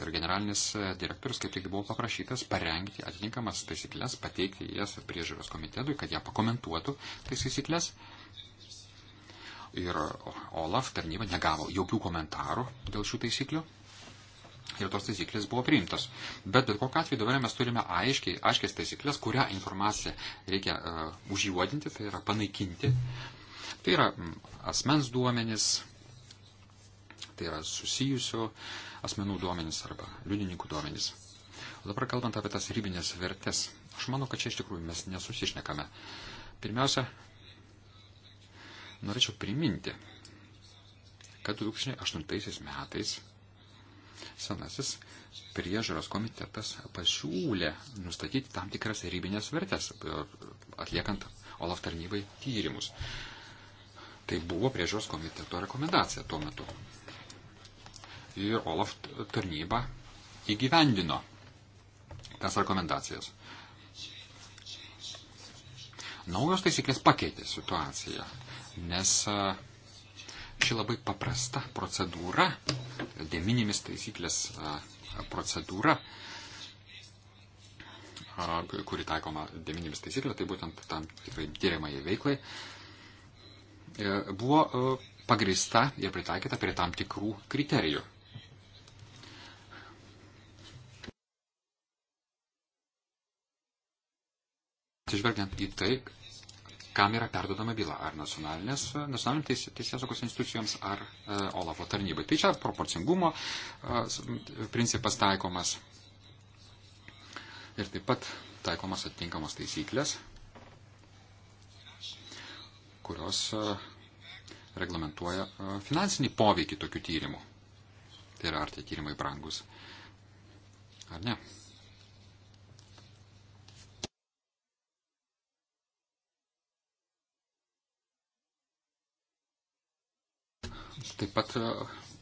Ir generalinis direktorius kaip tik buvo paprašytas parengti atitinkamas taisyklės, pateikti jas priežiūros komitetui, kad jie pakomentuotų tas taisyklės. Ir Olaf tarnyba negavo jokių komentarų dėl šių taisyklių ir tos taisyklės buvo priimtos. Bet bet kokiu atveju dabar mes turime aiškiai, aiškias taisyklės, kurią informaciją reikia uh, užjuodinti, tai yra panaikinti. Tai yra asmens duomenis, tai yra susijusių asmenų duomenis arba liudininkų duomenis. O dabar kalbant apie tas rybinės vertės, aš manau, kad čia iš tikrųjų mes nesusišnekame. Pirmiausia, norėčiau priminti, kad 2008 metais senasis priežaros komitetas pasiūlė nustatyti tam tikras rybinės vertės, atliekant OLAF tarnybai tyrimus. Tai buvo priežaros komiteto rekomendacija tuo metu. Ir OLAF tarnyba įgyvendino tas rekomendacijas. Naujos taisyklės pakeitė situaciją, nes Ši labai paprasta procedūra, deminimis taisyklės procedūra, kuri taikoma deminimis taisyklė, tai būtent tam tikrai tyriamai veiklai, e, buvo e, pagrista ir pritaikyta prie tam tikrų kriterijų. Atsižvelgiant į tai, kam yra perdodama byla, ar nacionalinės, nacionalinės teisės, teisėsaugos institucijoms, ar e, Olafo tarnybai. Tai čia proporcingumo e, principas taikomas ir taip pat taikomas atitinkamos taisyklės, kurios e, reglamentuoja e, finansinį poveikį tokių tyrimų. Tai yra, ar tie tyrimai brangus, ar ne. taip pat e,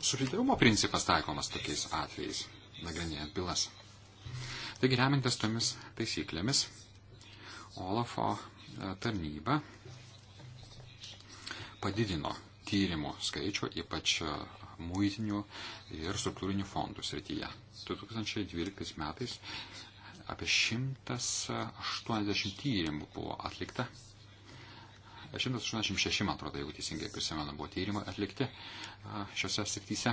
solidarumo principas taikomas tokiais atvejais, nagrinėjant bylas. Taigi, remintis tomis taisyklėmis, Olafo e, tarnyba padidino tyrimų skaičių, ypač e, muitinių ir struktūrinių fondų srityje. 2012 metais apie 180 tyrimų buvo atlikta 186, man atrodo, jeigu teisingai prisimenu, buvo tyrimai atlikti šiuose srityse.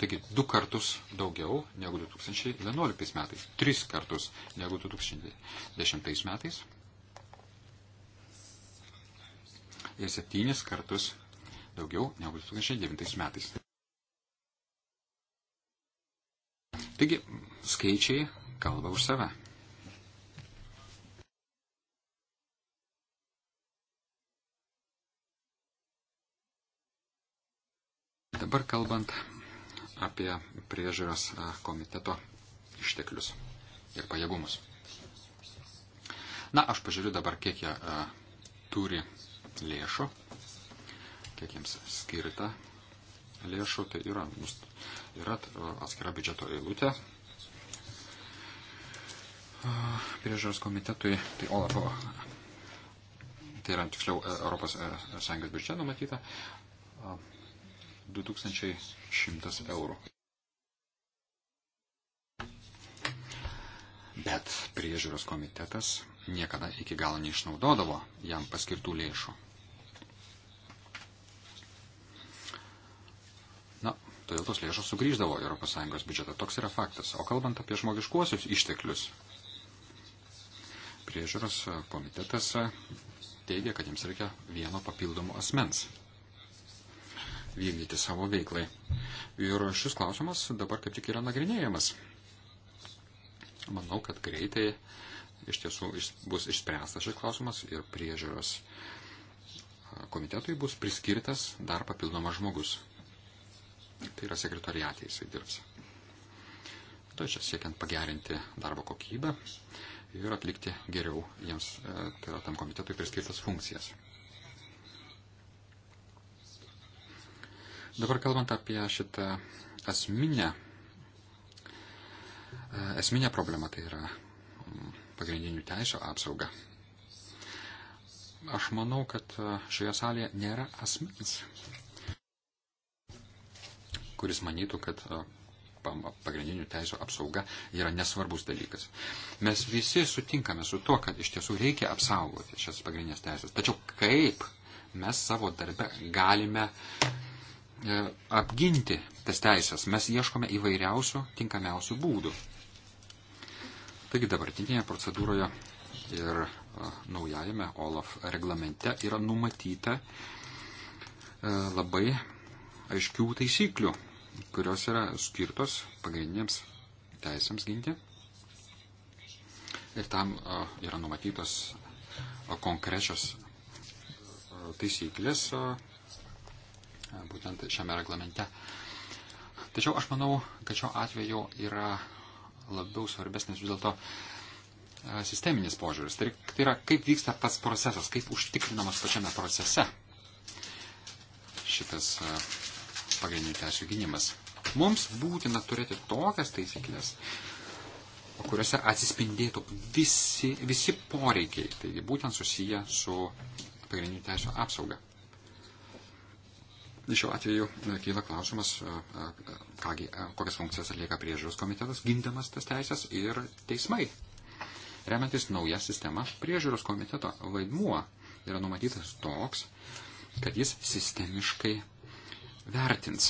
Taigi du kartus daugiau negu 2011 metais, tris kartus negu 2010 metais ir septynis kartus daugiau negu 2009 metais. Taigi skaičiai kalba už save. Dabar kalbant apie priežiūros komiteto išteklius ir pajėgumus. Na, aš pažiūriu dabar, kiek jie a, turi lėšų, kiek jiems skirta lėšų, tai yra, yra atskira biudžeto eilutė priežiūros komitetui, tai Olafo, tai yra tiksliau e, Europos e, Sąjungos biudžete numatyta, 2100 eurų. Bet priežiūros komitetas niekada iki galo neišnaudodavo jam paskirtų lėšų. Na, todėl tos lėšos sugrįždavo ES biudžetą. Toks yra faktas. O kalbant apie žmogiškuosius išteklius, priežiūros komitetas teigia, kad jiems reikia vieno papildomo asmens vykdyti savo veiklai. Ir šis klausimas dabar kaip tik yra nagrinėjamas. Manau, kad greitai iš tiesų bus išspręstas šis klausimas ir priežiūros komitetui bus priskirtas dar papildomas žmogus. Tai yra sekretoriatė, jisai dirbs. Tai čia siekiant pagerinti darbo kokybę ir atlikti geriau jiems, e, tai yra tam komitetui priskirtas funkcijas. Dabar kalbant apie šitą asminę, esminę problemą, tai yra mm, pagrindinių teisų apsauga. Aš manau, kad e, šioje salėje nėra asmens, kuris manytų, kad e, pagrindinių teisų apsauga yra nesvarbus dalykas. Mes visi sutinkame su to, kad iš tiesų reikia apsaugoti šias pagrindinės teisės. Tačiau kaip mes savo darbe galime E, apginti tas teisės, mes ieškome įvairiausių tinkamiausių būdų. Taigi dabartinėje procedūroje ir e, naujajame OLAF reglamente yra numatyta e, labai aiškių taisyklių, kurios yra skirtos pagrindiniams teisėms ginti. Ir tam yra numatytos konkrečios taisyklės būtent šiame reglamente. Tačiau aš manau, kad šiuo atveju yra labiau svarbesnis vis dėlto e, sisteminis požiūris. Tai, tai yra, kaip vyksta pats procesas, kaip užtikrinamas pačiame procese šitas e, pagrindinių teisų gynimas. Mums būtina turėti tokias taisyklės, kuriuose atsispindėtų visi, visi poreikiai, taigi būtent susiję su pagrindinių teisų apsauga. Šiuo atveju e, kyla klausimas, e, e, kągi, kokias funkcijas atlieka priežiūros komitetas, gindamas tas teisės ir teismai. Remiantis nauja sistema, priežiūros komiteto vaidmuo yra numatytas toks, kad jis sistemiškai vertins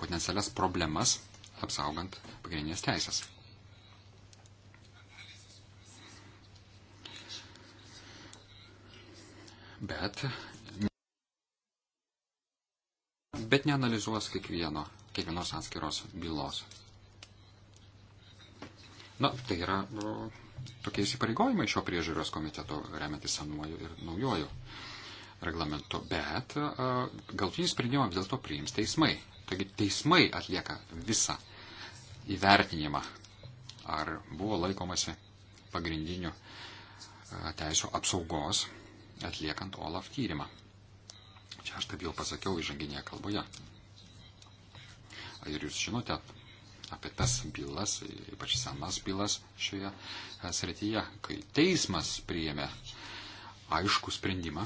potencialias problemas apsaugant pagrindinės teisės. Bet bet neanalizuos kiekvieno, kiekvienos atskiros bylos. Na, tai yra o, nu, tokie įsipareigojimai šio priežiūros komiteto remiantis senuoju ir naujoju reglamentu, bet galtinį sprendimą vis dėlto priims teismai. Taigi teismai atlieka visą įvertinimą, ar buvo laikomasi pagrindinių teisų apsaugos atliekant OLAF tyrimą. Čia aš taip jau pasakiau įžanginėje kalboje. Ir jūs žinote apie tas bylas, ypač senas bylas šioje e, srityje, kai teismas priėmė aišku sprendimą.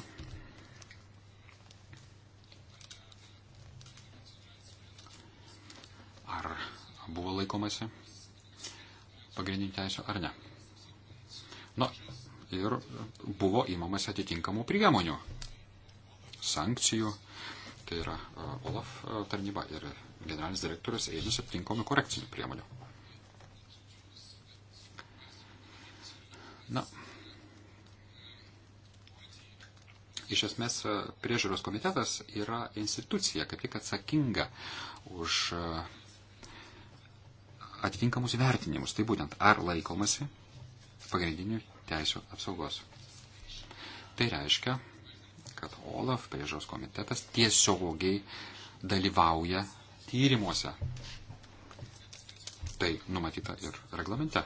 Ar buvo laikomasi pagrindinių teisų ar ne. Na, nu, ir buvo įmamas atitinkamų priemonių sankcijų. Tai yra e, OLAF e, tarnyba ir generalinis direktorius ėmėsi tinkamų korekcinių priemonių. Na, iš esmės e, priežiūros komitetas yra institucija, kaip tik atsakinga už atitinkamus vertinimus. Tai būtent ar laikomasi pagrindinių teisų apsaugos. Tai reiškia, kad OLAF priežos komitetas tiesiogiai dalyvauja tyrimuose. Tai numatyta ir reglamente.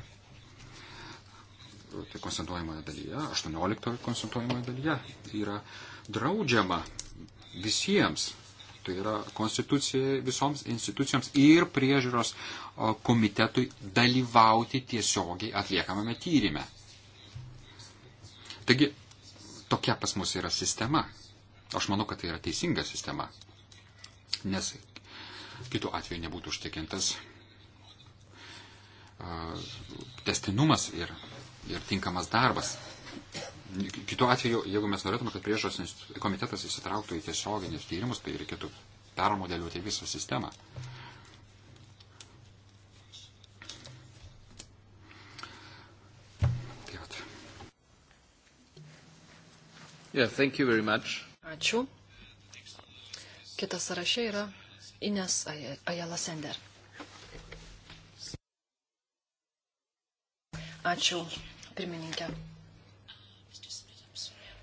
Tai konsentuojamoje dalyje, 18 konsentuojamoje dalyje yra draudžiama visiems, tai yra konstitucijai visoms institucijoms ir priežiūros komitetui dalyvauti tiesiogiai atliekamame tyrimė. Taigi tokia pas mus yra sistema. Aš manau, kad tai yra teisinga sistema, nes kitų atveju nebūtų užtikrintas uh, testinumas ir, ir tinkamas darbas. Kitu atveju, jeigu mes norėtume, kad priežos komitetas įsitrauktų į tiesioginius tyrimus, tai reikėtų permodeliuoti visą sistemą. Uh, Yeah, thank you very much. Ačiū. Kitas sąrašė yra Ines Ajala Sender. Ačiū, pirmininkė.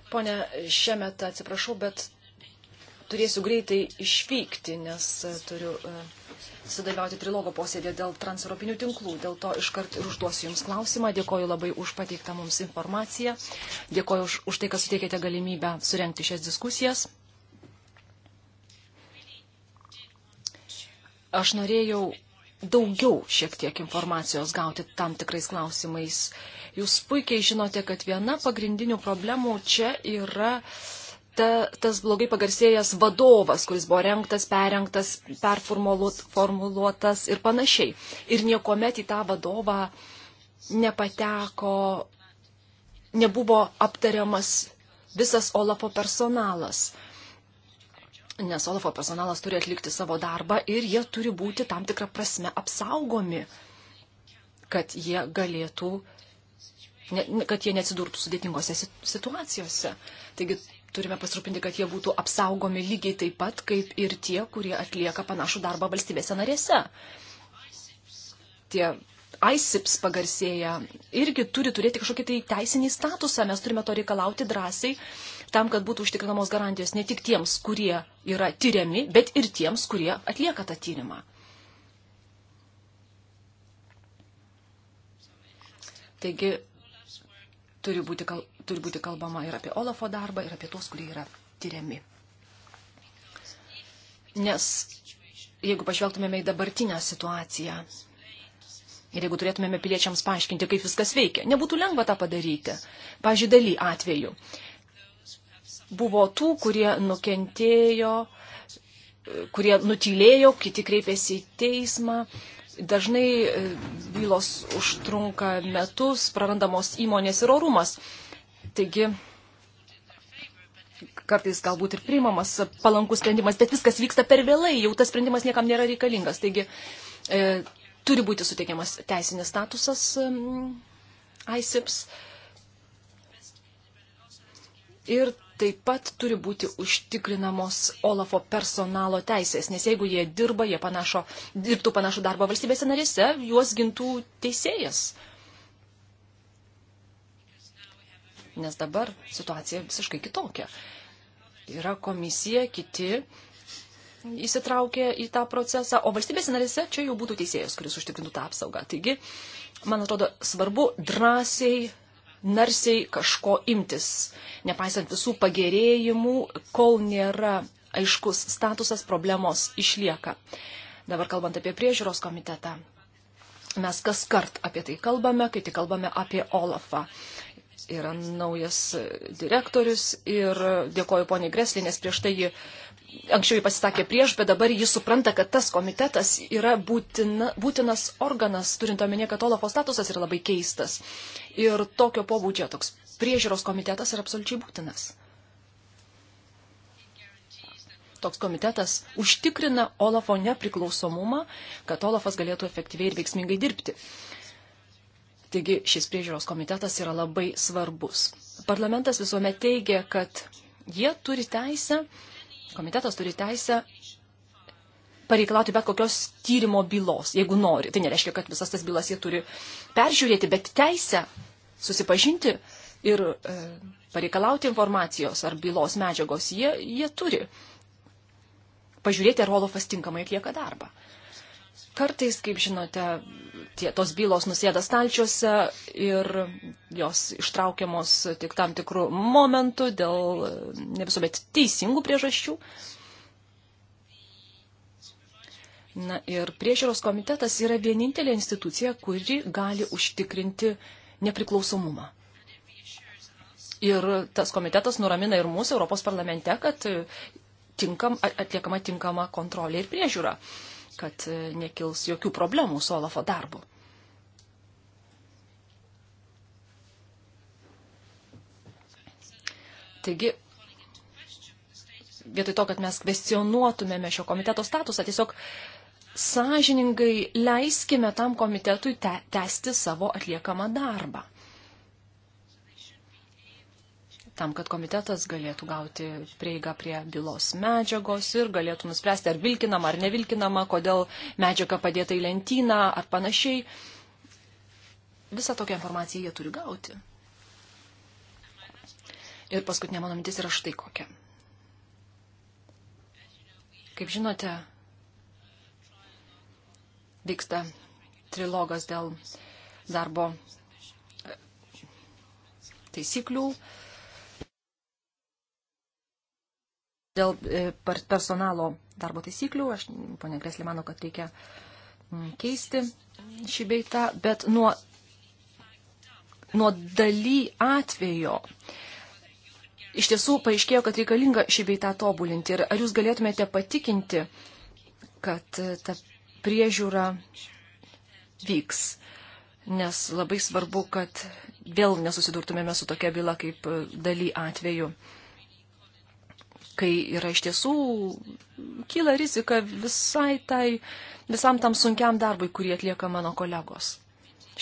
Pone, šiemet atsiprašau, bet turėsiu greitai išvykti, nes turiu uh, sudalyvauti trilogo posėdėje dėl transeuropinių tinklų. Dėl to iškart ir užduosiu Jums klausimą. Dėkoju labai už pateiktą mums informaciją. Dėkoju už, už tai, kad suteikėte galimybę surenkti šias diskusijas. Aš norėjau daugiau šiek tiek informacijos gauti tam tikrais klausimais. Jūs puikiai žinote, kad viena pagrindinių problemų čia yra uh, ta, tas blogai pagarsėjęs vadovas, kuris buvo renktas, perrenktas, performuluotas ir panašiai. Ir niekuomet į tą vadovą nepateko, nebuvo aptariamas visas Olafo personalas. Nes Olafo personalas turi atlikti savo darbą ir jie turi būti tam tikrą prasme apsaugomi, kad jie galėtų, kad jie neatsidurtų sudėtingose situacijose. Taigi turime pasirūpinti, kad jie būtų apsaugomi lygiai taip pat, kaip ir tie, kurie atlieka panašų darbą valstybėse narėse. Tie ISIPS pagarsėję irgi turi turėti kažkokį tai teisinį statusą, mes turime to reikalauti drąsiai, tam, kad būtų užtikrinamos garantijos ne tik tiems, kurie yra tyriami, bet ir tiems, kurie atlieka tą tyrimą. Taigi turi būti kal turi būti kalbama ir apie Olafo darbą, ir apie tuos, kurie yra tyriami. Nes jeigu pažvelgtumėme į dabartinę situaciją ir jeigu turėtumėme piliečiams paaiškinti, kaip viskas veikia, nebūtų lengva tą padaryti. Pavyzdžiui, daly atveju buvo tų, kurie nukentėjo, kurie nutylėjo, kiti kreipėsi į teismą. Dažnai bylos užtrunka metus, prarandamos įmonės ir orumas. Taigi, kartais galbūt ir priimamas palankus sprendimas, bet viskas vyksta per vėlai, jau tas sprendimas niekam nėra reikalingas. Taigi, e, turi būti suteikiamas teisinis statusas e, ISIPS. Ir taip pat turi būti užtikrinamos Olafo personalo teisės, nes jeigu jie dirba, jie panašo, dirbtų panašų darbą valstybėse narėse, juos gintų teisėjas. E, nes dabar situacija visiškai kitokia. Yra komisija, kiti įsitraukė į tą procesą, o valstybės narėse čia jau būtų teisėjas, kuris užtikrintų tą apsaugą. Taigi, man atrodo, svarbu drąsiai, narsiai kažko imtis, nepaisant visų pagerėjimų, kol nėra aiškus statusas, problemos išlieka. Dabar kalbant apie priežiūros komitetą, mes kas kart apie tai kalbame, kai tik kalbame apie Olafą yra naujas direktorius ir dėkoju poniai Greslį, nes prieš tai ji, anksčiau ji pasisakė prieš, bet dabar ji supranta, kad tas komitetas yra būtina, būtinas organas, turint omenyje, kad Olafo statusas yra labai keistas. Ir tokio pobūdžio toks priežiūros komitetas yra absoliučiai būtinas. Toks komitetas užtikrina Olafo nepriklausomumą, kad Olafas galėtų efektyviai ir veiksmingai dirbti. Taigi šis priežiūros komitetas yra labai svarbus. Parlamentas visuomet teigia, kad jie turi teisę, komitetas turi teisę pareikalauti bet kokios tyrimo bylos, jeigu nori. Tai nereiškia, kad visas tas bylas jie turi peržiūrėti, bet teisę susipažinti ir e, pareikalauti informacijos ar bylos medžiagos jie, jie turi. Pažiūrėti, ar Olofas tinkamai atlieka darbą. Kartais, kaip žinote, tie, tos bylos nusėda stalčiuose ir jos ištraukiamos tik tam tikrų momentų dėl ne visuomet teisingų priežasčių. Na ir priežiūros komitetas yra vienintelė institucija, kuri gali užtikrinti nepriklausomumą. Ir tas komitetas nuramina ir mūsų Europos parlamente, kad tinkam, atliekama tinkama kontrolė ir priežiūra. Uh, kad e, nekils jokių problemų su Olafo darbu. Taigi, vietoj to, kad mes kvestionuotumėme šio komiteto statusą, tiesiog sąžiningai leiskime tam komitetui tęsti savo atliekamą darbą tam, kad komitetas galėtų gauti prieigą prie bylos medžiagos ir galėtų nuspręsti, ar vilkinama, ar nevilkinama, kodėl medžiaga padėta į lentyną ar panašiai. Visą tokią informaciją jie turi gauti. Ir paskutinė mano mintis yra štai kokia. Kaip žinote, vyksta trilogas dėl darbo taisyklių. Dėl e, personalo darbo taisyklių, aš, ponė Greslė, manau, kad reikia mm, keisti šį beitą, bet nuo, nuo daly atvejo iš tiesų paaiškėjo, kad reikalinga šį beitą tobulinti. Ir ar jūs galėtumėte patikinti, kad e, ta priežiūra vyks? Nes labai svarbu, kad vėl nesusidurtumėme su tokia byla kaip e, daly atveju kai yra iš tiesų kyla rizika visai tai, visam tam sunkiam darbui, kurį atlieka mano kolegos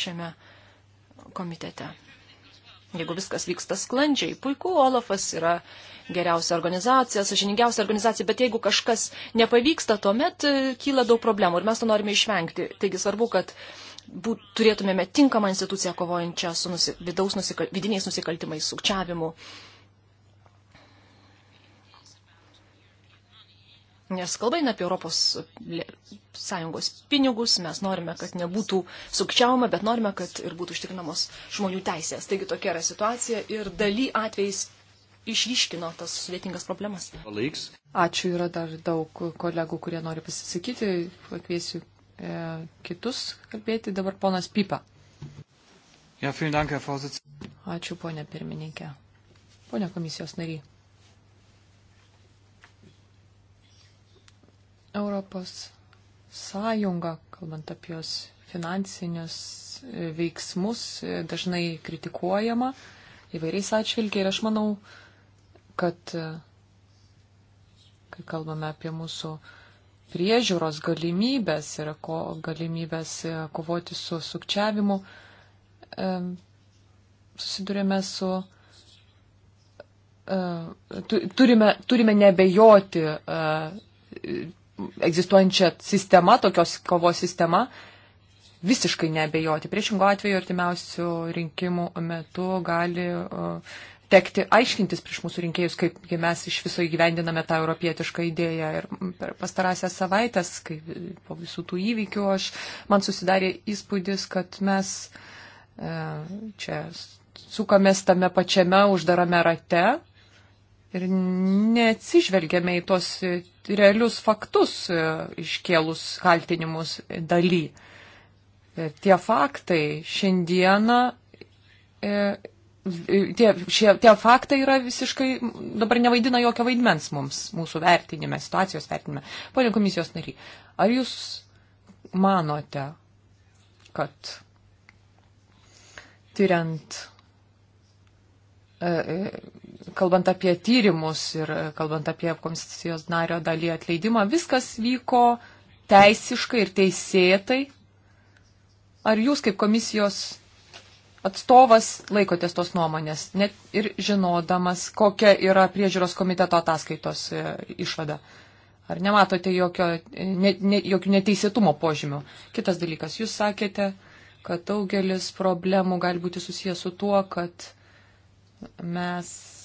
šiame komitete. Jeigu viskas vyksta sklandžiai, puiku, Olafas yra geriausia organizacija, sažiningiausia organizacija, bet jeigu kažkas nepavyksta, tuomet e, kyla daug problemų ir mes to norime išvengti. Taigi svarbu, kad būt, turėtumėme tinkamą instituciją kovojančią su nusi, vidaus nusikal, vidiniais nusikaltimais, sukčiavimu, uh, Nes kalba eina apie Europos Sąjungos pinigus, mes norime, kad nebūtų sukčiauma, bet norime, kad ir būtų užtikrinamos žmonių teisės. Taigi tokia yra situacija ir daly atvejais išryškino tas sudėtingas problemas. Ačiū, yra dar daug kolegų, kurie nori pasisakyti, pakviesiu e, kitus kalbėti. Dabar ponas Pipa. Ja, dank, Ačiū, ponė pirmininkė. Pone komisijos nariai. Europos Sąjunga, kalbant apie jos finansinius e, veiksmus, e, dažnai kritikuojama įvairiais atšvilgiai ir aš manau, kad e, kai kalbame apie mūsų priežiūros galimybės ir ko, galimybės kovoti su sukčiavimu, susidurėme su turime, turime nebejoti egzistuojančia sistema, tokios kovos sistema, visiškai nebejoti. Priešingo atveju artimiausių rinkimų metu gali uh, tekti aiškintis prieš mūsų rinkėjus, kaip mes iš viso įgyvendiname tą europietišką idėją. Ir per pastarąsias savaitės, kai po visų tų įvykių, aš, man susidarė įspūdis, kad mes uh, čia sukamės tame pačiame uždarame rate ir neatsižvelgiame į tos realius faktus e, iškėlus kaltinimus daly. E, tie faktai šiandieną, e, tie, šie, tie faktai yra visiškai, dabar nevaidina jokio vaidmens mums, mūsų vertinime, situacijos vertinime. Pone komisijos nary, ar jūs manote, kad tyriant E, e, kalbant apie tyrimus ir e, kalbant apie komisijos nario dalį atleidimą, viskas vyko teisiškai ir teisėtai. Ar jūs kaip komisijos atstovas laikotės tos nuomonės, net ir žinodamas, kokia yra priežiūros komiteto ataskaitos išvada? Ar nematote jokio, ne, ne, jokių neteisėtumo požymių? Kitas dalykas, jūs sakėte, kad daugelis problemų gali būti susijęs su tuo, kad mes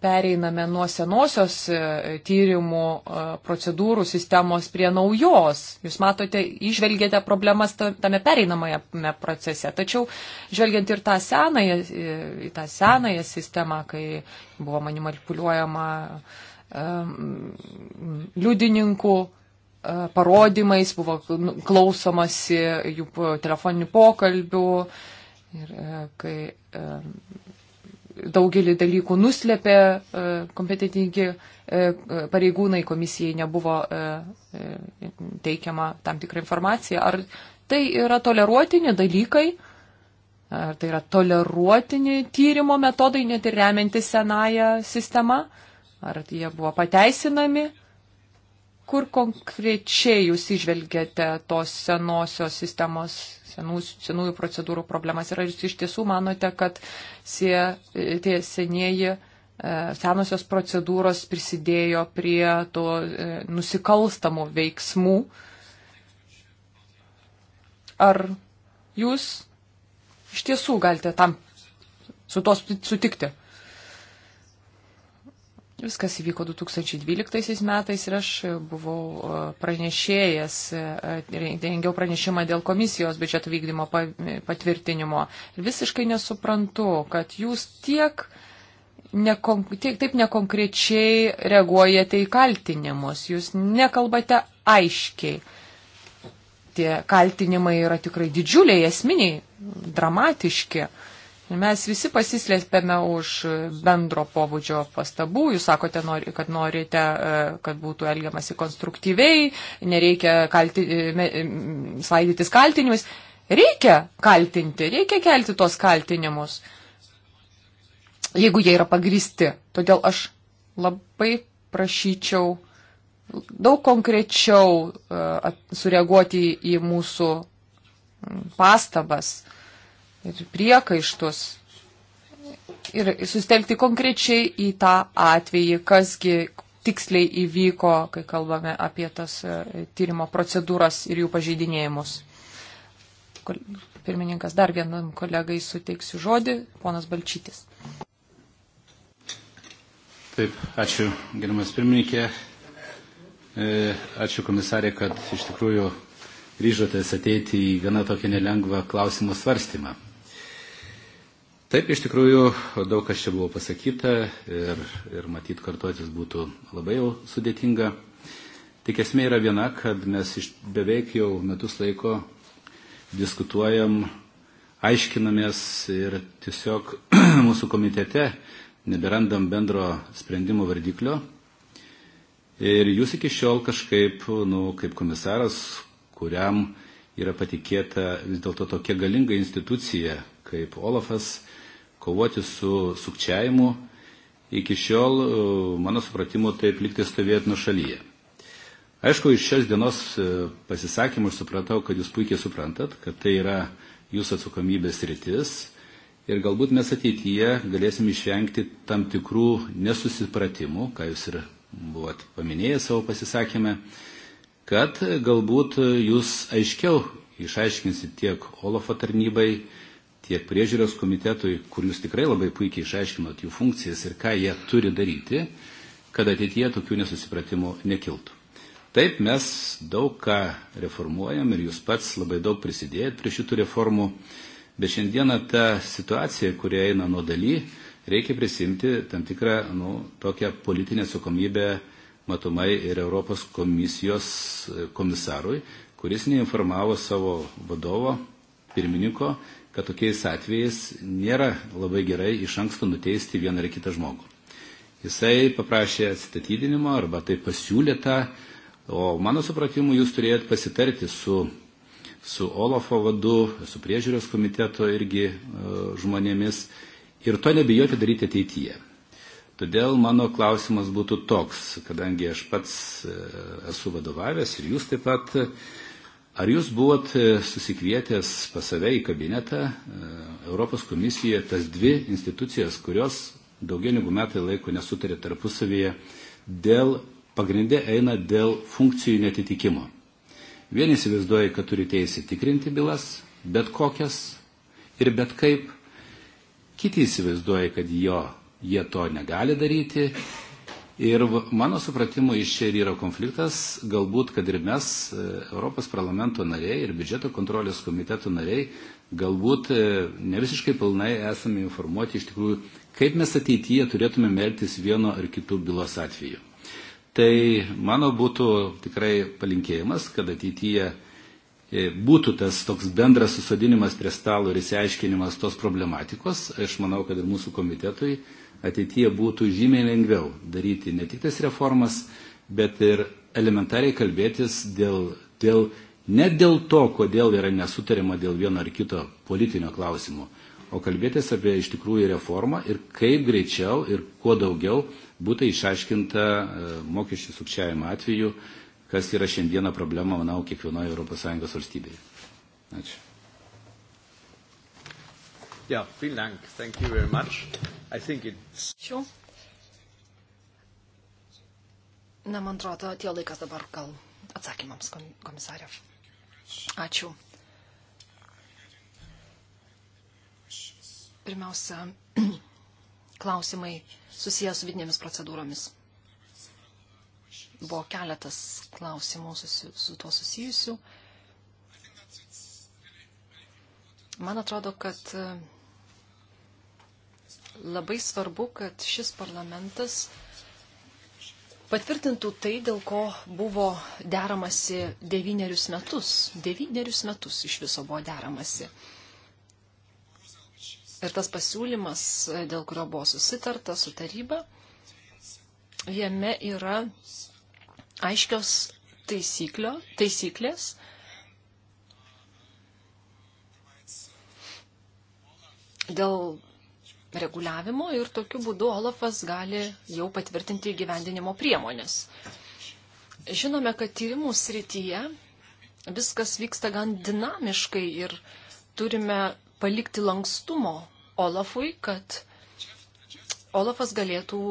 pereiname nuo senosios e, tyrimų e, procedūrų sistemos prie naujos. Jūs matote, išvelgėte problemas tame pereinamajame procese. Tačiau, žvelgiant ir tą senąją, e, į tą senąją sistemą, kai buvo manipuliuojama liudininkų parodymais, buvo klausomasi jų telefoninių pokalbių, Ir e, kai e, daugelį dalykų nuslėpė e, kompetentingi pareigūnai, komisijai nebuvo teikiama tam tikra informacija. Ar tai yra toleruotini dalykai? Ar tai yra toleruotini tyrimo metodai, net ir remianti senąją sistemą? Ar jie buvo pateisinami? kur konkrečiai jūs išvelgiate tos senosios sistemos, senų, senųjų procedūrų problemas ir ar jūs iš tiesų manote, kad sie, tie senieji, e, senosios procedūros prisidėjo prie to e, nusikalstamų veiksmų? Ar jūs iš tiesų galite tam su to sutikti? Viskas įvyko 2012 metais ir aš buvau e, pranešėjęs, e, rengiau pranešimą dėl komisijos biudžeto vykdymo patvirtinimo. Ir visiškai nesuprantu, kad jūs tiek, nekon, tiek taip nekonkrečiai reaguojate į kaltinimus, jūs nekalbate aiškiai. Tie kaltinimai yra tikrai didžiuliai, esminiai, dramatiški. Mes visi pasislėpėme už bendro pobūdžio pastabų. Jūs sakote, kad norite, e, kad būtų elgiamasi konstruktyviai, nereikia kalti, e, e, svaidytis kaltinimus. Reikia kaltinti, reikia kelti tos kaltinimus, jeigu jie yra pagristi. Todėl aš labai prašyčiau daug konkrečiau sureaguoti į mūsų pastabas ir priekaištus ir sustelkti konkrečiai į tą atvejį, kasgi tiksliai įvyko, kai kalbame apie tas e, tyrimo procedūras ir jų pažeidinėjimus. Pirmininkas, dar vienam kolegai suteiksiu žodį, ponas Balčytis. Taip, ačiū, gerimas pirmininkė. E, ačiū komisarė, kad iš tikrųjų ryžotės ateiti į gana tokį nelengvą klausimų svarstymą. Taip, iš tikrųjų, daug kas čia buvo pasakyta ir, ir matyt kartuotis būtų labai jau sudėtinga. Tik esmė yra viena, kad mes iš beveik jau metus laiko diskutuojam, aiškinamės ir tiesiog mūsų komitete neberandam bendro sprendimo vardiklio. Ir jūs iki šiol kažkaip, nu, kaip komisaras, kuriam yra patikėta vis dėlto tokia galinga institucija kaip Olafas, kovoti su sukčiavimu, iki šiol, e, mano supratimu, taip likti stovėti nuo šalyje. Aišku, iš šios dienos e, pasisakymų aš supratau, kad jūs puikiai suprantat, kad tai yra jūsų atsakomybės rytis ir galbūt mes ateityje galėsim išvengti tam tikrų nesusipratimų, ką jūs ir buvot paminėję savo pasisakymę, kad galbūt jūs aiškiau išaiškinsit tiek Olofo tarnybai, tiek priežiūros komitetui, kur jūs tikrai labai puikiai išaiškinot jų funkcijas ir ką jie turi daryti, kad ateityje tokių nesusipratimų nekiltų. Taip, mes daug ką reformuojam ir jūs pats labai daug prisidėjot prie šitų reformų, bet šiandieną ta situacija, kurie eina nuo daly, reikia prisimti tam tikrą nu, tokią politinę atsakomybę matomai ir Europos komisijos e, komisarui, kuris neinformavo savo vadovo, pirmininko kad tokiais atvejais nėra labai gerai iš anksto nuteisti vieną ar kitą žmogų. Jisai paprašė atsistatydinimo arba tai pasiūlė tą, o mano supratimu jūs turėjot pasitarti su, su Olofo vadu, su priežiūros komiteto irgi e, žmonėmis ir to nebijoti daryti ateityje. Todėl mano klausimas būtų toks, kadangi aš pats e, esu vadovavęs ir jūs taip pat Ar jūs buvot e, susikvietęs pas save į kabinetą e, Europos komisiją tas dvi institucijas, kurios daugiau negu metai laiko nesutarė tarpusavyje dėl, pagrindė eina dėl funkcijų netitikimo. Vieni įsivaizduoja, kad turi teisę tikrinti bylas, bet kokias ir bet kaip. Kiti įsivaizduoja, kad jo, jie to negali daryti Ir mano supratimu iš čia ir yra konfliktas, galbūt, kad ir mes, e, Europos parlamento nariai ir biudžeto kontrolės komiteto nariai, galbūt e, ne visiškai pilnai esame informuoti iš tikrųjų, kaip mes ateityje turėtume melktis vieno ar kitų bylos atveju. Tai mano būtų tikrai palinkėjimas, kad ateityje e, būtų tas toks bendras susodinimas prie stalo ir įsiaiškinimas tos problematikos. Aš manau, kad ir mūsų komitetui ateityje būtų žymiai lengviau daryti ne tik tas reformas, bet ir elementariai kalbėtis dėl, dėl, ne dėl to, kodėl yra nesutarima dėl vieno ar kito politinio klausimo, o kalbėtis apie iš tikrųjų reformą ir kaip greičiau ir kuo daugiau būtų išaiškinta e, mokesčių sukčiavimo atveju, kas yra šiandieną problema, manau, kiekvienoje ES valstybėje. Ačiū. Ja, vielen Dank. Thank you very much. Ačiū. Na, man atrodo, tie laikas dabar gal atsakymams, komisarė. Ačiū. Pirmiausia, klausimai susijęs su vidinėmis procedūromis. Buvo keletas klausimų susi, su tuo susijusių. Man atrodo, kad labai svarbu, kad šis parlamentas patvirtintų tai, dėl ko buvo deramasi devynerius metus. Devynerius metus iš viso buvo deramasi. Ir tas pasiūlymas, dėl kurio buvo susitarta su taryba, jame yra aiškios taisyklės, dėl reguliavimo ir tokiu būdu Olafas gali jau patvirtinti gyvendinimo priemonės. Žinome, kad tyrimų srityje viskas vyksta gan dinamiškai ir turime palikti lankstumo Olafui, kad Olafas galėtų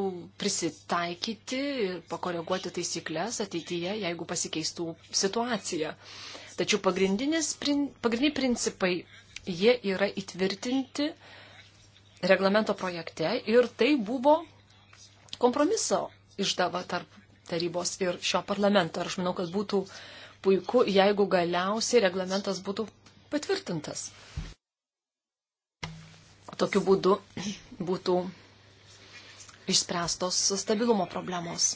prisitaikyti ir pakoreguoti taisyklės ateityje, jeigu pasikeistų situacija. Tačiau pagrindiniai principai, jie yra įtvirtinti reglamento projekte ir tai buvo kompromiso išdava tarp tarybos ir šio parlamento. Ir aš manau, kad būtų puiku, jeigu galiausiai reglamentas būtų patvirtintas. Tokiu būdu būtų išspręstos stabilumo problemos.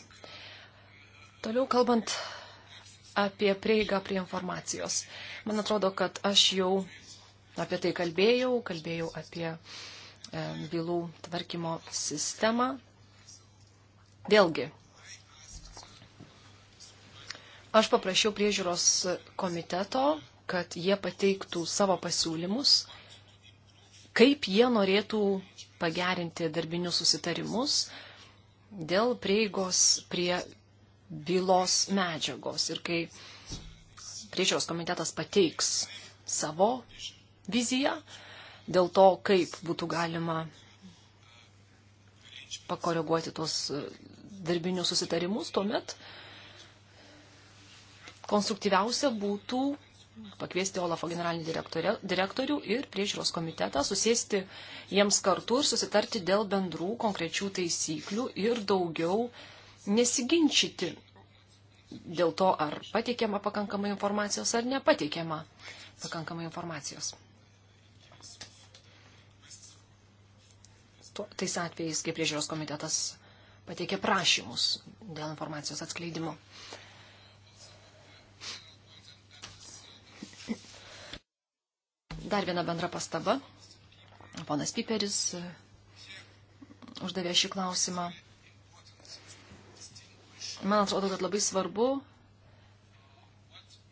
Toliau kalbant apie prieigą prie informacijos. Man atrodo, kad aš jau apie tai kalbėjau, kalbėjau apie E, bylų tvarkymo sistemą. Vėlgi, aš paprašiau priežiūros komiteto, kad jie pateiktų savo pasiūlymus, kaip jie norėtų pagerinti darbinius susitarimus dėl prieigos prie bylos medžiagos. Ir kai priežiūros komitetas pateiks savo viziją, dėl to, kaip būtų galima pakoreguoti tuos e, darbinius susitarimus, tuomet konstruktyviausia būtų pakviesti Olafo generalinį direktorių ir priežiūros komitetą, susėsti jiems kartu ir susitarti dėl bendrų konkrečių taisyklių ir daugiau nesiginčyti dėl to, ar pateikiama pakankamai informacijos ar nepateikiama pakankamai informacijos. tais atvejais, kai priežiūros komitetas pateikė prašymus dėl informacijos atskleidimo. Dar viena bendra pastaba. Ponas Piperis e, uždavė šį klausimą. Man atrodo, kad labai svarbu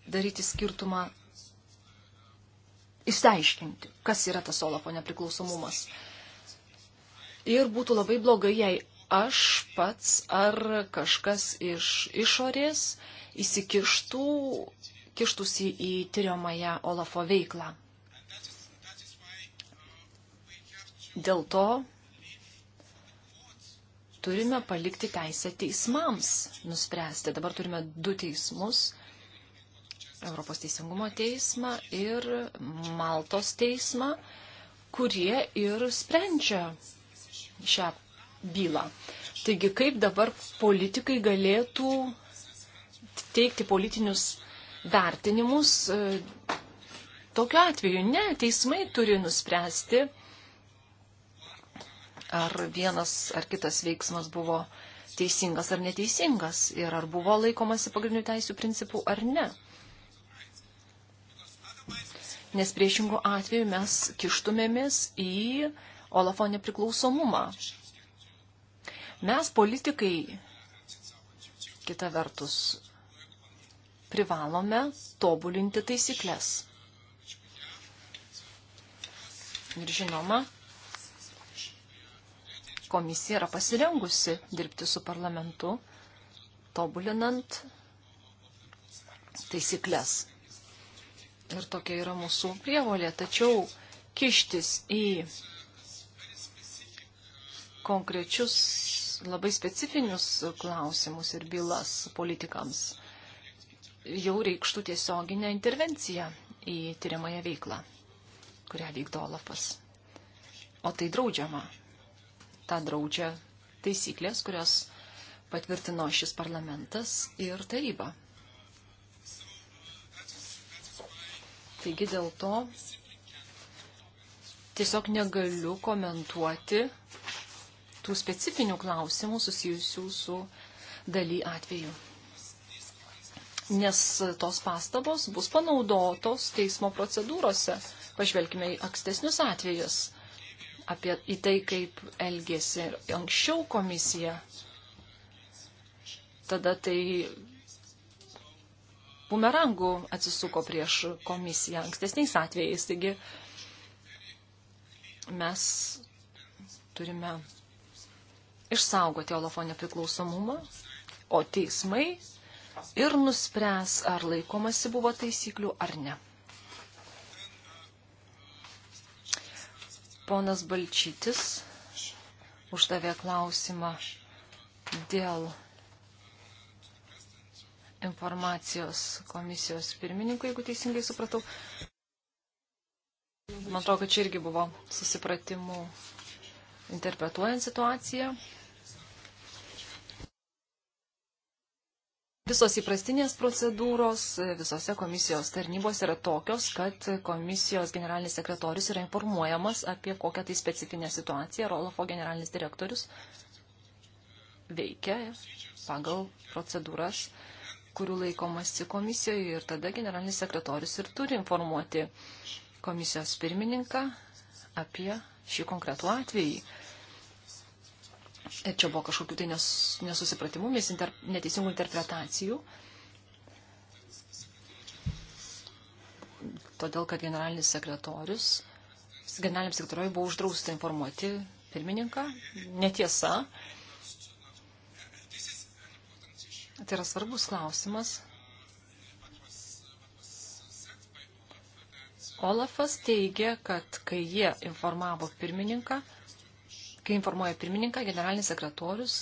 daryti skirtumą, išsiaiškinti, kas yra tas Olafo nepriklausomumas ir būtų labai blogai, jei aš pats ar kažkas iš išorės įsikištų, kištųsi į tyriamąją Olafo veiklą. Dėl to turime palikti teisę teismams nuspręsti. Dabar turime du teismus - Europos teisingumo teismą ir Maltos teismą, kurie ir sprendžia šią bylą. Taigi, kaip dabar politikai galėtų teikti politinius vertinimus e, tokiu atveju? Ne, teismai turi nuspręsti, ar vienas ar kitas veiksmas buvo teisingas ar neteisingas ir ar buvo laikomasi pagrindinių teisų principų ar ne. Nes priešingų atveju mes kištumėmės į uh, Olafo nepriklausomumą. Mes, politikai, kita vertus, privalome tobulinti taisyklės. Ir žinoma, komisija yra pasirengusi dirbti su parlamentu, tobulinant taisyklės. Ir tokia yra mūsų prievolė. Tačiau kištis į konkrečius labai specifinius klausimus ir bylas politikams, jau reikštų tiesioginę intervenciją į tyriamąją veiklą, kurią vykdo Olafas. O tai draudžiama. Ta draudžia taisyklės, kurias patvirtino šis parlamentas ir taryba. Taigi dėl to tiesiog negaliu komentuoti tų specifinių klausimų susijusių su daly atveju. Nes tos pastabos bus panaudotos teismo procedūrose. Pažvelkime į ankstesnius atvejus, apie į tai, kaip elgėsi anksčiau komisija. Tada tai bumerangų atsisuko prieš komisiją ankstesniais atvejais. Taigi mes turime išsaugoti Olafo nepriklausomumą, o teismai ir nuspręs, ar laikomasi buvo taisyklių ar ne. Ponas Balčytis uždavė klausimą dėl informacijos komisijos pirmininkui, jeigu teisingai supratau. Man atrodo, kad čia irgi buvo susipratimų interpretuojant situaciją. Visos įprastinės procedūros visose komisijos tarnybos yra tokios, kad komisijos generalinis sekretorius yra informuojamas apie kokią tai specifinę situaciją. Rolofo generalinis direktorius veikia pagal procedūras, kurių laikomasi komisijoje ir tada generalinis sekretorius ir turi informuoti komisijos pirmininką apie šį konkretų atvejį. Ir e, čia buvo kažkokių tai nes, nesusipratimų, inter, neteisingų interpretacijų. Todėl, kad generalinis sekretorius, generaliniam sekretoriui buvo uždrausta informuoti pirmininką. Netiesa. Tai yra svarbus klausimas. Olafas teigia, kad kai jie informavo pirmininką, kai informuoja pirmininką, generalinis sekretorius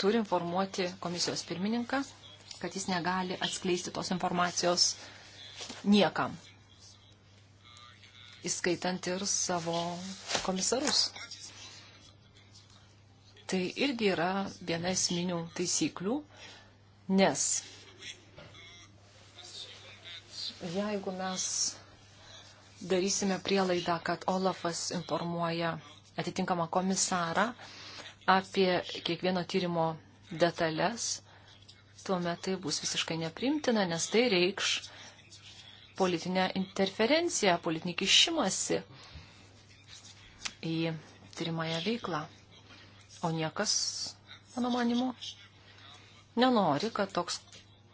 turi informuoti komisijos pirmininką, kad jis negali atskleisti tos informacijos niekam, įskaitant ir savo komisarus. Tai irgi yra viena esminių taisyklių, nes jeigu mes darysime prielaidą, kad Olafas informuoja atitinkamą komisarą apie kiekvieno tyrimo detalės, tuomet tai bus visiškai neprimtina, nes tai reikš politinę interferenciją, politinį kišimąsi į tyrimąją veiklą. O niekas, mano manimu, nenori, kad toks,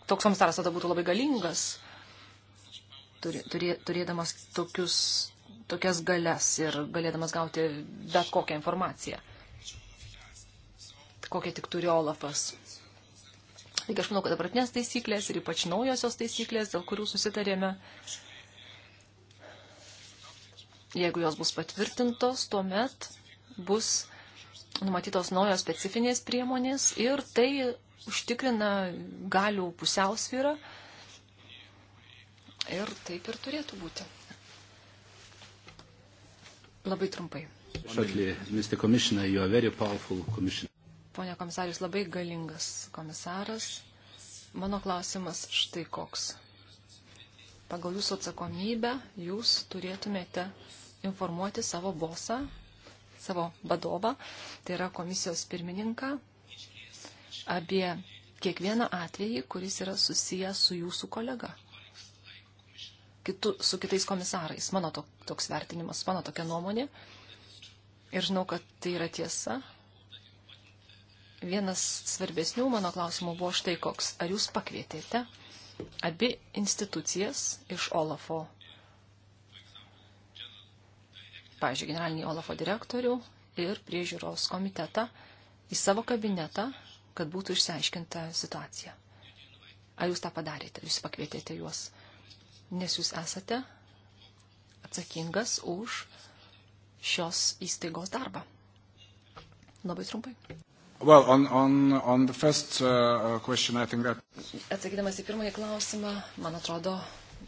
toks komisaras tada būtų labai galingas, turi, turė, turėdamas tokius tokias galias ir galėdamas gauti bet kokią informaciją, kokią tik turi Olafas. Taigi aš manau, kad dabartinės taisyklės ir ypač naujosios taisyklės, dėl kurių susitarėme, jeigu jos bus patvirtintos, tuomet bus numatytos naujos specifinės priemonės ir tai užtikrina galių pusiausvyrą. Ir taip ir turėtų būti. Labai trumpai. Pone komisarius, labai galingas komisaras. Mano klausimas štai koks. Pagal jūsų atsakomybę jūs turėtumėte informuoti savo bosą, savo vadovą, tai yra komisijos pirmininką, apie kiekvieną atvejį, kuris yra susijęs su jūsų kolega kitu, su kitais komisarais. Mano to, toks vertinimas, mano tokia nuomonė. Ir žinau, kad tai yra tiesa. Vienas svarbesnių mano klausimų buvo štai koks. Ar jūs pakvietėte abi institucijas iš Olafo, pavyzdžiui, generalinį Olafo direktorių ir priežiūros komitetą į savo kabinetą, kad būtų išsiaiškinta situacija? Ar jūs tą padarėte, jūs pakvietėte juos? nes jūs esate atsakingas už šios įstaigos darbą. Labai trumpai. Well, on, on, on the first, uh, question, that... Atsakydamas į pirmąjį klausimą, man atrodo,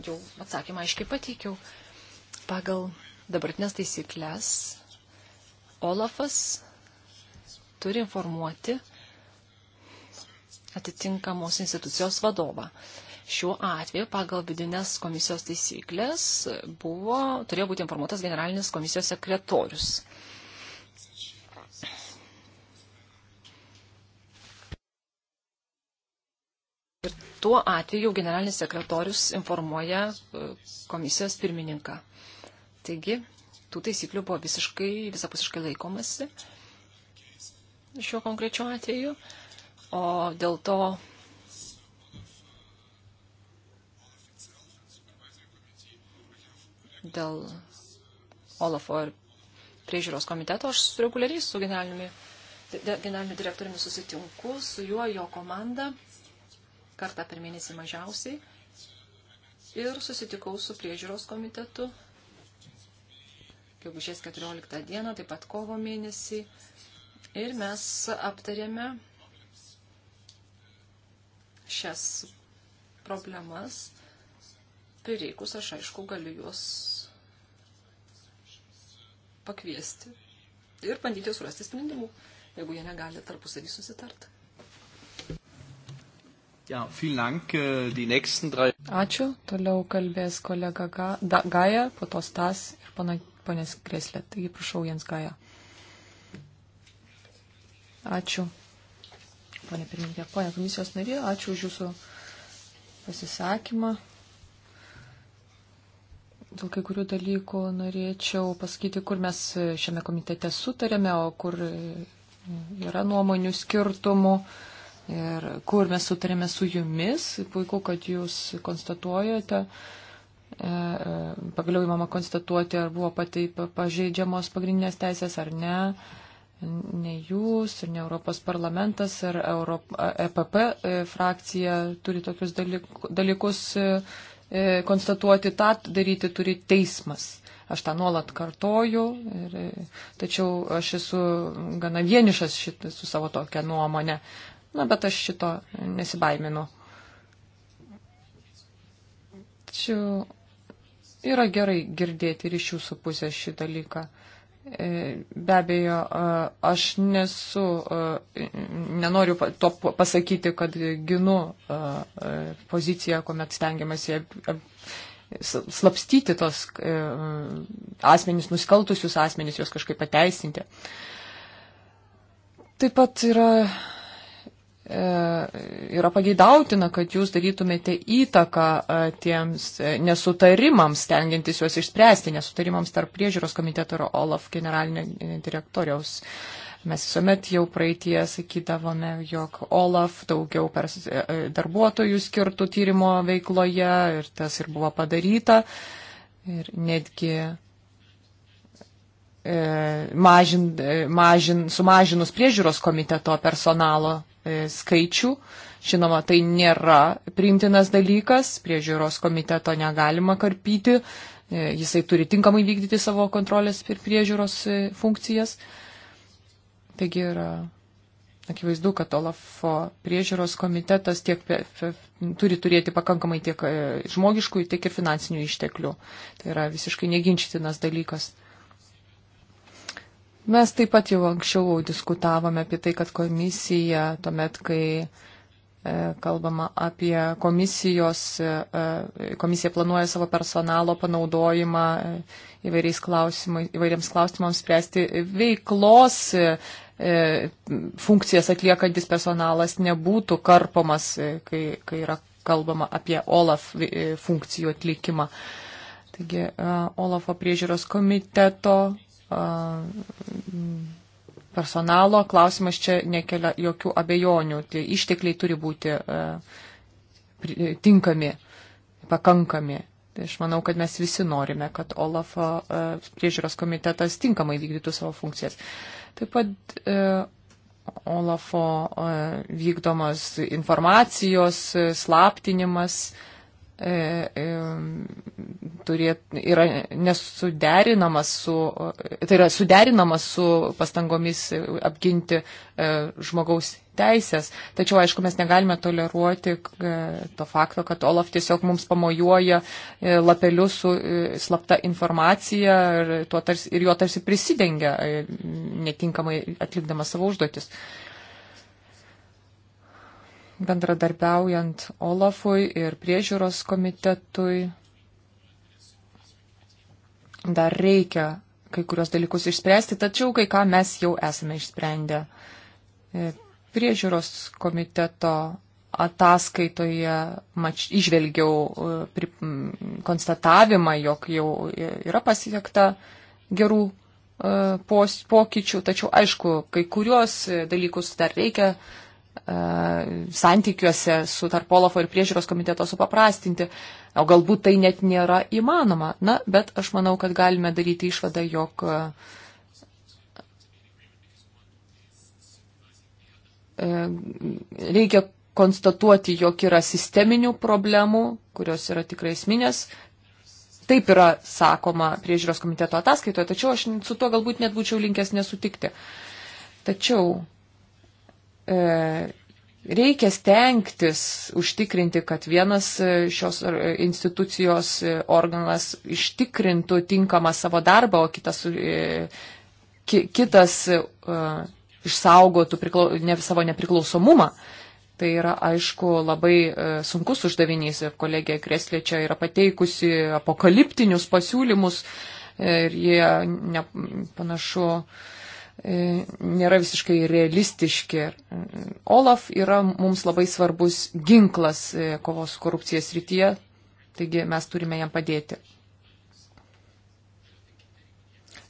jau atsakymą aiškiai pateikiau. Pagal dabartinės taisyklės Olafas turi informuoti atitinkamos institucijos vadovą. Uh, šiuo atveju pagal vidinės komisijos taisyklės buvo, turėjo būti informuotas generalinis komisijos sekretorius. Ir tuo atveju generalinis sekretorius informuoja e, komisijos pirmininką. Taigi, tų taisyklių buvo visiškai, visapusiškai laikomasi šiuo konkrečiu atveju. O dėl to dėl Olafo ir priežiūros komiteto. Aš reguliariai su generaliniu, generaliniu direktoriumi susitinku, su juo, jo komanda, kartą per mėnesį mažiausiai. Ir susitikau su priežiūros komitetu gegužės 14 dieną, taip pat kovo mėnesį. Ir mes aptarėme šias problemas prireikus aš aišku galiu juos pakviesti ir bandyti surasti sprendimų, jeigu jie negali tarpusavį susitarti. Ja, Dank, äh, drei... Ačiū. Toliau kalbės kolega Ga... da, Gaja, po to Stas ir pana, ponės Kreslė. Taigi prašau, Jens Gaja. Ačiū. Pane pirmininkė, pane komisijos narė, ačiū už jūsų pasisakymą dėl kai kurių dalykų norėčiau pasakyti, kur mes šiame komitete sutarėme, o kur yra nuomonių skirtumų ir kur mes sutarėme su jumis. Puiku, kad jūs konstatuojate. E, e, pagaliau įmama konstatuoti, ar buvo patai pažeidžiamos pagrindinės teisės ar ne ne jūs ir ne Europos parlamentas ir Europ, EPP e frakcija turi tokius dalykus E, konstatuoti, tą daryti turi teismas. Aš tą nuolat kartoju, ir, e, tačiau aš esu gana vienišas šit, su savo tokia nuomonė. Na, bet aš šito nesibaiminu. Tačiau yra gerai girdėti ir iš jūsų pusės šį dalyką. E, be abejo, e, aš nesu, e, nenoriu to pasakyti, kad ginu poziciją, kuomet stengiamasi slapstyti tos asmenys, nusikaltusius asmenys, juos kažkaip pateisinti. Taip pat yra E, yra pageidautina, kad jūs darytumėte įtaką e, tiems e, nesutarimams, tengiantis juos išspręsti, nesutarimams tarp priežiūros komiteto ir OLAF generalinio direktoriaus. Mes visuomet jau praeitie sakydavome, jog OLAF daugiau per darbuotojų skirtų tyrimo veikloje ir tas ir buvo padaryta. Ir netgi mažin, mažin, sumažinus priežiūros komiteto personalo E, skaičių. Žinoma, tai nėra priimtinas dalykas, priežiūros komiteto negalima karpyti, e, jisai turi tinkamai vykdyti savo kontrolės ir priežiūros e, funkcijas. Taigi yra akivaizdu, kad Olafo priežiūros komitetas tiek turi turėti pakankamai tiek žmogiškų, tiek ir finansinių išteklių. Tai yra visiškai neginčytinas dalykas. Mes taip pat jau anksčiau diskutavome apie tai, kad komisija, tuomet, kai e, kalbama apie komisijos, e, e, komisija planuoja savo personalo panaudojimą įvairiems klausimams spręsti. Veiklos funkcijas atliekantis personalas nebūtų karpomas, kai, kai yra kalbama apie OLAF funkcijų atlikimą. Taigi OLAFo priežiūros komiteto personalo klausimas čia nekelia jokių abejonių. Tie ištekliai turi būti tinkami, pakankami. Tai aš manau, kad mes visi norime, kad Olafo priežiūros komitetas tinkamai vykdytų savo funkcijas. Taip pat Olafo vykdomas informacijos slaptinimas E, e, turėt, yra nesuderinamas su, tai yra suderinamas su pastangomis apginti e, žmogaus teisės. Tačiau, aišku, mes negalime toleruoti to fakto, kad Olaf tiesiog mums pamojuoja lapelius su slapta informacija ir, tarsi, ir jo tarsi prisidengia netinkamai atlikdamas savo užduotis. Uh, bendradarbiaujant Olafui ir priežiūros komitetui dar reikia kai kurios dalykus išspręsti, tačiau kai ką mes jau esame išsprendę. E, priežiūros komiteto ataskaitoje mač, išvelgiau e, pri, konstatavimą, jog jau e, yra pasiekta gerų pos, pokyčių, tačiau aišku, kai kurios dalykus dar reikia E, santykiuose su Tarpolovo ir priežiūros komiteto supaprastinti, o galbūt tai net nėra įmanoma. Na, bet aš manau, kad galime daryti išvadą, jog e, reikia konstatuoti, jog yra sisteminių problemų, kurios yra tikrai esminės. Taip yra sakoma priežiūros komiteto ataskaitoje, tačiau aš su tuo galbūt net būčiau linkęs nesutikti. Tačiau E, reikia stengtis užtikrinti, kad vienas e, šios e, institucijos organas ištikrintų tinkamą savo darbą, o kitas, ki, kitas išsaugotų priklau, ne, savo nepriklausomumą. Tai yra, aišku, labai sunkus uždavinys ir kolegija Kreslė čia yra pateikusi apokaliptinius pasiūlymus ir jie ne, panašu E, nėra visiškai realistiški. Olaf yra mums labai svarbus ginklas e, kovos su korupcija srityje, taigi mes turime jam padėti.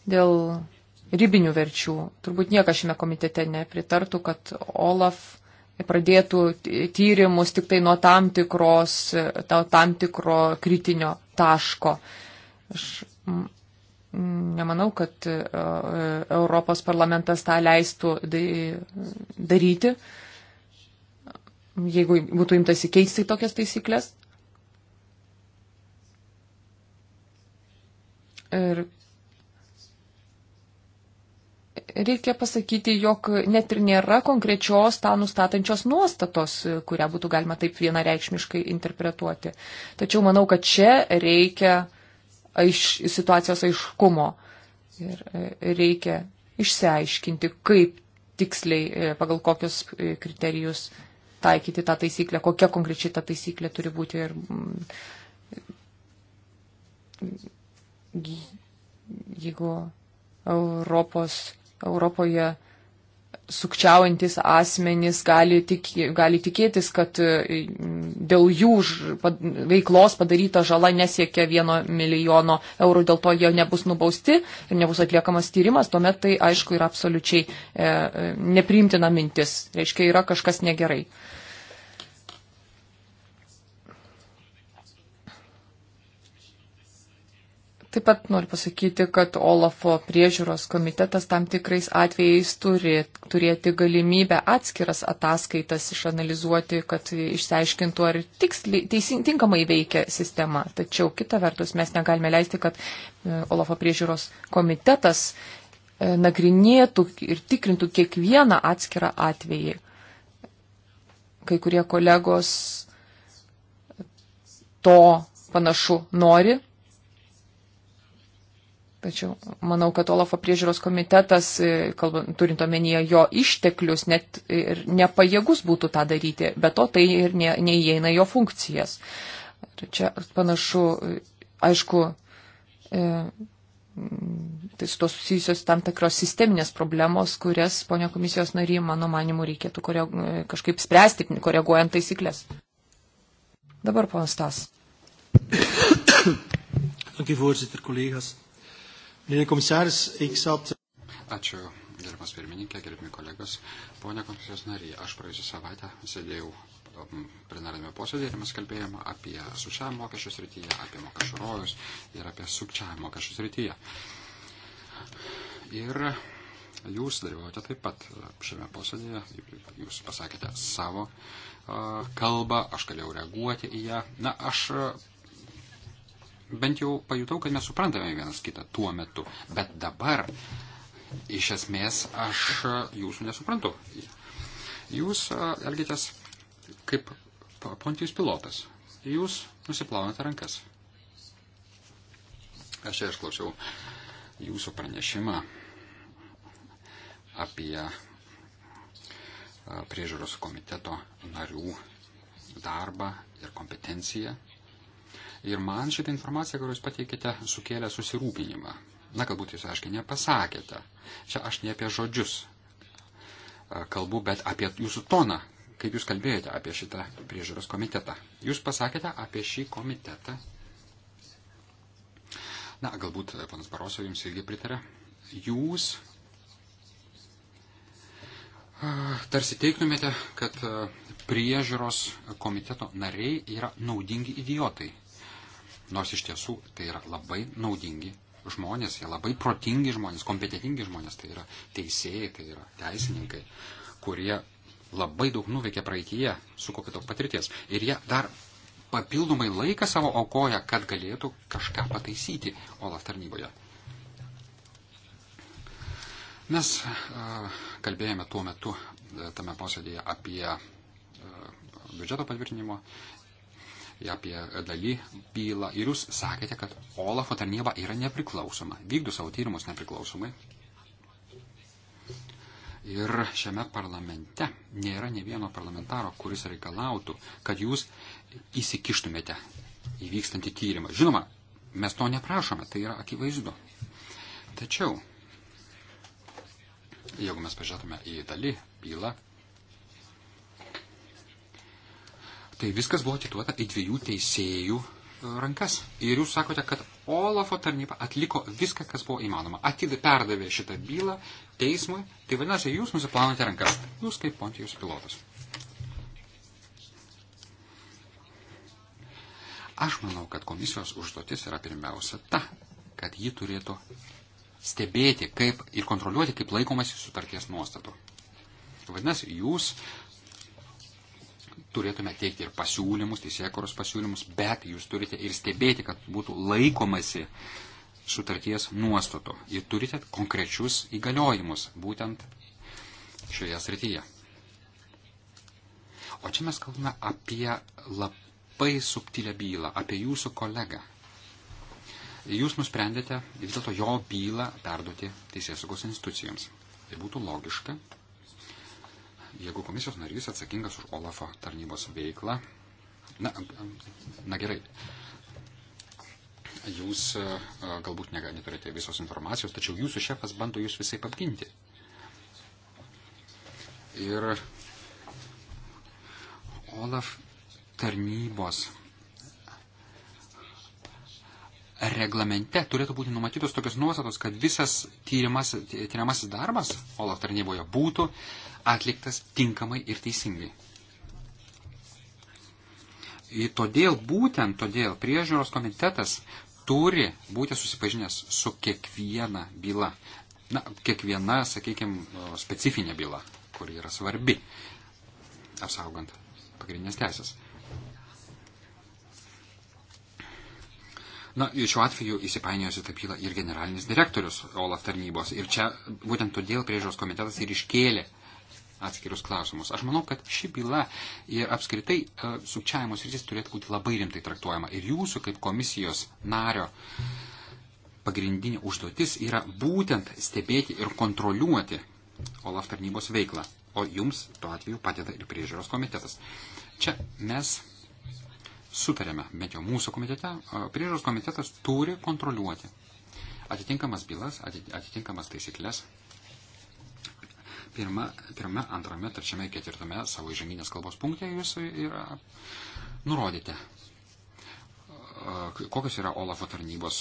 Dėl ribinių verčių turbūt niekas šiame komitete nepritartų, kad Olaf pradėtų tyrimus tik tai nuo tam, tikros, e, tam tikro kritinio taško. Aš nemanau, kad e, Europos parlamentas tą leistų daryti, jeigu būtų imtasi keisti tokias taisyklės. Ir reikia pasakyti, jog net ir nėra konkrečios tą nustatančios nuostatos, kurią būtų galima taip vienareikšmiškai interpretuoti. Tačiau manau, kad čia reikia uh, aiš, situacijos aiškumo ir e, reikia išsiaiškinti, kaip tiksliai, e, pagal kokius e, kriterijus taikyti tą taisyklę, kokia konkrečiai ta taisyklė turi būti ir mm, mm, jeigu Europos, Europoje sukčiaujantis asmenys gali, tik, gali tikėtis, kad e, dėl jų veiklos padaryta žala nesiekia vieno milijono eurų, dėl to jie nebus nubausti ir nebus atliekamas tyrimas, tuomet tai aišku yra absoliučiai e, e nepriimtina mintis, reiškia yra kažkas negerai. E, Taip pat noriu pasakyti, kad Olafo priežiūros komitetas tam tikrais atvejais turi turėti galimybę atskiras ataskaitas išanalizuoti, kad išsiaiškintų, ar tiksliai, teisin, tinkamai veikia sistema. Tačiau kita vertus mes negalime leisti, kad e, Olafo priežiūros komitetas e, nagrinėtų ir tikrintų kiekvieną atskirą atvejį. Kai kurie kolegos to panašu nori, Tačiau manau, kad Olafo priežiūros komitetas, e, kalbant, turint omenyje jo išteklius, net ir nepajėgus būtų tą daryti, bet to tai ir ne, neįeina jo funkcijas. Ir čia panašu, e, aišku, e, tai su to susijusios tam tikros sisteminės problemos, kurias, ponia komisijos nary, mano manimu, reikėtų koregu, e, kažkaip spręsti, koreguojant taisyklės. Dabar, ponas Tas. Dank u, voorzitter, collega's. Meneer de commissaris, ik zat. Ačiū, gerbiamas pirmininkė, gerbiami kolegos. Pone komisijos nariai, aš praėjusią savaitę sėdėjau plenarinėme posėdėje ir mes kalbėjome apie sušiavimo mokesčių srityje, apie mokesčių rojus ir apie sukčiavimo mokesčių srityje. Ir jūs dalyvaujate taip pat šiame posėdėje, jūs pasakėte savo kalbą, aš galėjau reaguoti į ją. Na, aš bent jau pajutau, kad mes suprantame vienas kitą tuo metu. Bet dabar, iš esmės, aš jūsų nesuprantu. Jūs elgitės kaip Pontijus pilotas. Jūs nusiplaunate rankas. Aš čia išklausiau jūsų pranešimą apie priežiūros komiteto narių darbą ir kompetenciją Ir man šitą informaciją, kurią jūs pateikėte, sukėlė susirūpinimą. Na, galbūt jūs, aiškiai, nepasakėte. Čia aš ne apie žodžius e, kalbu, bet apie jūsų toną, kaip jūs kalbėjote apie šitą priežiūros komitetą. Jūs pasakėte apie šį komitetą. Na, galbūt e, panas Baroso jums irgi pritarė. Jūs e, tarsi teiktumėte, kad priežiūros komiteto nariai yra naudingi idiotai. Nors iš tiesų tai yra labai naudingi žmonės, jie labai protingi žmonės, kompetitingi žmonės, tai yra teisėjai, tai yra teisininkai, kurie labai daug nuveikė praeitie, sukaupė daug patirties. Ir jie dar papildomai laiką savo aukoja, kad galėtų kažką pataisyti OLAF tarnyboje. Mes uh, kalbėjome tuo metu e, tame posėdėje apie uh, biudžeto patvirtinimo apie dalį bylą ir jūs sakėte, kad Olafo tarnyba yra nepriklausoma, vykdo savo tyrimus nepriklausomai. Ir šiame parlamente nėra ne vieno parlamentaro, kuris reikalautų, kad jūs įsikištumėte į vykstantį tyrimą. Žinoma, mes to neprašome, tai yra akivaizdu. Tačiau, jeigu mes pažiūrėtume į dalį bylą, tai viskas buvo atiduota į dviejų teisėjų e, rankas. Ir jūs sakote, kad Olafo tarnyba atliko viską, kas buvo įmanoma. Atidė perdavė šitą bylą teismui. Tai vadinasi, jūs nusiplanote rankas. Jūs kaip Pontijos pilotas. Aš manau, kad komisijos užduotis yra pirmiausia ta, kad ji turėtų stebėti kaip, ir kontroliuoti, kaip laikomasi sutarties nuostatų. Vadinasi, jūs turėtume teikti ir pasiūlymus, teisėkoros pasiūlymus, bet jūs turite ir stebėti, kad būtų laikomasi sutarties nuostatų. Ir turite konkrečius įgaliojimus būtent šioje srityje. O čia mes kalbame apie labai subtilę bylą, apie jūsų kolegą. Jūs nusprendėte vis dėlto jo bylą perduoti teisėsaugos institucijoms. Tai būtų logiška, jeigu komisijos narys atsakingas už Olafo tarnybos veiklą, na, na gerai, jūs e, e, galbūt neturite visos informacijos, tačiau jūsų šefas bando jūs visai apginti. Ir Olaf tarnybos reglamente turėtų būti numatytos tokios nuostatos, kad visas tyrimas, tyriamasis darbas OLAF tarnyboje būtų atliktas tinkamai ir teisingai. Ir todėl, būtent todėl priežiūros komitetas turi būti susipažinęs su kiekviena byla. Na, kiekviena, sakykime, specifinė byla, kuri yra svarbi, apsaugant pagrindinės teisės. Na, šiuo atveju įsipainiojusi tą bylą ir generalinis direktorius OLAF tarnybos. Ir čia būtent todėl priežiūros komitetas ir iškėlė atskirus klausimus. Aš manau, kad ši byla ir apskritai e, sukčiavimo sritis turėtų būti labai rimtai traktuojama. Ir jūsų kaip komisijos nario pagrindinė užduotis yra būtent stebėti ir kontroliuoti OLAF tarnybos veiklą. O jums tuo atveju padeda ir priežiūros komitetas. Čia mes sutarėme, bet jau mūsų komitete, e, priežos komitetas turi kontroliuoti atitinkamas bylas, atitinkamas taisyklės Pirma, pirma, antrame, trečiame, ketvirtame savo žeminės kalbos punkte jūs yra nurodyti, e, kokios yra Olafo tarnybos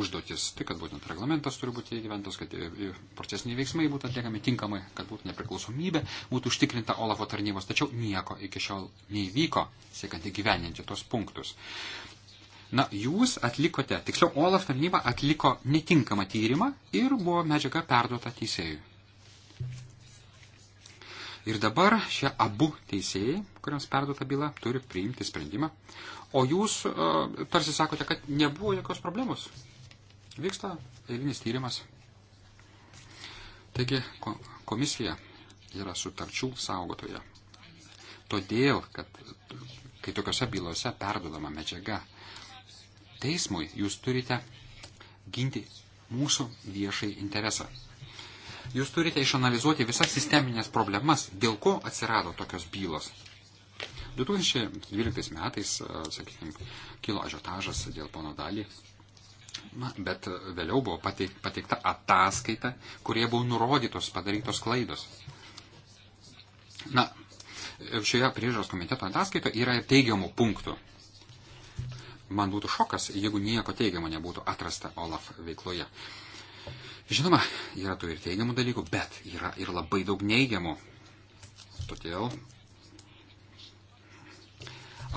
užduotis. Tai, kad būtent reglamentas turi būti įgyventas, kad procesiniai veiksmai būtų atliekami tinkamai, kad būtų nepriklausomybė, būtų užtikrinta Olafo tarnybos. Tačiau nieko iki šiol neįvyko, siekiant įgyveninti tos punktus. Na, jūs atlikote, tiksliau, Olaf tarnyba atliko netinkamą tyrimą ir buvo medžiaga perduota teisėjui. Ir dabar šie abu teisėjai, kuriams perduota byla, turi priimti sprendimą. O jūs uh, tarsi sakote, kad nebuvo jokios problemos. Vyksta eilinis tyrimas. Taigi komisija yra sutarčių saugotoja. Todėl, kad kai tokiuose bylose perdodama medžiaga teismui, jūs turite ginti mūsų viešai interesą. Jūs turite išanalizuoti visas sisteminės problemas, dėl ko atsirado tokios bylos. 2012 metais, sakykime, kilo ažiotažas dėl pono dalį, Na, bet vėliau buvo pateikta ataskaita, kurie buvo nurodytos padarytos klaidos. Na, šioje priežaros komiteto ataskaitoje yra ir teigiamų punktų. Man būtų šokas, jeigu nieko teigiamo nebūtų atrasta Olaf veikloje. Žinoma, yra tų ir teigiamų dalykų, bet yra ir labai daug neigiamų. Todėl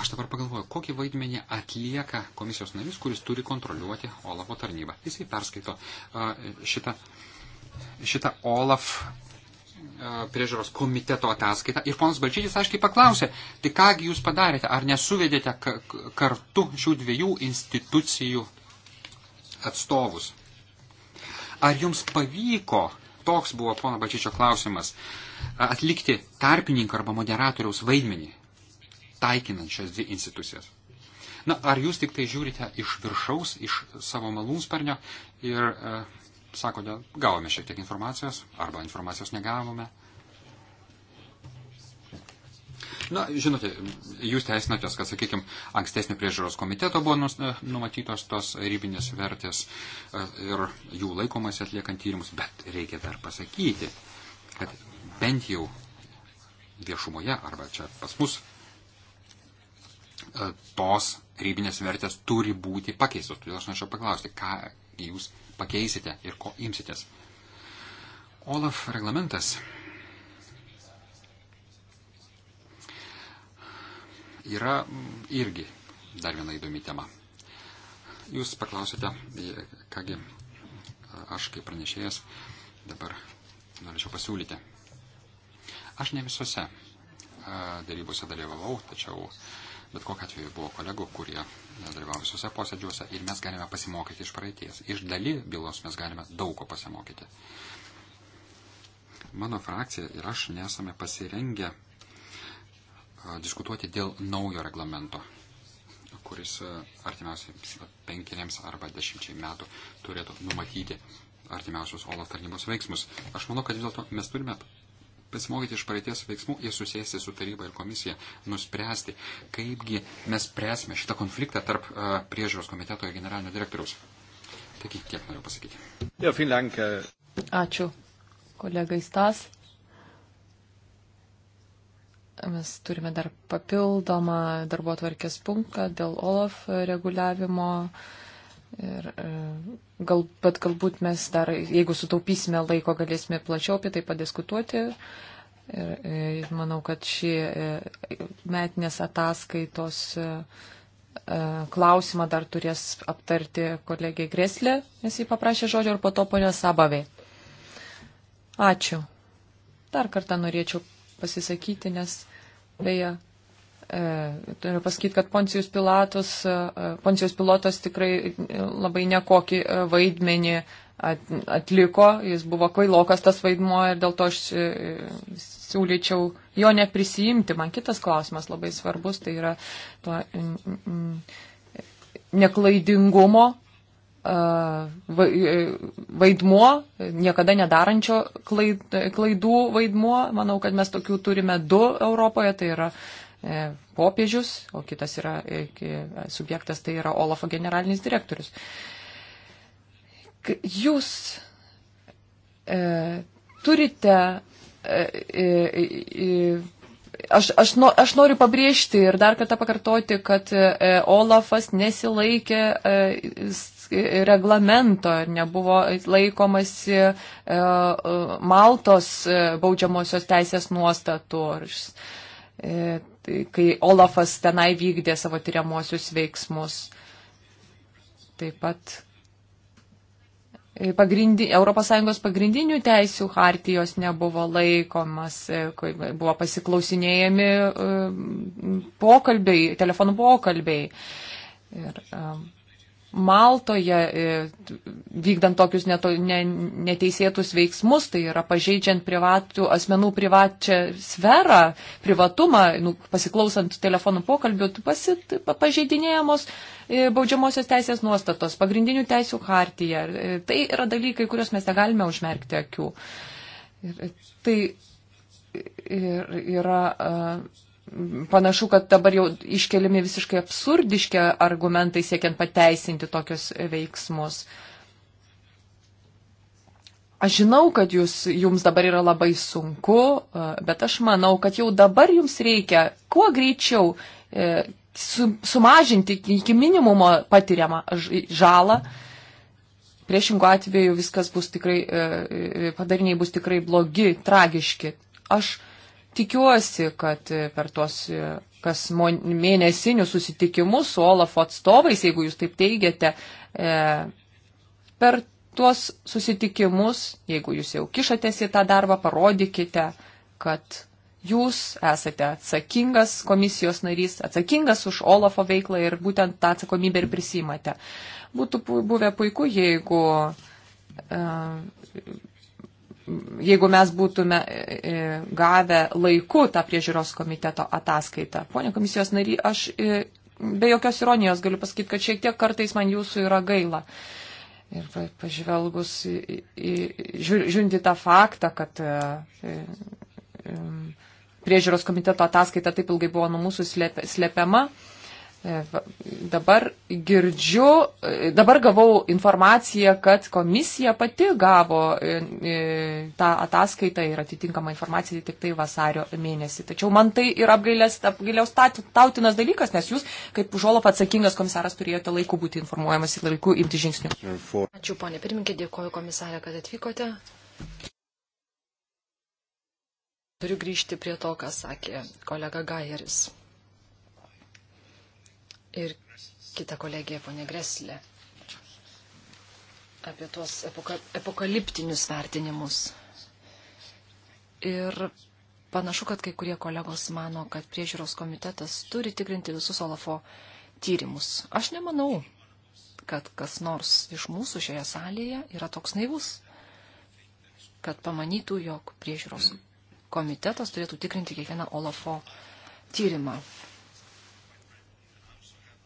aš dabar pagalvoju, kokį vaidmenį atlieka komisijos narys, kuris turi kontroliuoti Olafo tarnybą. Jisai perskaito šitą, šitą Olaf priežiūros komiteto ataskaitą ir ponas Balčytis aiškiai paklausė, tai kągi jūs padarėte, ar nesuvedėte kartu šių dviejų institucijų atstovus. Ar jums pavyko, toks buvo pono Bačičio klausimas, atlikti tarpininką arba moderatoriaus vaidmenį, taikinant šias dvi institucijas? Na, ar jūs tik tai žiūrite iš viršaus, iš savo malūnsparnio ir e, sakote, gavome šiek tiek informacijos arba informacijos negavome? Na, žinote, jūs teisinatės, kad, sakykime, ankstesnio priežiūros komiteto buvo e, numatytos tos rybinės vertės e, ir jų laikomasi atliekant tyrimus, bet reikia dar pasakyti, kad bent jau viešumoje arba čia pas mus e, tos rybinės vertės turi būti pakeistos. Todėl aš norėčiau paklausti, ką jūs pakeisite ir ko imsitės. Olaf reglamentas yra irgi dar viena įdomi tema. Jūs paklausite, e, kągi e, aš kaip pranešėjas dabar norėčiau pasiūlyti. Aš ne visose e, darybose dalyvavau, tačiau bet kokiu atveju buvo kolegų, kurie dalyvavo visose posėdžiuose ir mes galime pasimokyti iš praeities. Iš daly bylos mes galime daug ko pasimokyti. Mano frakcija ir aš nesame pasirengę diskutuoti dėl naujo reglamento, kuris artimiausiams penkeriams arba dešimčiai metų turėtų numatyti artimiausius OLAF tarnybos veiksmus. Aš manau, kad vis dėlto mes turime pasimokyti iš praeities veiksmų ir susėsti su taryba ir komisija, nuspręsti, kaipgi mes spręsime šitą konfliktą tarp uh, priežiūros komiteto ir generalinio direktoriaus. Taigi tiek noriu pasakyti. Jo, äh. Ačiū, kolegai Stas. Mes turime dar papildomą darbo atvarkės punktą dėl OLAF reguliavimo. Ir, e, gal, bet galbūt mes dar, jeigu sutaupysime laiko, galėsime plačiau apie tai padiskutuoti. Ir, ir e, manau, kad šį e, metinės ataskaitos klausimą dar turės aptarti kolegė Greslė, nes jį paprašė žodžio ir po to ponė Sabavė. Ačiū. Dar kartą norėčiau pasisakyti, nes Beje, e, turiu pasakyti, kad Poncijus, Pilatus, e, e Poncijus Pilotas tikrai labai nekokį e, vaidmenį atliko, jis buvo kvailokas tas vaidmuo ir dėl to aš e, siūlyčiau jo neprisijimti. Man kitas klausimas labai svarbus, tai yra to neklaidingumo E, vaidmuo, niekada nedarančio klaidų vaidmuo. Manau, kad mes tokių turime du Europoje, tai yra e, popiežius, o kitas yra e, subjektas, tai yra Olafo generalinis direktorius. Jūs e, turite. E, e, aš, aš, no, aš noriu pabrėžti ir dar kartą pakartoti, kad e, Olafas nesilaikė e, reglamento ir nebuvo laikomasi e, e, Maltos e, baudžiamosios teisės nuostatų. Tai kai Olafas tenai vykdė savo tyriamosius veiksmus. Taip pat pagrindi, ES pagrindinių teisių hartijos nebuvo laikomas, buvo pasiklausinėjami pokalbiai, telefonų pokalbiai. Ir, um, Maltoje, e, vykdant tokius neto, ne, neteisėtus veiksmus, tai yra pažeidžiant privatų asmenų privačią sferą, privatumą, nu, pasiklausant telefonų pokalbių, pasit, pažeidinėjamos e, baudžiamosios teisės nuostatos, pagrindinių teisų hartija. E, tai yra dalykai, kuriuos mes negalime užmerkti akių. Ir tai ir, yra. Uh, panašu, kad dabar jau iškeliami visiškai absurdiški argumentai siekiant pateisinti tokius veiksmus. Aš žinau, kad jūs, jums dabar yra labai sunku, e, bet aš manau, kad jau dabar jums reikia kuo greičiau e, su, sumažinti iki minimumo patiriamą žalą. Priešingų atveju viskas bus tikrai, e, padariniai bus tikrai blogi, tragiški. Aš uh, Tikiuosi, kad e, per tuos e, kas mėnesinius susitikimus su Olafo atstovais, jeigu jūs taip teigiate, e, per tuos susitikimus, jeigu jūs jau kišatės į tą darbą, parodykite, kad jūs esate atsakingas komisijos narys, atsakingas už Olafo veiklą ir būtent tą atsakomybę ir prisimate. Būtų buvę puiku, jeigu jeigu mes būtume e, e, gavę laiku tą priežiūros komiteto ataskaitą. Pone komisijos nary, aš e, be jokios ironijos galiu pasakyti, kad šiek tiek kartais man jūsų yra gaila. Ir pažvelgus, žiūrint į tą faktą, kad priežiūros komiteto ataskaita taip ilgai buvo nuo mūsų slepiama, slėp, E, dabar girdžiu, e, dabar gavau informaciją, kad komisija pati gavo e, tą ataskaitą ir atitinkamą informaciją tik tai vasario mėnesį. Tačiau man tai yra apgailės, apgailės tautinas dalykas, nes jūs, kaip žolop atsakingas komisaras, turėjote laiku būti informuojamas ir laiku imti žingsnių. Ačiū, ponė pirmininkė, dėkoju komisarė, kad atvykote. Turiu grįžti prie to, ką sakė kolega Gajeris ir kita kolegija, ponė Greslė, apie tuos epoka, apokaliptinius vertinimus. Ir panašu, kad kai kurie kolegos mano, kad priežiūros komitetas turi tikrinti visus Olafo tyrimus. Aš nemanau, kad kas nors iš mūsų šioje salėje yra toks naivus, kad pamanytų, jog priežiūros komitetas turėtų tikrinti kiekvieną Olafo tyrimą.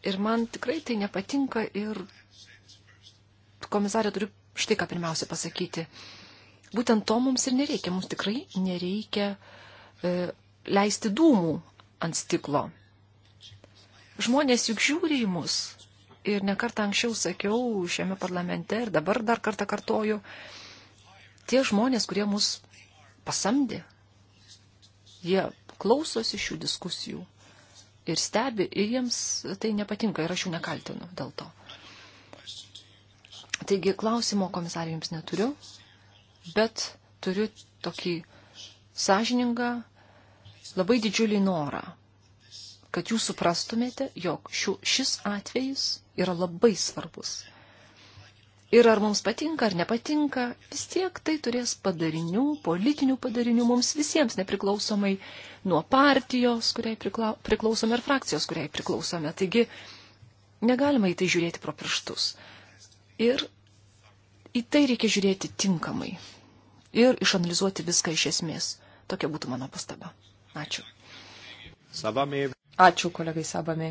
Ir man tikrai tai nepatinka ir komisarė turiu štai ką pirmiausia pasakyti. Būtent to mums ir nereikia. Mums tikrai nereikia e, leisti dūmų ant stiklo. Žmonės juk žiūri į mus. Ir nekartą anksčiau sakiau šiame parlamente ir dabar dar kartą kartoju, tie žmonės, kurie mus pasamdė, jie klausosi šių diskusijų ir stebi, ir jiems tai nepatinka ir aš jų nekaltinu dėl to. Taigi klausimo komisarė jums neturiu, bet turiu tokį sąžiningą, labai didžiulį norą, kad jūs suprastumėte, jog šiu, šis atvejis yra labai svarbus Ir ar mums patinka ar nepatinka, vis tiek tai turės padarinių, politinių padarinių mums visiems, nepriklausomai nuo partijos, kuriai priklau, priklausome, ar frakcijos, kuriai priklausome. Taigi negalima į tai žiūrėti pro pirštus. Ir į tai reikia žiūrėti tinkamai. Ir išanalizuoti viską iš esmės. Tokia būtų mano pastaba. Ačiū. Savami. Ačiū kolegai Sabami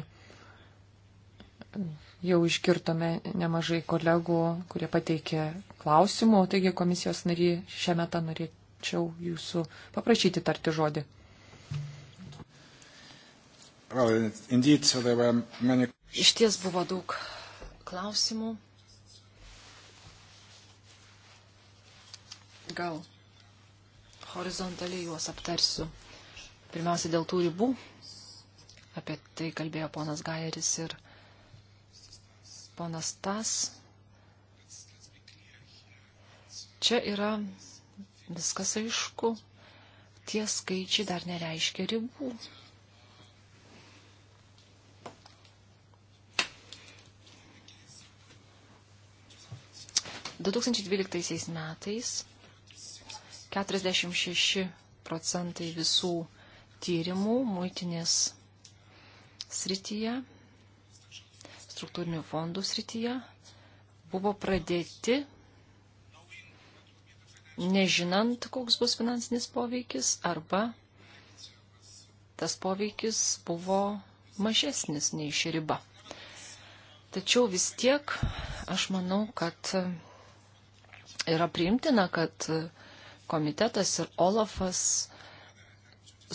Jau iškirtome nemažai kolegų, kurie pateikė klausimų, taigi komisijos nariai šią metą norėčiau jūsų paprašyti tarti žodį. Well, indeed, so many... Iš ties buvo daug klausimų. Gal horizontaliai juos aptarsiu. Pirmiausia, dėl tų ribų. Apie tai kalbėjo ponas Gairis ir ponas Tas. Čia yra viskas aišku. Tie skaičiai dar nereiškia ribų. Du 2012 metais 46 procentai visų tyrimų muitinės srityje struktūrinių fondų srityje buvo pradėti, nežinant, koks bus finansinis poveikis, arba tas poveikis buvo mažesnis nei ši riba. Tačiau vis tiek aš manau, kad yra priimtina, kad komitetas ir Olafas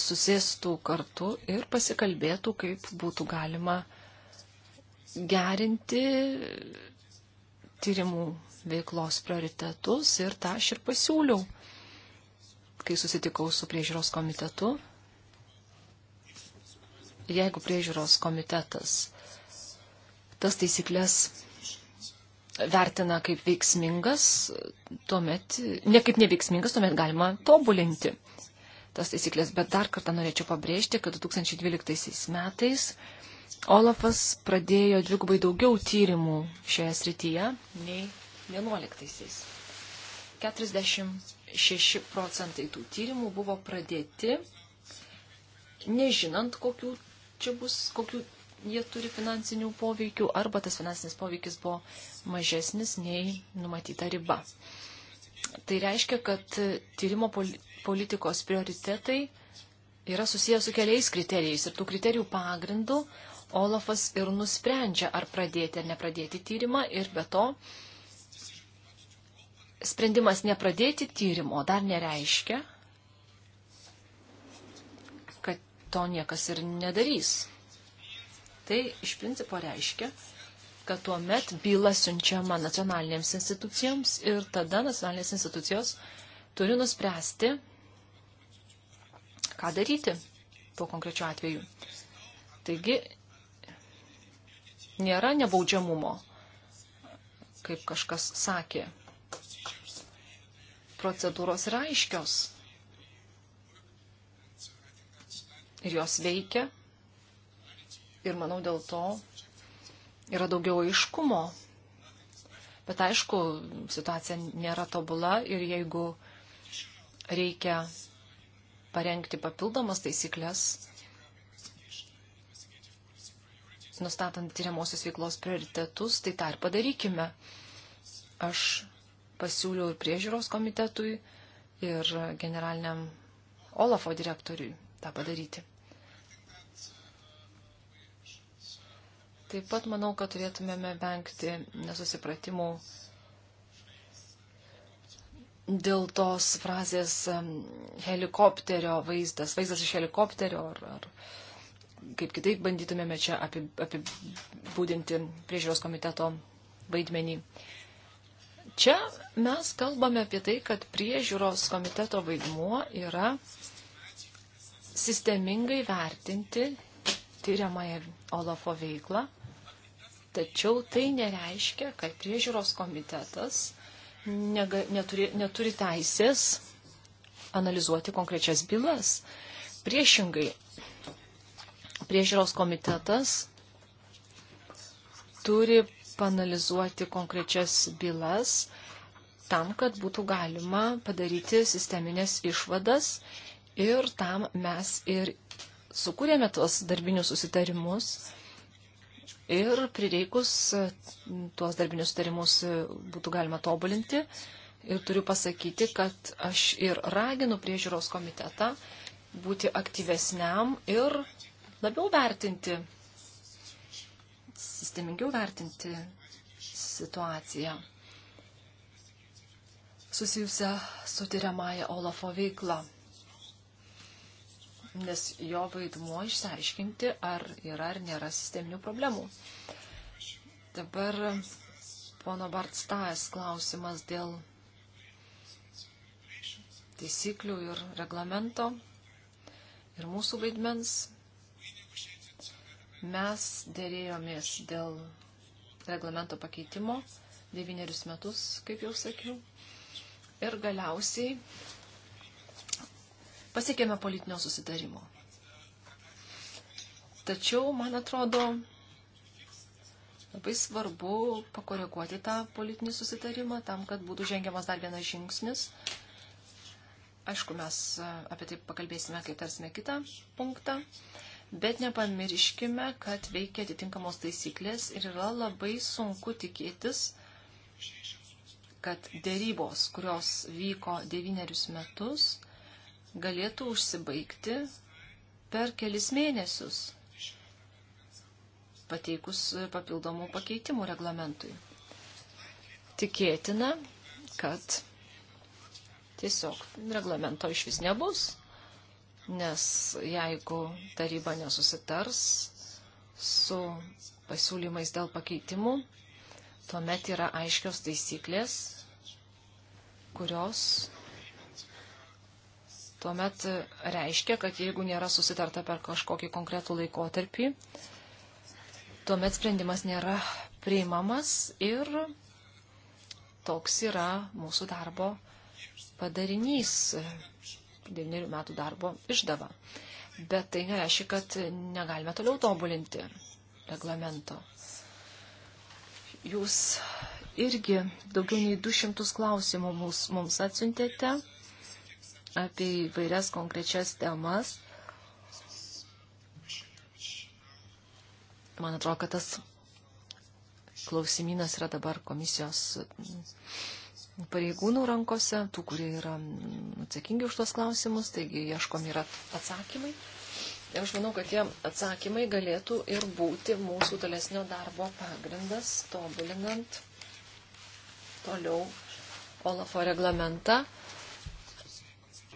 susėstų kartu ir pasikalbėtų, kaip būtų galima uh, gerinti tyrimų veiklos prioritetus ir tą aš ir pasiūliau, kai susitikau su priežiūros komitetu. Jeigu priežiūros komitetas tas taisyklės vertina kaip veiksmingas, tuomet, ne kaip neveiksmingas, tuomet galima tobulinti tas taisyklės. Bet dar kartą norėčiau pabrėžti, kad 2012 metais Olafas pradėjo dvigubai daugiau tyrimų šioje srityje nei 11-aisiais. 46 procentai tų tyrimų buvo pradėti, nežinant, kokių čia bus, kokių jie turi finansinių poveikių, arba tas finansinis poveikis buvo mažesnis nei numatyta riba. Tai reiškia, kad tyrimo politikos prioritetai yra susijęs su keliais kriterijais ir tų kriterijų pagrindų Olafas ir nusprendžia, ar pradėti ar nepradėti tyrimą ir be to sprendimas nepradėti tyrimo dar nereiškia, kad to niekas ir nedarys. Tai iš principo reiškia, kad tuo met byla siunčiama nacionalinėms institucijoms ir tada nacionalinės institucijos turi nuspręsti, ką daryti tuo konkrečiu atveju. Taigi Nėra nebaudžiamumo, kaip kažkas sakė. Procedūros yra aiškios. Ir jos veikia. Ir manau, dėl to yra daugiau aiškumo. Bet aišku, situacija nėra tobula ir jeigu reikia parengti papildomas taisyklės, nustatant tyriamosios veiklos prioritetus, tai tą ir padarykime. Aš pasiūliau ir priežiūros komitetui, ir generaliniam Olafo direktoriui tą padaryti. Taip pat manau, kad turėtumėme vengti nesusipratimų dėl tos frazės helikopterio vaizdas, vaizdas iš helikopterio ar, ar kaip kitaip bandytumėme čia apibūdinti priežiūros komiteto vaidmenį. Čia mes kalbame apie tai, kad priežiūros komiteto vaidmuo yra sistemingai vertinti tyriamąją Olafo veiklą, tačiau tai nereiškia, kad priežiūros komitetas nega, neturi, neturi teisės analizuoti konkrečias bylas. Priešingai, priežiūros komitetas turi panalizuoti konkrečias bylas tam, kad būtų galima padaryti sisteminės išvadas ir tam mes ir sukūrėme tuos darbinius susitarimus ir prireikus tuos darbinius susitarimus būtų galima tobulinti. Ir turiu pasakyti, kad aš ir raginu priežiūros komitetą būti aktyvesniam ir labiau vertinti, sistemingiau vertinti situaciją susijusią su tyriamąją Olafo veiklą. Nes jo vaidmuo išsiaiškinti, ar yra ar nėra sisteminių problemų. Dabar pono Bartstas klausimas dėl taisyklių ir reglamento ir mūsų vaidmens. Mes dėrėjomės dėl reglamento pakeitimo devynerius metus, kaip jau sakiau. Ir galiausiai pasiekėme politinio susitarimo. Tačiau, man atrodo, labai svarbu pakoreguoti tą politinį susitarimą tam, kad būtų žengiamas dar vienas žingsnis. Aišku, mes apie tai pakalbėsime, kai tarsime kitą punktą. Bet nepamirškime, kad veikia atitinkamos taisyklės ir yra labai sunku tikėtis, kad dėrybos, kurios vyko devynerius metus, galėtų užsibaigti per kelis mėnesius, pateikus papildomų pakeitimų reglamentui. Tikėtina, kad tiesiog reglamento iš vis nebus nes jeigu taryba nesusitars su pasiūlymais dėl pakeitimų, tuomet yra aiškios taisyklės, kurios tuomet reiškia, kad jeigu nėra susitarta per kažkokį konkretų laikotarpį, tuomet sprendimas nėra priimamas ir toks yra mūsų darbo padarinys devynerių metų darbo išdava. Bet tai nereiškia, kad negalime toliau tobulinti reglamento. Jūs irgi daugiau nei 200 klausimų mums, mums atsiuntėte apie įvairias konkrečias temas. Man atrodo, kad tas klausimynas yra dabar komisijos pareigūnų rankose, tų, kurie yra mm, atsakingi už tuos klausimus, taigi ieškom yra atsakymai. Ir aš manau, kad tie atsakymai galėtų ir būti mūsų tolesnio darbo pagrindas, tobulinant toliau Olafo reglamentą.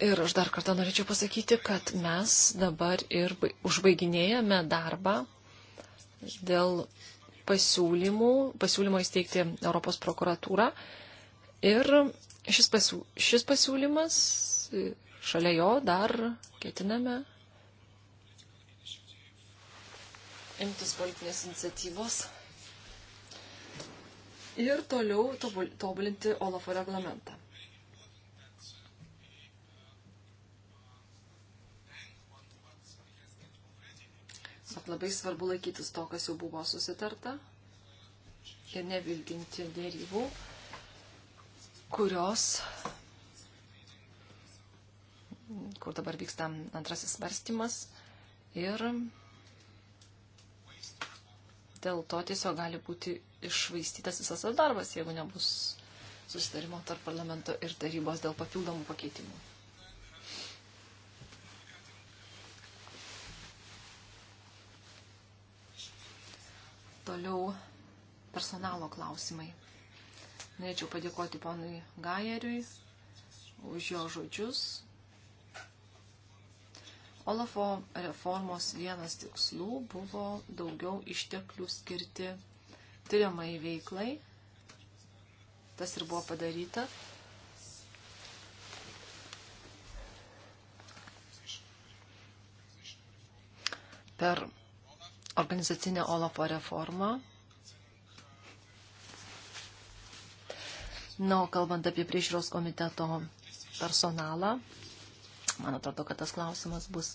Ir aš dar kartą norėčiau pasakyti, kad mes dabar ir užbaiginėjame darbą dėl pasiūlymų, pasiūlymo įsteigti Europos prokuratūrą. Ir šis, pasiū, šis pasiūlymas, šalia jo dar ketiname imtis politinės iniciatyvos ir toliau tobulinti Olafo reglamentą. Bet labai svarbu laikytis to, kas jau buvo susitarta ir nevilginti dėrybų kurios, kur dabar vyksta antrasis svarstymas ir dėl to tiesiog gali būti išvaistytas visas tas darbas, jeigu nebus susitarimo tarp parlamento ir tarybos dėl papildomų pakeitimų. Toliau personalo klausimai. Norėčiau padėkoti ponui Gajeriui už jo žodžius. Olafo reformos vienas tikslų buvo daugiau išteklių skirti tyriamai veiklai. Tas ir buvo padaryta. Per organizacinę Olafo reformą Na, o kalbant apie priežiūros komiteto personalą, man atrodo, kad tas klausimas bus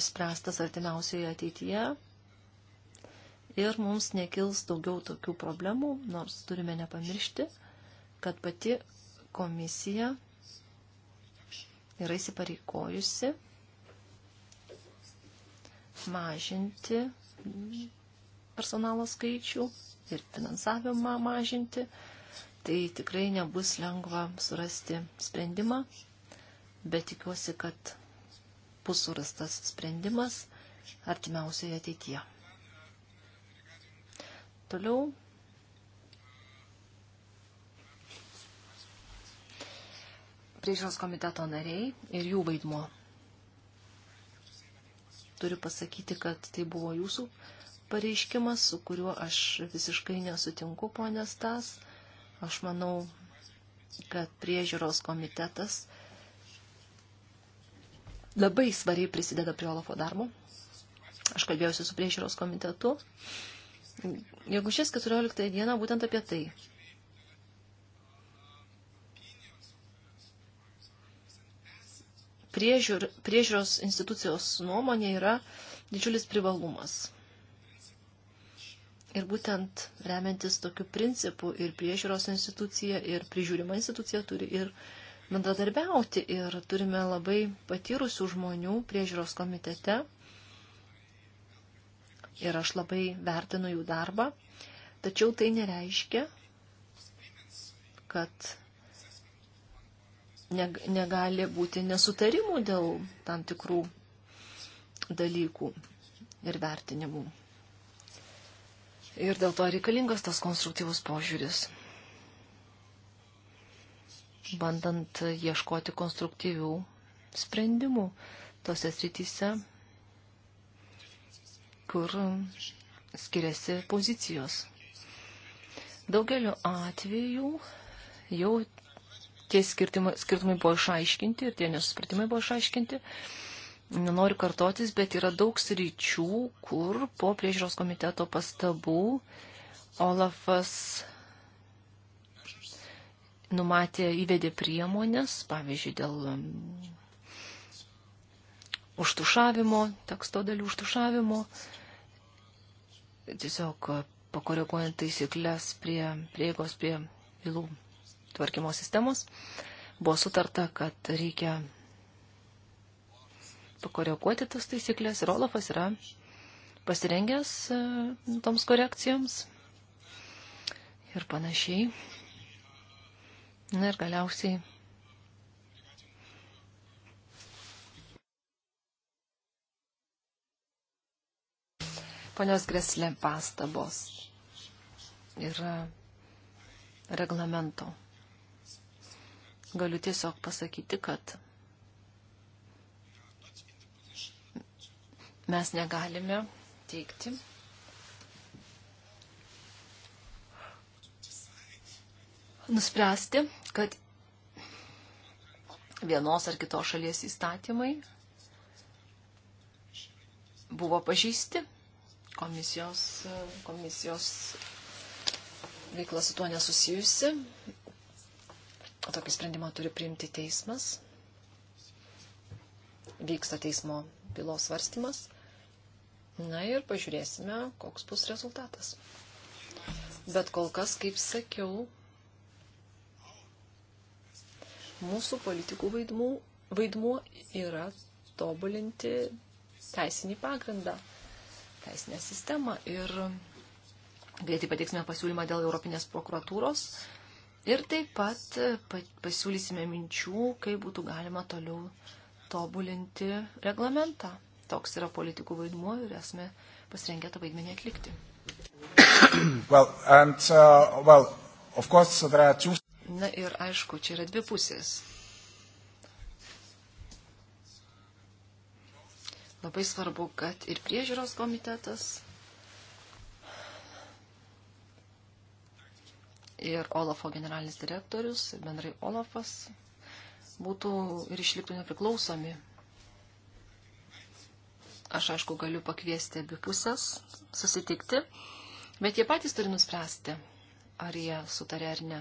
išspręstas artimiausioje ateityje. Ir mums nekils daugiau tokių problemų, nors turime nepamiršti, kad pati komisija yra įsipareikojusi mažinti personalo skaičių ir finansavimą mažinti. Tai tikrai nebus lengva surasti sprendimą, bet tikiuosi, kad bus surastas sprendimas artimiausioje ateityje. Toliau. Priežiūros komiteto nariai ir jų vaidmuo. Turiu pasakyti, kad tai buvo jūsų pareiškimas, su kuriuo aš visiškai nesutinku, ponė Stas. Aš manau, kad priežiūros komitetas labai svariai prisideda prie Olafo darbo. Aš kalbėjausi su priežiūros komitetu. Jeigu šis 14 diena būtent apie tai. Priežiūr, priežiūros institucijos nuomonė yra didžiulis privalumas. Ir būtent remiantis tokiu principu ir priežiūros institucija, ir prižiūrima institucija turi ir bendradarbiauti. Ir turime labai patyrusių žmonių priežiūros komitete. Ir aš labai vertinu jų darbą. Tačiau tai nereiškia, kad negali būti nesutarimų dėl tam tikrų dalykų ir vertinimų. Ir dėl to reikalingas tas konstruktyvus požiūris. Bandant ieškoti konstruktyvių sprendimų tose srityse, kur skiriasi pozicijos. Daugeliu atveju jau tie skirtumai, skirtumai buvo išaiškinti ir tie nesusipratimai buvo išaiškinti. Uh, nenoriu kartotis, bet yra daug sričių, kur po priežiūros komiteto pastabų Olafas numatė įvedė priemonės, pavyzdžiui, dėl um, užtušavimo, teksto dalių užtušavimo, tiesiog uh, pakoreguojant taisyklės prie prieigos prie bylų tvarkymo sistemos. Buvo sutarta, kad reikia pakoreguoti tas taisyklės ir Olafas yra pasirengęs e, toms korekcijoms ir panašiai. Na ir galiausiai. Ponios Greslė pastabos yra reglamento. Galiu tiesiog pasakyti, kad mes negalime teikti, nuspręsti, kad vienos ar kitos šalies įstatymai buvo pažįsti. Komisijos, komisijos veikla su tuo nesusijusi. Tokį sprendimą turi priimti teismas. Vyksta teismo bylos svarstymas. Na ir pažiūrėsime, koks bus rezultatas. Bet kol kas, kaip sakiau, mūsų politikų vaidmuo, vaidmuo yra tobulinti teisinį pagrindą, teisinę sistemą. Ir greitai pateiksime pasiūlymą dėl Europinės prokuratūros. Ir taip pat pasiūlysime minčių, kaip būtų galima toliau tobulinti reglamentą toks yra politikų vaidmuo ir esame pasirengę tą vaidmenį atlikti. Well, and, uh, well, of course, there are two... Na ir aišku, čia yra dvi pusės. Labai svarbu, kad ir priežiūros komitetas, ir Olafo generalinis direktorius, ir bendrai Olafas būtų ir išliktų nepriklausomi Aš aišku galiu pakviesti abi pusės susitikti, bet jie patys turi nuspręsti, ar jie sutarė ar ne.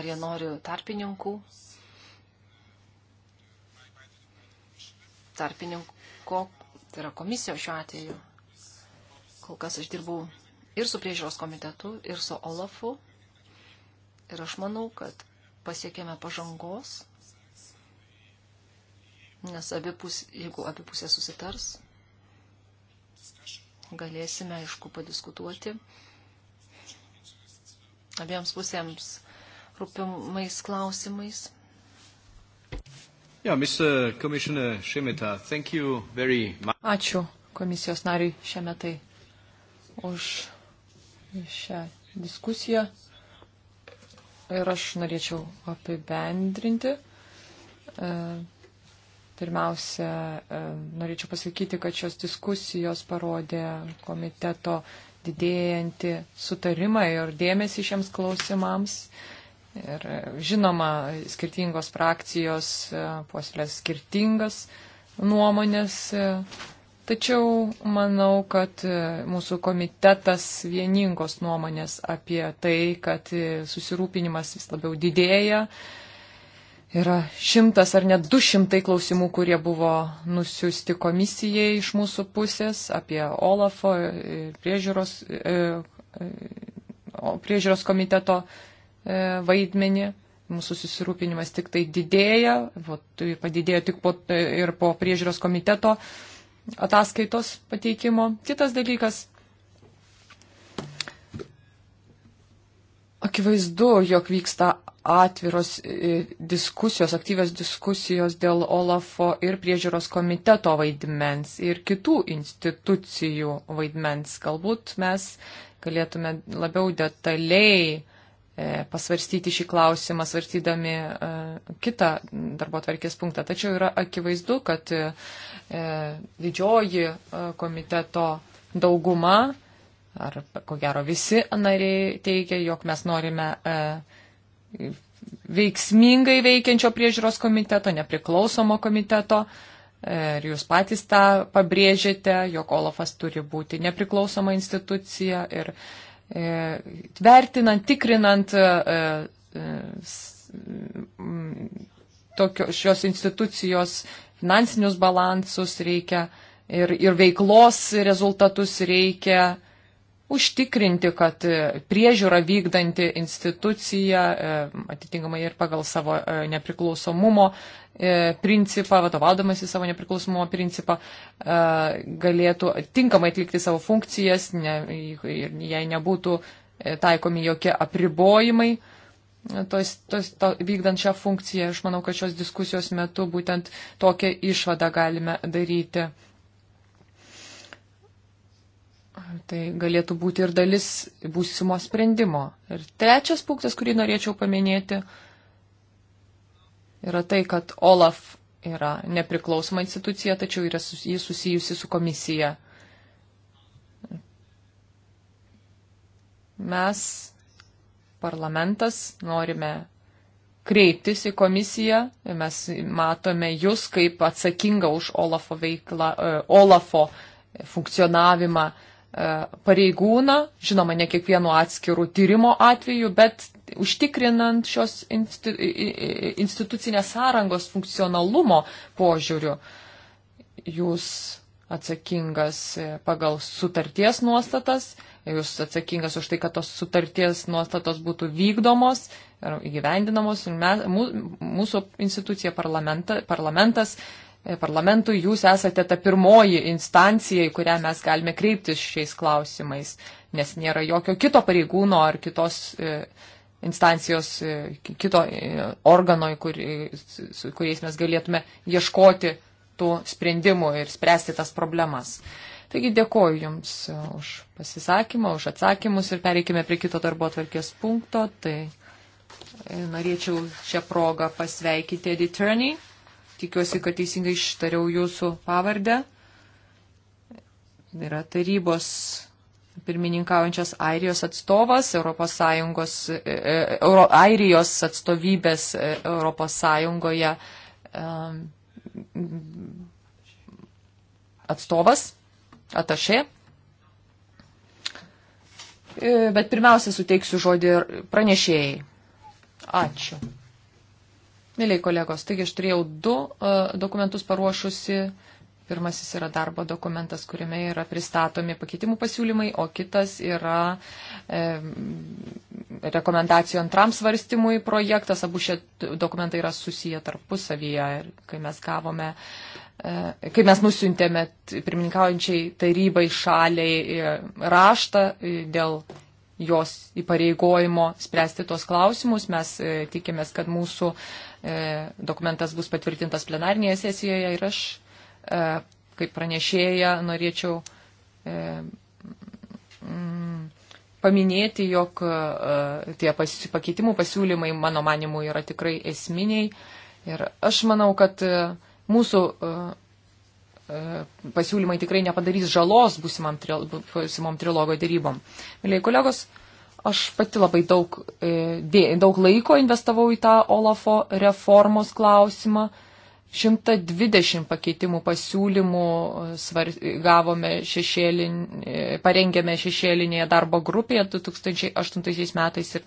Ar jie nori tarpininkų? Tarpininko, tai yra komisijos šiuo atveju. Kol kas aš dirbau ir su priežiūros komitetu, ir su Olafu. Ir aš manau, kad pasiekėme pažangos nes abipus, jeigu abipusė susitars, galėsime, aišku, padiskutuoti. Abiems pusėms rūpimais klausimais. Yeah, Mr. Commissioner Šemeta, thank you very much. Ačiū komisijos nariui Šemetai už šią diskusiją. Ir aš norėčiau apibendrinti. E, Pirmiausia, e, norėčiau pasakyti, kad šios diskusijos parodė komiteto didėjantį sutarimą ir dėmesį šiems klausimams. Ir e, žinoma, skirtingos frakcijos e, puoselės skirtingas nuomonės, tačiau manau, kad mūsų komitetas vieningos nuomonės apie tai, kad susirūpinimas vis labiau didėja, Yra šimtas ar net du šimtai klausimų, kurie buvo nusiųsti komisijai iš mūsų pusės apie Olafo e, priežiūros, e, e, priežiūros komiteto vaidmenį. Mūsų susirūpinimas tik tai didėja, tai padidėjo tik po, ir po priežiūros komiteto ataskaitos pateikimo. Kitas dalykas akivaizdu, jog vyksta atviros e, diskusijos, aktyvios diskusijos dėl Olafo ir priežiūros komiteto vaidmens ir kitų institucijų vaidmens. Galbūt mes galėtume labiau detaliai e, pasvarstyti šį klausimą, svarstydami e, kitą darbo tvarkės punktą. Tačiau yra akivaizdu, kad didžioji komiteto dauguma, ar ko gero visi nariai teigia, jog mes norime veiksmingai veikiančio priežiūros komiteto, nepriklausomo komiteto. Ir jūs patys tą pabrėžėte, jog Olafas turi būti nepriklausoma institucija ir e, vertinant, tikrinant e, e, tokio, šios institucijos finansinius balansus reikia ir, ir veiklos rezultatus reikia užtikrinti, kad e, priežiūra vykdanti institucija e, atitinkamai ir pagal savo e, nepriklausomumo principą, vadovaudamasi savo nepriklausomumo principą, galėtų tinkamai atlikti savo funkcijas, ne, jei nebūtų taikomi jokie apribojimai. Tos, tos, to, vykdant šią funkciją, aš manau, kad šios diskusijos metu būtent tokią išvadą galime daryti Tai galėtų būti ir dalis būsimo sprendimo. Ir trečias punktas, kurį norėčiau paminėti, yra tai, kad OLAF yra nepriklausoma institucija, tačiau yra sus, jis susijusi su komisija. Mes, parlamentas, norime kreiptis į komisiją, mes matome jūs kaip atsakingą už Olafo veiklą, e, Olafo funkcionavimą E, pareigūną, žinoma, ne kiekvienu atskiru tyrimo atveju, bet užtikrinant šios institu, institucinės sąrangos funkcionalumo požiūriu. Jūs atsakingas pagal sutarties nuostatas, jūs atsakingas už tai, kad tos sutarties nuostatos būtų vykdomos ir įgyvendinamos. Mes, mūsų institucija parlamenta, parlamentas E, parlamentui jūs esate ta pirmoji instancija, į kurią mes galime kreiptis šiais klausimais, nes nėra jokio kito pareigūno ar kitos e, instancijos, e, kito organo, kur, su kuriais mes galėtume ieškoti tų sprendimų ir spręsti tas problemas. Taigi dėkoju Jums už pasisakymą, už atsakymus ir pereikime prie kito darbo atvarkės punkto. Tai norėčiau šią progą pasveikyti Edith Turney tikiuosi, kad teisingai ištariau jūsų pavardę. Yra tarybos pirmininkaujančios Airijos atstovas, Europos Sąjungos, e, e, Euro, Airijos atstovybės e, Europos Sąjungoje atstovas, atašė. Bet pirmiausia, suteiksiu žodį pranešėjai. Ačiū. Mėliai kolegos, taigi aš turėjau du uh, dokumentus paruošusi. Pirmasis yra darbo dokumentas, kuriame yra pristatomi pakeitimų pasiūlymai, o kitas yra e, rekomendacijų antram svarstymui projektas. Abu šie dokumentai yra susiję tarpusavyje. Ir kai mes gavome, e, kai mes nusintėme pirmininkaujančiai tarybai šaliai e, raštą e, dėl jos įpareigojimo spręsti tos klausimus, mes e, tikimės, kad mūsų e, E, dokumentas bus patvirtintas plenarnėje sesijoje ir aš, e, kaip pranešėja, norėčiau e, mm, paminėti, jog tie pakeitimų pasiūlymai, mano manimu, yra tikrai esminiai. Ir aš manau, kad mūsų pasiūlymai tikrai nepadarys žalos būsimam trilogo dėrybom. Mėlyi kolegos, Aš pati labai daug, e, daug laiko investavau į tą Olafo reformos klausimą. 120 pakeitimų pasiūlymų e, svar, gavome šešėlin, e, parengėme šešėlinėje darbo grupėje 2008 metais ir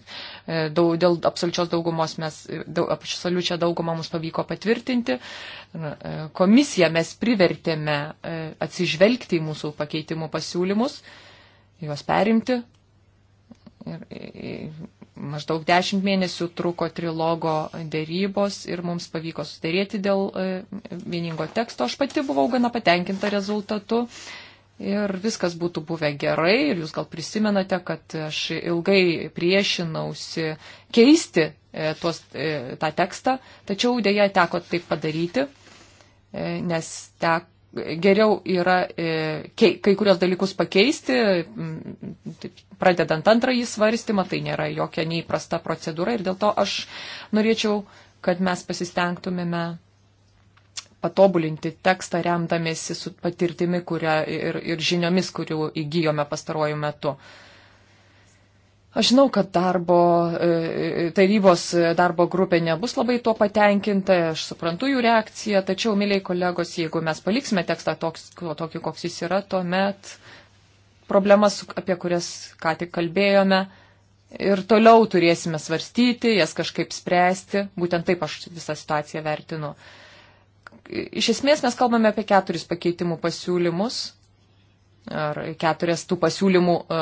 daug, dėl absoliučios daugumos mes, daug, absoliučią daugumą mums pavyko patvirtinti. Komisiją mes privertėme atsižvelgti į mūsų pakeitimų pasiūlymus, juos perimti. Ir, maždaug dešimt mėnesių truko trilogo dėrybos ir mums pavyko sudaryti dėl e, vieningo teksto. Aš pati buvau gana patenkinta rezultatu. Ir viskas būtų buvę gerai, ir jūs gal prisimenate, kad aš ilgai priešinausi keisti e, tuos, e, tą tekstą, tačiau dėja teko taip padaryti, nes tek, geriau yra e, kai kurios dalykus pakeisti, pradedant antrąjį svarstymą, tai nėra jokia neįprasta procedūra ir dėl to aš norėčiau, kad mes pasistengtumėme patobulinti tekstą remdamėsi su patirtimi kuria, ir, ir žiniomis, kurių įgyjome pastaruoju metu. Uh, Aš žinau, kad darbo, e, tarybos darbo grupė nebus labai tuo patenkinta, aš suprantu jų reakciją, tačiau, myliai kolegos, jeigu mes paliksime tekstą toks, tokį, koks jis yra, tuomet problemas, apie kurias ką tik kalbėjome, ir toliau turėsime svarstyti, jas kažkaip spręsti, būtent taip aš visą situaciją vertinu. Iš esmės mes kalbame apie keturis pakeitimų pasiūlymus ar keturias tų pasiūlymų e,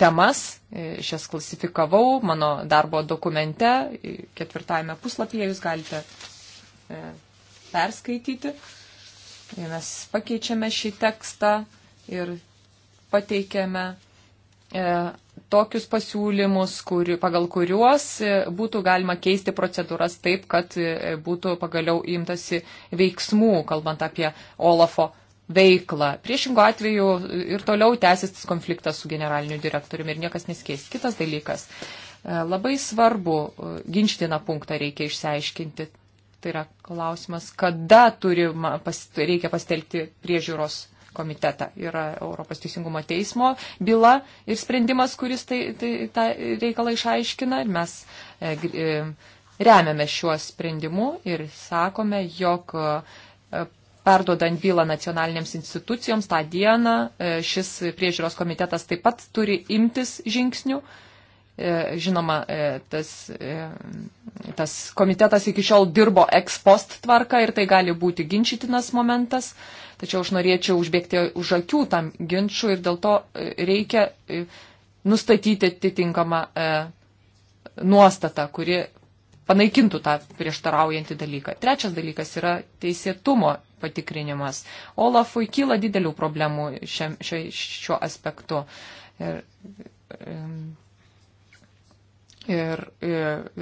temas. E, šias klasifikavau mano darbo dokumente, e, ketvirtajame puslapyje jūs galite perskaityti. Mes pakeičiame šį tekstą ir pateikėme tokius pasiūlymus, kur, pagal kuriuos būtų galima keisti procedūras taip, kad būtų pagaliau imtasi veiksmų, kalbant apie Olafo veiklą. Priešingo atveju ir toliau tęsis tas konfliktas su generaliniu direktoriumi ir niekas nesikeis. Kitas dalykas. E, labai svarbu e, ginčtiną punktą reikia išsiaiškinti. Tai yra klausimas, kada turi, pas, reikia pastelti priežiūros komitetą. Yra Europos teisingumo teismo byla ir sprendimas, kuris tai, tai, tą reikalą išaiškina. Ir mes e, e, remiame šiuo sprendimu ir sakome, jog e, perdodant bylą nacionalinėms institucijoms tą dieną, e, šis priežiūros komitetas taip pat turi imtis žingsnių. E, žinoma, e, tas, tas komitetas iki šiol dirbo ex post tvarka ir tai gali būti ginčytinas momentas, tačiau aš norėčiau užbėgti už akių tam ginčiu ir dėl to reikia nustatyti atitinkamą nuostatą, kuri panaikintų tą prieštaraujantį dalyką. Trečias dalykas yra teisėtumo patikrinimas. Olafui kyla didelių problemų šiam, šio, šiuo aspektu. Ir, ir, ir e,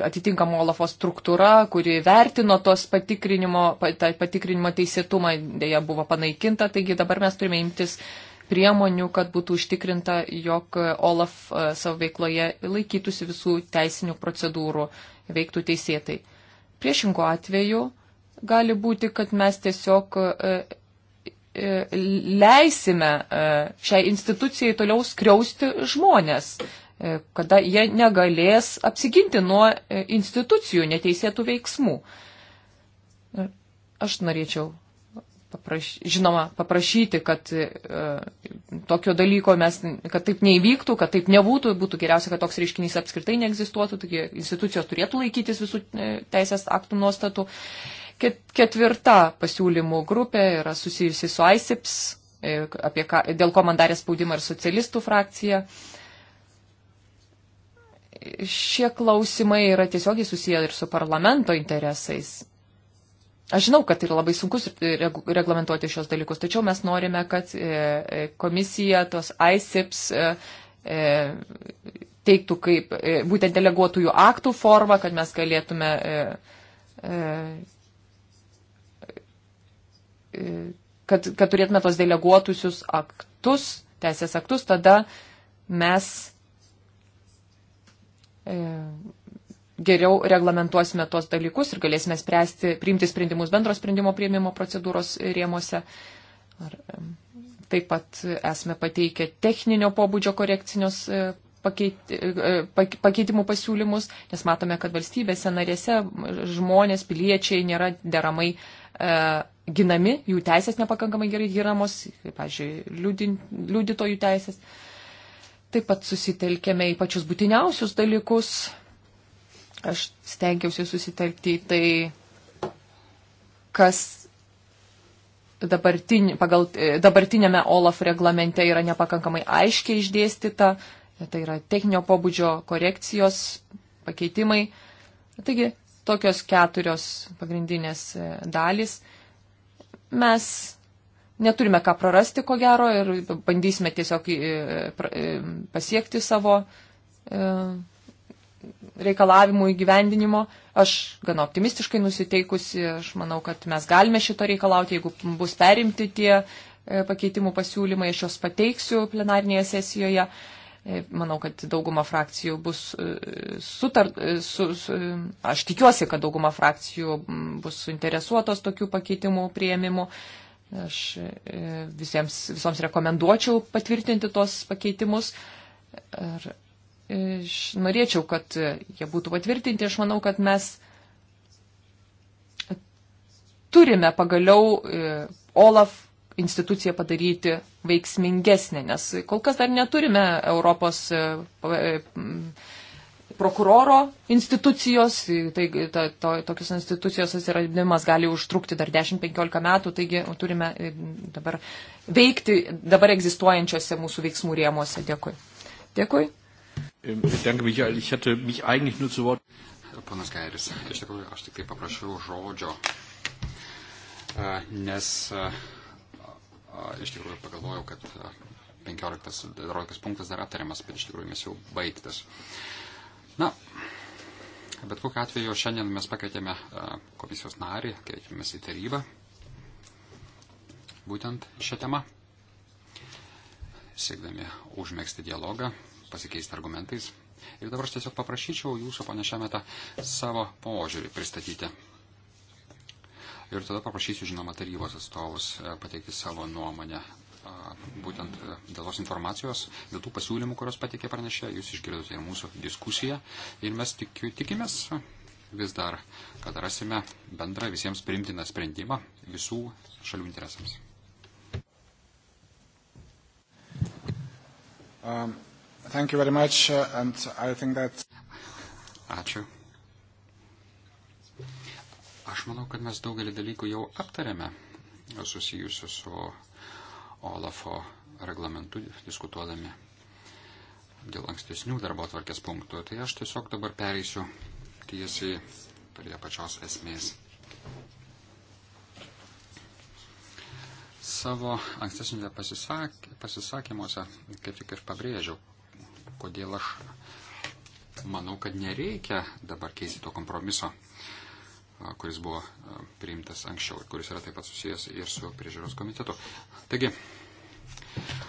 atitinkama Olafo struktūra, kuri vertino tos patikrinimo, patikrinimo teisėtumą, dėja buvo panaikinta, taigi dabar mes turime imtis priemonių, kad būtų užtikrinta, jog Olaf e, savo veikloje laikytųsi visų teisinių procedūrų, veiktų teisėtai. Priešingų atveju gali būti, kad mes tiesiog e, e, leisime e, šiai institucijai toliau skriausti žmonės, kada jie negalės apsiginti nuo institucijų neteisėtų veiksmų. Aš norėčiau papraš, žinoma, paprašyti, kad e, tokio dalyko mes, kad taip neįvyktų, kad taip nebūtų, būtų geriausia, kad toks reiškinys apskritai neegzistuotų, taigi institucijos turėtų laikytis visų e, teisės aktų nuostatų. Ket, ketvirta pasiūlymų grupė yra susijusi su ISIPS, e, ką, dėl ko man darė spaudimą ir socialistų frakcija. Šie klausimai yra tiesiogiai susiję ir su parlamento interesais Aš žinau, kad tai yra labai sunkus reglamentuoti šios dalykus, tačiau mes norime, kad e, e, komisija tos ICIPS e, teiktų kaip būtent deleguotųjų aktų formą, kad mes galėtume kad, kad turėtume tos deleguotusius aktus, teisės aktus, tada mes geriau reglamentuosime tos dalykus ir galėsime spręsti, priimti sprendimus bendro sprendimo prieimimo procedūros rėmose. Ar, taip pat esame pateikę techninio pobūdžio korekcinius e, pakeit, e, e, pakeitimų pasiūlymus, nes matome, kad valstybėse narėse žmonės, piliečiai nėra deramai e, ginami, jų teisės nepakankamai gerai ginamos, pavyzdžiui, liudytojų teisės. Taip pat susitelkėme į pačius būtiniausius dalykus Aš stengiausi susitelkti į tai, kas dabartin, pagal, e, dabartinėme OLAF reglamente yra nepakankamai aiškiai išdėstyta, tai yra techninio pobūdžio korekcijos pakeitimai. Taigi, tokios keturios pagrindinės e, dalys. Mes neturime ką prarasti, ko gero, ir bandysime tiesiog e, pasiekti savo reikalavimų įgyvendinimo. Aš gana optimistiškai nusiteikusi, aš manau, kad mes galime šito reikalauti, jeigu bus perimti tie e, pakeitimų pasiūlymai, aš juos pateiksiu plenarinėje sesijoje. E, manau, kad dauguma frakcijų bus e, sutar, su, su, aš tikiuosi, kad dauguma frakcijų bus suinteresuotos tokių pakeitimų prieimimu. Aš visiems, visoms rekomenduočiau patvirtinti tos pakeitimus. Ar norėčiau, kad jie būtų patvirtinti. Aš manau, kad mes turime pagaliau e, OLAF instituciją padaryti veiksmingesnė, nes kol kas dar neturime Europos e, e, prokuroro institucijos, tai ta, to, tokios institucijos atsiradimas gali užtrukti dar 10-15 metų, taigi turime dabar veikti dabar egzistuojančiose mūsų veiksmų rėmuose. Dėkui. Dėkui. Ähm, danke, Michael. Ich hatte mich eigentlich nur zu Wort. Panas Gairis, iš tikrųjų aš tik tai paprašiau žodžio, e, nes e, iš tikrųjų pagalvojau, kad 15 e, punktas dar aptariamas, bet iš tikrųjų mes jau baigtas. Na, bet kokiu atveju šiandien mes pakeitėme komisijos narį, kreipėmės į tarybą būtent šią temą, siekdami užmėgsti dialogą pasikeisti argumentais. Ir dabar aš tiesiog paprašyčiau jūsų, ponė Šemeta, savo požiūrį pristatyti. Ir tada paprašysiu, žinoma, tarybos atstovus e, pateikti savo nuomonę. Būtent e, dėl tos informacijos, dėl tų pasiūlymų, kurios pateikė pranešė, jūs išgirdote ir mūsų diskusiją. Ir mes tikiu, tikimės vis dar, kad rasime bendrą visiems priimtiną sprendimą visų šalių interesams. Um. Thank you very much, uh, and I think that... Ačiū. Aš manau, kad mes daugelį dalykų jau aptarėme susijusiu su Olafo reglamentu diskutuodami dėl ankstesnių darbo atvarkės punktų. Tai aš tiesiog dabar pereisiu tiesiai prie pačios esmės. Savo ankstesniuose pasisakymuose, kaip tik ir pabrėžiau, kodėl aš manau, kad nereikia dabar keisti to kompromiso, kuris buvo priimtas anksčiau ir kuris yra taip pat susijęs ir su priežiūros komitetu. Taigi,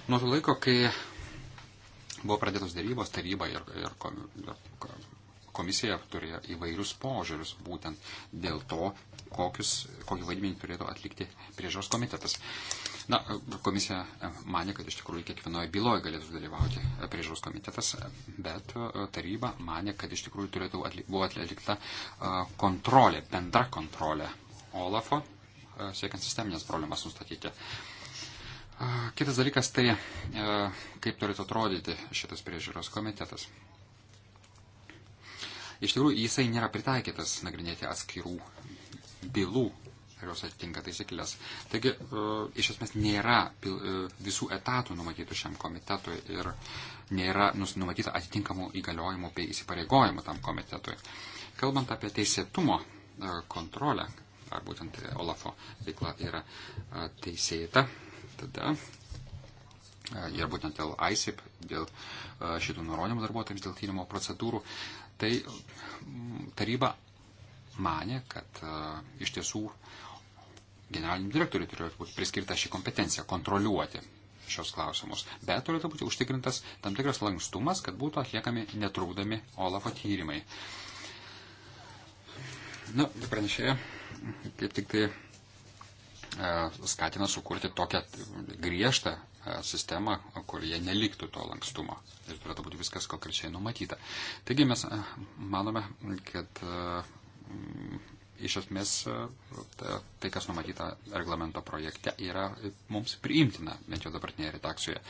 nuo to laiko, kai buvo pradėtos dėrybos, taryba ir, ir komisija turėjo įvairius požiūrius būtent dėl to, kokius, kokį vaidmenį turėtų atlikti priežiūros komitetas. Uh, Na, komisija mane, kad iš tikrųjų kiekvienoje byloje galėtų dalyvauti e, priežiūros komitetas, e, bet e, taryba mane, kad iš tikrųjų turėtų atlik, buvo atlikta kontrolė, bendra kontrolė Olafo, siekiant sisteminės problemas nustatyti. Kitas dalykas tai, kaip turėtų atrodyti šitas priežiūros komitetas. Iš tikrųjų, jisai nėra pritaikytas nagrinėti atskirų bylų ar jos atitinka taisyklės. Taigi, e, iš esmės nėra e, visų etatų numatytų šiam komitetui ir nėra numatyta atitinkamų įgaliojimų bei įsipareigojimų tam komitetui. Kalbant apie teisėtumo e, kontrolę, ar būtent Olafo veikla yra teisėta, tada. Ir būtent dėl ISIP, dėl šitų nurodymų darbuotojams, dėl tyrimo procedūrų, tai taryba mane, kad iš tiesų uh, generaliniam direktoriui turėtų būti priskirta ši kompetencija kontroliuoti šios klausimus, bet turėtų būti užtikrintas tam tikras lankstumas, kad būtų atliekami netrūkdami Olafo tyrimai. Na, tai pranešėja kaip tik tai e, skatina sukurti tokią griežtą e, sistemą, kur jie neliktų to lankstumo. Ir turėtų būti viskas konkrečiai numatyta. Taigi mes e, manome, kad iš esmės tai, kas numatyta reglamento projekte, yra mums priimtina, bent jau dabartinėje redakcijoje.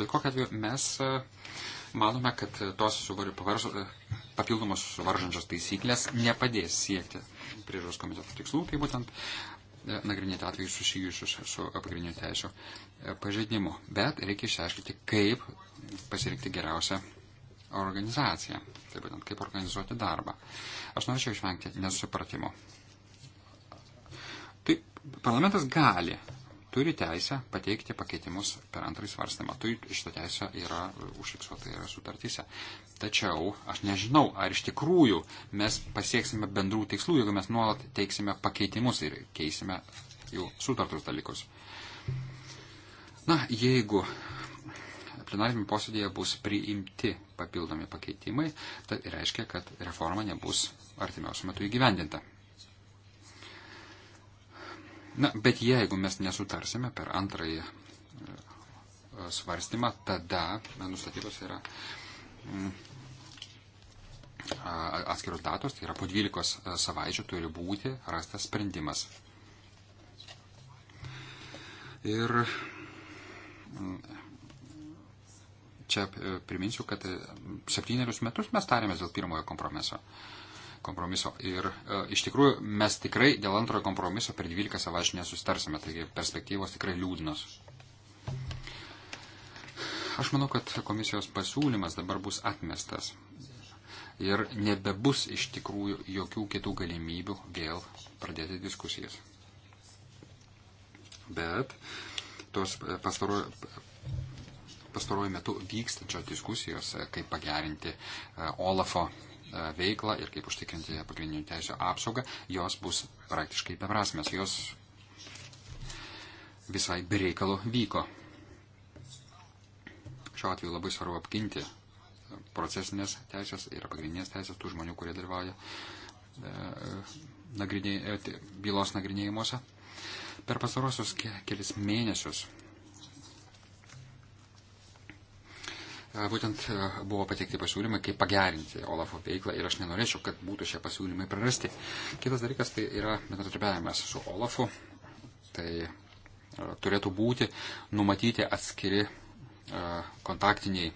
Bet kokia atveju mes e, manome, kad tos suvarž... papildomos suvaržančios taisyklės nepadės siekti priežos komiteto tikslų, tai būtent e, nagrinėti atvejus susijusius su pagrindiniu teisų e, pažeidimu. Bet reikia išsiaiškinti, kaip pasirinkti geriausią organizaciją, tai būtent kaip organizuoti darbą. Aš norėčiau išvengti nesupratimo. Tai parlamentas gali, turi teisę pateikti pakeitimus per antrąjį svarstymą. Tai šitą teisę yra užfiksuota yra sutartyse. Tačiau aš nežinau, ar iš tikrųjų mes pasieksime bendrų tikslų, jeigu mes nuolat teiksime pakeitimus ir keisime jų sutartus dalykus. Na, jeigu plenarinėme posėdėje bus priimti papildomi pakeitimai, tai reiškia, kad reforma nebus artimiausiu metu įgyvendinta. Na, bet jeigu mes nesutarsime per antrąjį e, svarstymą, tada nustatytos yra mm, atskiros datos, tai yra po 12 e, savaičių turi būti rastas sprendimas. Ir mm, Čia e, priminsiu, kad e, septynerius metus mes tarėmės dėl pirmojo kompromiso. Kompromiso. Ir e, iš tikrųjų mes tikrai dėl antrojo kompromiso per 12 savaičių nesustarsime, taigi perspektyvos tikrai liūdnos. Aš manau, kad komisijos pasiūlymas dabar bus atmestas ir nebebus iš tikrųjų jokių kitų galimybių vėl pradėti diskusijas. Bet tos e, pastaro, pastaruoju metu vykstančios diskusijos, kaip pagerinti e, Olafo e, veiklą ir kaip užtikrinti pagrindinių teisų apsaugą, jos bus praktiškai beprasmės, jos visai bereikalo vyko. Šiuo atveju labai svarbu apginti procesinės teisės ir pagrindinės teisės tų žmonių, kurie dalyvauja e, nagrinė, bylos nagrinėjimuose. Per pasarosius ke kelis mėnesius būtent buvo pateikti pasiūlymai, kaip pagerinti Olafo veiklą ir aš nenorėčiau, kad būtų šie pasiūlymai prarasti. Kitas dalykas tai yra bendradarbiavimas su Olafu. Tai turėtų būti numatyti atskiri kontaktiniai,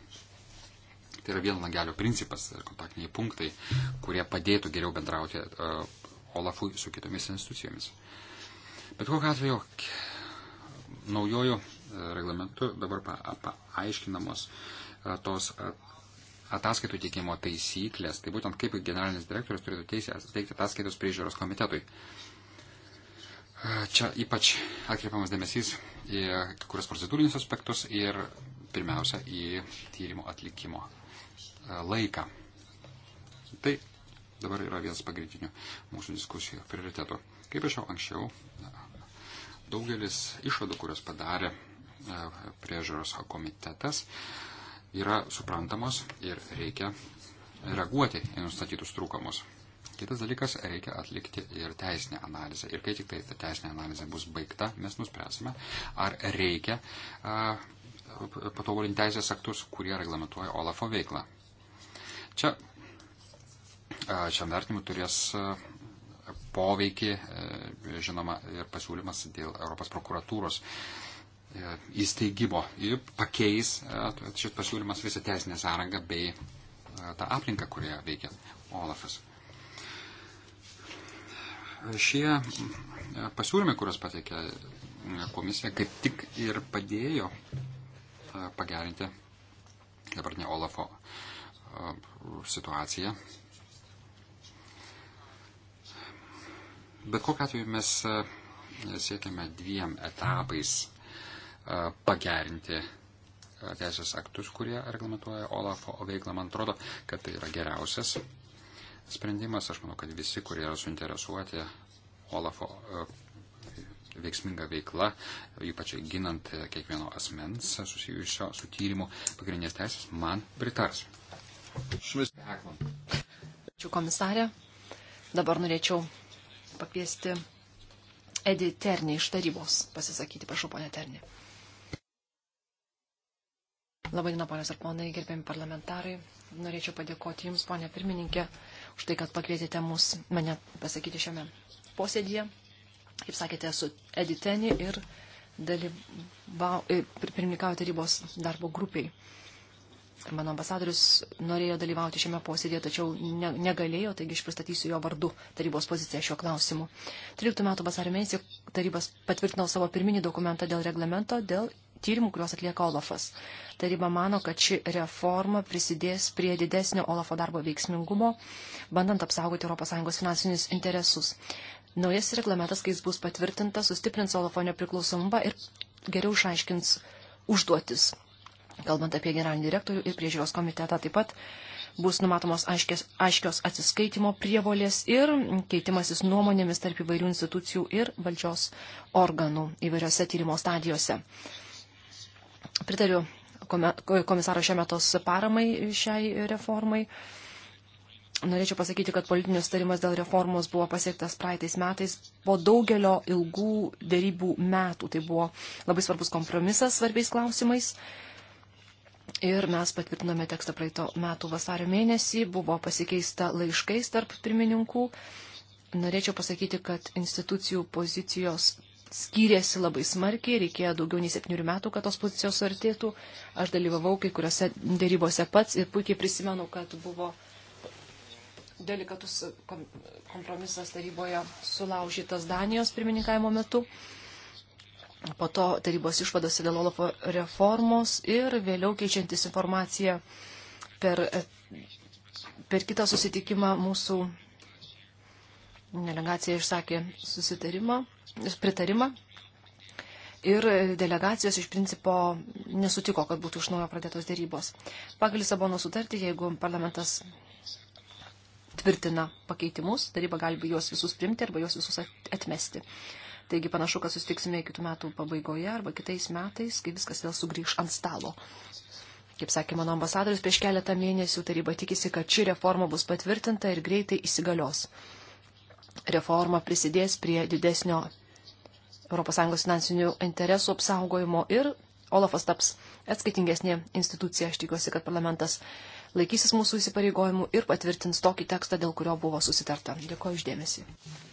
tai yra vieno langelio principas, tai kontaktiniai punktai, kurie padėtų geriau bendrauti Olafui su kitomis institucijomis. Bet kokiu atveju, naujojų e, reglamentu dabar paaiškinamos pa, pa tos ataskaitų teikimo taisyklės, tai būtent kaip generalinis direktorius turėtų teisę teikti ataskaitos priežiūros komitetui. Čia ypač atkreipiamas dėmesys į kurias procedūrinius aspektus ir pirmiausia į tyrimo atlikimo laiką. Tai dabar yra vienas pagrindinių mūsų diskusijų prioritetų. Kaip aš jau anksčiau, daugelis išvadų, kurias padarė priežiūros komitetas, yra suprantamos ir reikia reaguoti į nustatytus trūkumus. Kitas dalykas, reikia atlikti ir teisinę analizę. Ir kai tik tai ta teisinė analizė bus baigta, mes nuspręsime, ar reikia a, patobulinti teisės aktus, kurie reglamentuoja Olafo veiklą. Čia a, šiam vertinimui turės a, poveikį, a, e, žinoma, ir pasiūlymas dėl Europos prokuratūros. A, E, įsteigimo ir pakeis e, šis pasiūlymas visą teisinę sąrangą bei e, tą aplinką, kurioje veikia Olafas. Šie pasiūlymai, kuriuos pateikė komisija, kaip tik ir padėjo pagerinti dabartinę Olafo situaciją. Bet kokiu atveju mes siekiame dviem etapais pagerinti teisės aktus, kurie reglamentuoja Olafo veiklą. Man atrodo, kad tai yra geriausias sprendimas. Aš manau, kad visi, kurie yra suinteresuoti Olafo veiksminga veikla, ypač ginant kiekvieno asmens susijusio su tyrimu pagrindinės teisės, man pritars. Ačiū komisarė. Dabar norėčiau pakviesti Edi Ternį iš tarybos pasisakyti. Prašau, ponė Ternį. Labadiena, ponės ir ponai, gerbėmi parlamentarai. Norėčiau padėkoti Jums, ponė pirmininkė, už tai, kad pakvietėte mus, mane pasakyti šiame posėdėje. Kaip sakėte, esu Editeni ir pirmininkauju tarybos darbo grupiai. Mano ambasadorius norėjo dalyvauti šiame posėdėje, tačiau ne, negalėjo, taigi aš pristatysiu jo vardu tarybos poziciją šiuo klausimu. 13 metų vasario mėnesį tarybas patvirtino savo pirminį dokumentą dėl reglamento dėl tyrimų, kuriuos atlieka Olafas. Taryba mano, kad ši reforma prisidės prie didesnio Olafo darbo veiksmingumo, bandant apsaugoti ES finansinius interesus. Naujas reglamentas, kai jis bus patvirtintas, sustiprins Olafo nepriklausomumą ir geriau išaiškins užduotis. Kalbant apie generalinį direktorių ir priežiūros komitetą, taip pat bus numatomos aiškės, aiškios atsiskaitimo prievolės ir keitimasis nuomonėmis tarp įvairių institucijų ir valdžios organų įvairiose tyrimo stadijose. Pritariu komisaro Šemetos paramai šiai reformai. Norėčiau pasakyti, kad politinis tarimas dėl reformos buvo pasiektas praeitais metais po daugelio ilgų dėrybų metų. Tai buvo labai svarbus kompromisas svarbiais klausimais. Ir mes patvirtinome tekstą praeito metų vasario mėnesį, buvo pasikeista laiškais tarp pirmininkų. Norėčiau pasakyti, kad institucijų pozicijos skyrėsi labai smarkiai, reikėjo daugiau nei septynių metų, kad tos pozicijos suartėtų. Aš dalyvavau kai kuriuose dėrybose pats ir puikiai prisimenu, kad buvo delikatus kompromisas taryboje sulaužytas Danijos pirmininkavimo metu. Po to tarybos išvadose dėl Olafo reformos ir vėliau keičiantis informaciją per, per kitą susitikimą mūsų delegacija išsakė susitarimą pritarimą. Ir delegacijos iš principo nesutiko, kad būtų iš naujo pradėtos dėrybos. Pagal Lisabono sutartį, jeigu parlamentas tvirtina pakeitimus, taryba gali juos visus primti arba juos visus atmesti. Taigi panašu, kad susitiksime kitų metų pabaigoje arba kitais metais, kai viskas vėl sugrįž ant stalo. Kaip sakė mano ambasadoris, prieš keletą mėnesių taryba tikisi, kad ši reforma bus patvirtinta ir greitai įsigalios. Reforma prisidės prie didesnio ES finansinių interesų apsaugojimo ir Olafas taps atskaitingesnė institucija. Aš tikiuosi, kad parlamentas laikysis mūsų įsipareigojimų ir patvirtins tokį tekstą, dėl kurio buvo susitarta. Dėkuoju uždėmesi.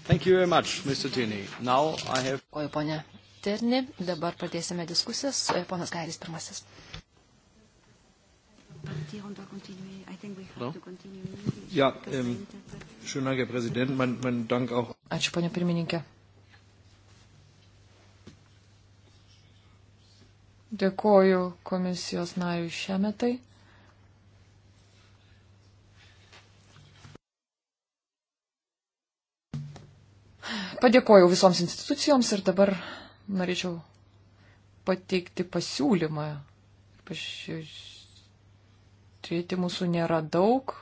Have... Oi, ponė Terni, dabar pradėsime diskusijas. Ponas Gairis pirmasis. Ähm, Ačiū, ponė pirmininkė. Dėkoju komisijos nariui šiemetai. Padėkojau visoms institucijoms ir dabar norėčiau pateikti pasiūlymą. Pažiūrėti mūsų nėra daug,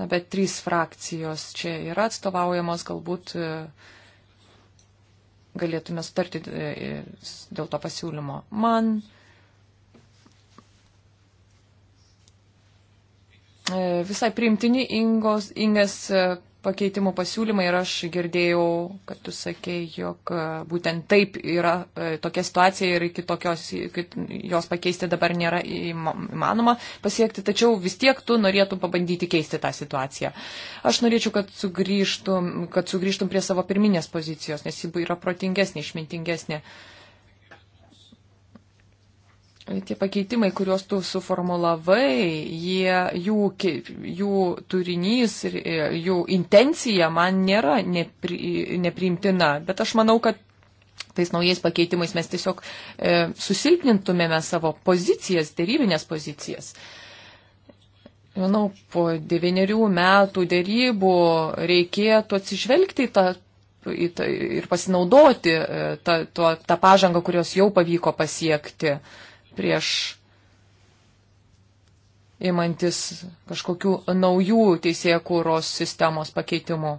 na, bet trys frakcijos čia yra atstovaujamos, galbūt uh, galėtume sutarti e, e, dėl to pasiūlymo. Man e, visai primtini Ingos, Inges pakeitimų pasiūlymai ir aš girdėjau, kad tu sakei, jog e, būtent taip yra e, tokia situacija ir iki tokios, kad jos pakeisti dabar nėra įmanoma pasiekti, tačiau vis tiek tu norėtum pabandyti keisti tą situaciją. Aš norėčiau, kad sugrįžtum, kad sugrįžtum prie savo pirminės pozicijos, nes ji yra protingesnė, išmintingesnė. Uh, tie pakeitimai, kuriuos tu suformulavai, jie, jų, jų turinys ir jų intencija man nėra nepri, nepriimtina, bet aš manau, kad tais naujais pakeitimais mes tiesiog e, susilpnintumėme savo pozicijas, dėrybinės pozicijas. Manau, po devyniarių metų dėrybų reikėtų atsižvelgti į tą ir pasinaudoti e, tą, tą, tą pažangą, kurios jau pavyko pasiekti. Uh, prieš įmantis kažkokių naujų teisėjų kūros sistemos pakeitimų.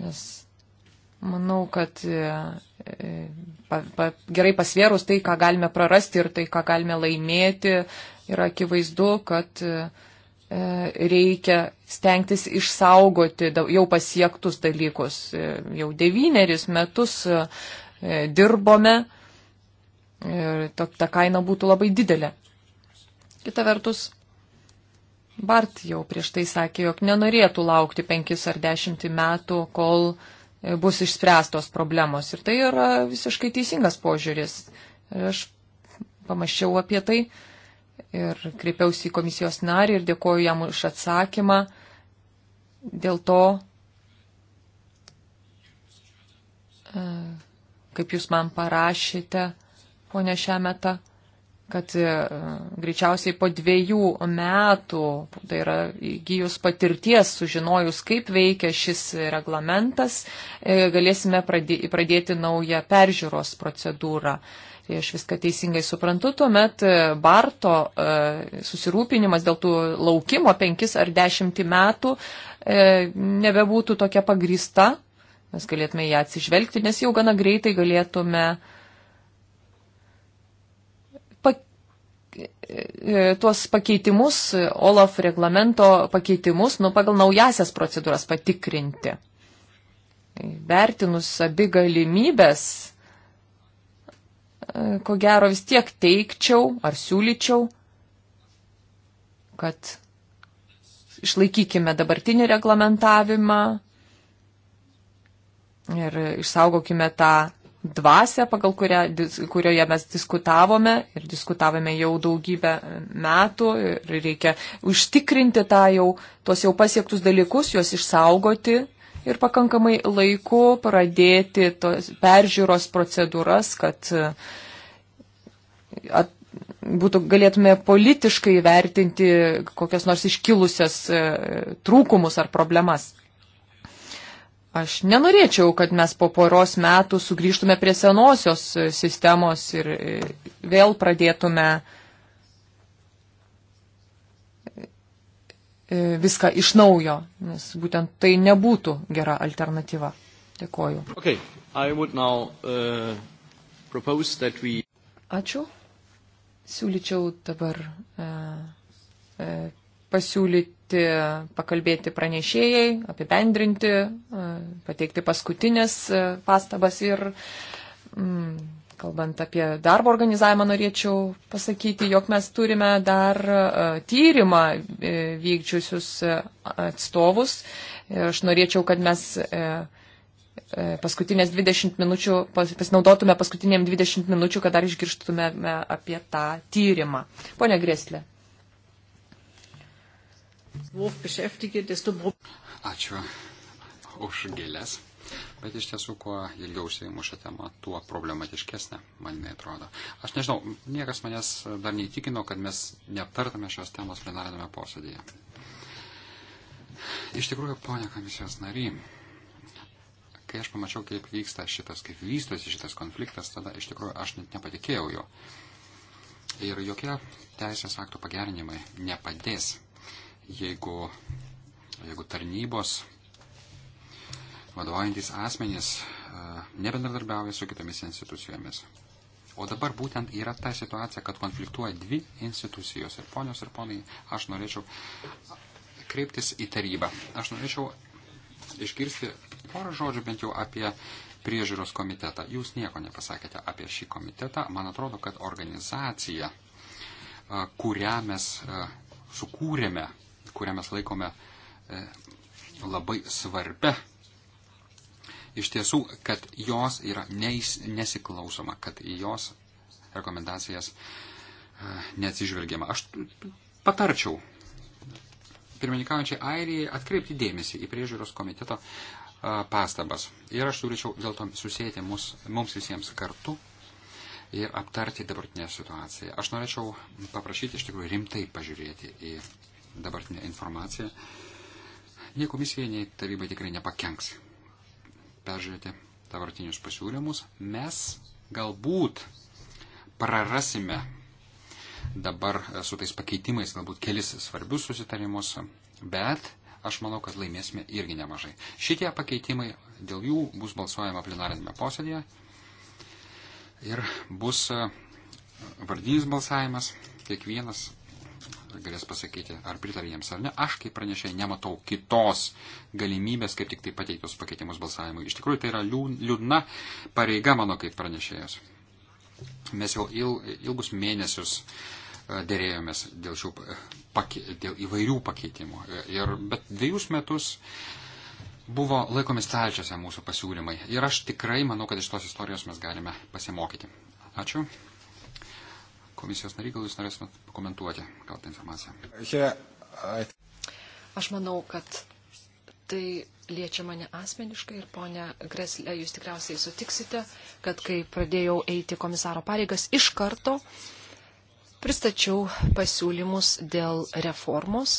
Nes manau, kad e, e, pa, pa, gerai pasvėrus tai, ką galime prarasti ir tai, ką galime laimėti, yra akivaizdu, kad e, reikia stengtis išsaugoti jau pasiektus dalykus. Jau devyneris metus dirbome ir ta, ta kaina būtų labai didelė. Kita vertus, Bart jau prieš tai sakė, jog nenorėtų laukti penkis ar dešimtį metų, kol bus išspręstos problemos. Ir tai yra visiškai teisingas požiūris. Ir aš pamaščiau apie tai ir kreipiausi į komisijos narį ir dėkoju jam už atsakymą. Dėl to, e, kaip jūs man parašėte, ponė Šemeta, kad e, greičiausiai po dviejų metų, tai yra įgyjus patirties, sužinojus, kaip veikia šis reglamentas, e, galėsime pradėti naują peržiūros procedūrą. Jei tai aš viską teisingai suprantu, tuomet e, Barto susirūpinimas dėl tų laukimo penkis ar dešimtį metų nebebūtų tokia pagrįsta, mes galėtume ją atsižvelgti, nes jau gana greitai galėtume uh, E, tuos pakeitimus, OLAF reglamento pakeitimus, nu, pagal naujasias procedūras patikrinti. Vertinus abi galimybės, e, ko gero vis tiek teikčiau ar siūlyčiau, kad išlaikykime dabartinį reglamentavimą ir išsaugokime tą dvasę, pagal kurią, kurioje mes diskutavome ir diskutavome jau daugybę metų ir reikia užtikrinti tą jau, tuos jau pasiektus dalykus, juos išsaugoti ir pakankamai laiku pradėti tos peržiūros procedūras, kad e, at, būtų, galėtume politiškai vertinti kokias nors iškilusias e, trūkumus ar problemas. Aš nenorėčiau, kad mes po poros metų sugrįžtume prie senosios sistemos ir e, vėl pradėtume e, viską iš naujo, nes būtent tai nebūtų gera alternatyva. Dėkoju. Okay. Now, uh, we... Ačiū. Siūlyčiau dabar uh, e, uh, pasiūlyti pateikti, pakalbėti pranešėjai, apibendrinti, e, pateikti paskutinės e, pastabas ir, mm, kalbant apie darbo organizavimą, norėčiau pasakyti, jog mes turime dar e, tyrimą vykdžiusius atstovus. Aš norėčiau, kad mes paskutinės 20 minučių, pasinaudotume paskutinėm 20 minučių, kad dar išgirštume apie tą tyrimą. Pone Greslė. Ačiū už gėlės. Bet iš tiesų, kuo ilgiau užsiimu šią temą, tuo problematiškesnė man jinai atrodo. Aš nežinau, niekas manęs dar neįtikino, kad mes neaptartame šios temos plenarinėme posėdėje. Iš tikrųjų, ponia komisijos nary, kai aš pamačiau, kaip vyksta šitas, kaip vystosi šitas konfliktas, tada iš tikrųjų aš net nepatikėjau jo. Ir jokie teisės aktų pagerinimai nepadės jeigu, jeigu tarnybos vadovaujantis asmenys e, nebendradarbiauja su kitomis institucijomis. O dabar būtent yra ta situacija, kad konfliktuoja dvi institucijos. Ir ponios ir ponai, aš norėčiau kreiptis į tarybą. Aš norėčiau išgirsti porą žodžių bent jau apie priežiūros komitetą. Jūs nieko nepasakėte apie šį komitetą. Man atrodo, kad organizacija, e, kurią mes e, sukūrėme kurią mes laikome e, labai svarbia. Iš tiesų, kad jos yra neis, nesiklausoma, kad į jos rekomendacijas e, neatsižvelgiama. Aš patarčiau pirmininkaujančiai Airijai atkreipti dėmesį į priežiūros komiteto e, pastabas. Ir aš siūlyčiau dėl to susėti mus, mums visiems kartu ir aptarti dabartinę situaciją. Aš norėčiau paprašyti iš tikrųjų rimtai pažiūrėti į dabartinę informaciją, nei komisijai, nei tarybai tikrai nepakenks peržiūrėti dabartinius pasiūlymus. Mes galbūt prarasime dabar su tais pakeitimais galbūt kelis svarbius susitarimus, bet aš manau, kad laimėsime irgi nemažai. Šitie pakeitimai, dėl jų bus balsuojama plenarinėme posėdėje ir bus vardinis balsavimas, kiekvienas galės pasakyti, ar pritarė jiems ar ne. Aš kaip pranešėjai nematau kitos galimybės, kaip tik tai pateiktus pakeitimus balsavimui. Iš tikrųjų, tai yra liūdna pareiga mano kaip pranešėjas. Mes jau il, ilgus mėnesius e, dėrėjomės dėl, šių, e, pake, dėl įvairių pakeitimų. E, ir, bet dviejus metus buvo laikomi stalčiuose mūsų pasiūlymai. Ir aš tikrai manau, kad iš tos istorijos mes galime pasimokyti. Ačiū. Komisijos nariai, gal jūs norėsite pakomentuoti gautą informaciją? Aš manau, kad tai liečia mane asmeniškai ir ponia Greslė, jūs tikriausiai sutiksite, kad kai pradėjau eiti komisaro pareigas iš karto, pristačiau pasiūlymus dėl reformos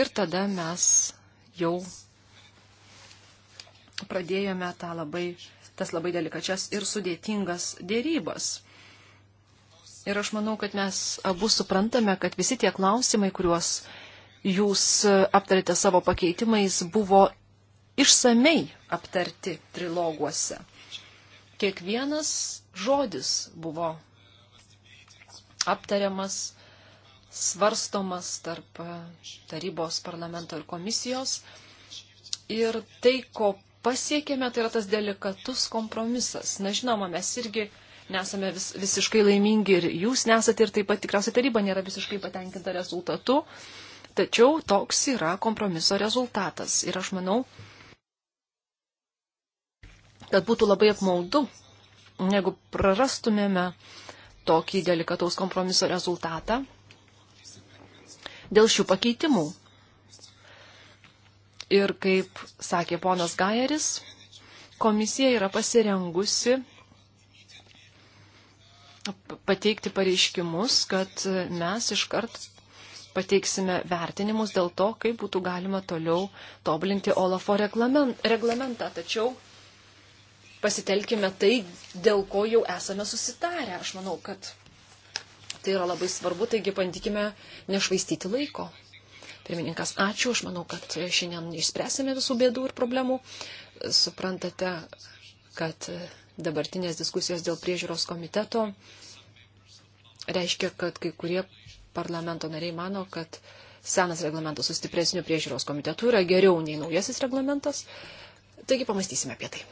ir tada mes jau pradėjome tą labai, tas labai delikačias ir sudėtingas dėrybas. Ir aš manau, kad mes abu suprantame, kad visi tie klausimai, kuriuos jūs aptarėte savo pakeitimais, buvo išsamei aptarti triloguose. Kiekvienas žodis buvo aptariamas, svarstomas tarp tarybos parlamento ir komisijos. Ir tai, ko pasiekėme, tai yra tas delikatus kompromisas. Na, žinoma, mes irgi nesame vis, visiškai laimingi ir jūs nesate ir taip pat tikriausiai taryba nėra visiškai patenkinta rezultatu. Tačiau toks yra kompromiso rezultatas. Ir aš manau, kad būtų labai apmaudu, jeigu prarastumėme tokį delikataus kompromiso rezultatą dėl šių pakeitimų. Ir kaip sakė ponas Gajeris, komisija yra pasirengusi pateikti pareiškimus, kad mes iškart pateiksime vertinimus dėl to, kaip būtų galima toliau tobulinti Olafo reglamentą. Tačiau pasitelkime tai, dėl ko jau esame susitarę. Aš manau, kad tai yra labai svarbu, taigi bandykime nešvaistyti laiko. Pirmininkas, ačiū, aš manau, kad šiandien išspręsime visų bėdų ir problemų. Suprantate, kad dabartinės diskusijos dėl priežiūros komiteto reiškia, kad kai kurie parlamento nariai mano, kad senas reglamentas su stipresniu priežiūros komitetu yra geriau nei naujasis reglamentas. Taigi pamastysime apie tai.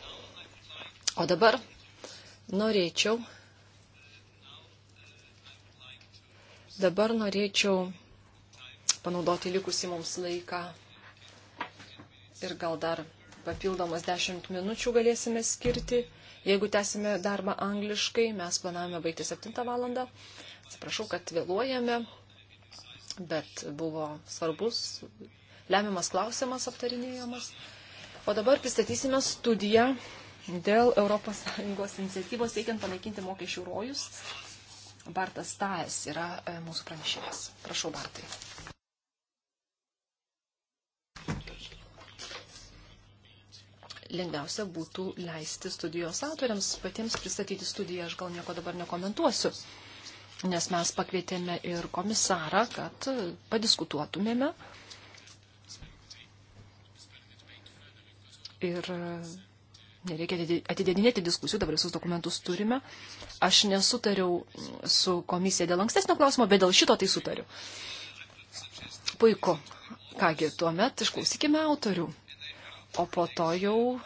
O dabar norėčiau. Dabar norėčiau panaudoti likusį mums laiką ir gal dar papildomas 10 minučių galėsime skirti Jeigu tęsime darbą angliškai, mes planavome baigti 7 valandą. Atsiprašau, kad vėluojame, bet buvo svarbus, lemiamas klausimas aptarinėjamas. O dabar pristatysime studiją dėl ES iniciatyvos siekiant panaikinti mokesčių rojus. Bartas Taes yra e, mūsų pranešėjas. Prašau, Bartai. lengviausia būtų leisti studijos autoriams patiems pristatyti studiją. Aš gal nieko dabar nekomentuosiu, nes mes pakvietėme ir komisarą, kad padiskutuotumėme. Ir nereikia atidėdinėti diskusijų, dabar visus dokumentus turime. Aš nesutariau su komisija dėl ankstesnio klausimo, bet dėl šito tai sutariu. Puiku. Kągi, tuomet išklausykime autorių o po to jau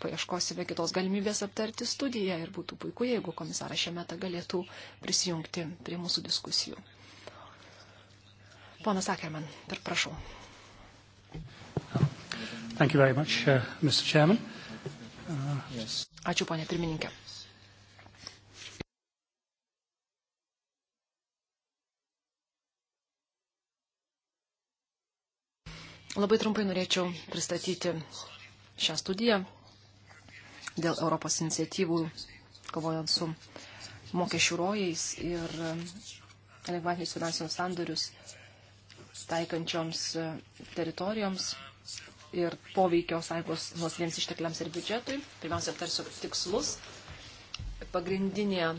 paieškosime kitos galimybės aptarti studiją ir būtų puiku, jeigu komisaras šiame metą galėtų prisijungti prie mūsų diskusijų. Ponas Akerman, per prašau. Much, uh, uh, yes. Ačiū, ponė pirmininkė. Labai trumpai norėčiau pristatyti šią studiją dėl Europos iniciatyvų kovojant su mokesčių rojais ir lengvatinius finansinius sandorius taikančioms teritorijoms ir poveikio sąlygos nuosvėms ištekliams ir biudžetui. Pirmiausia, aptarsiu tikslus. Pagrindinė,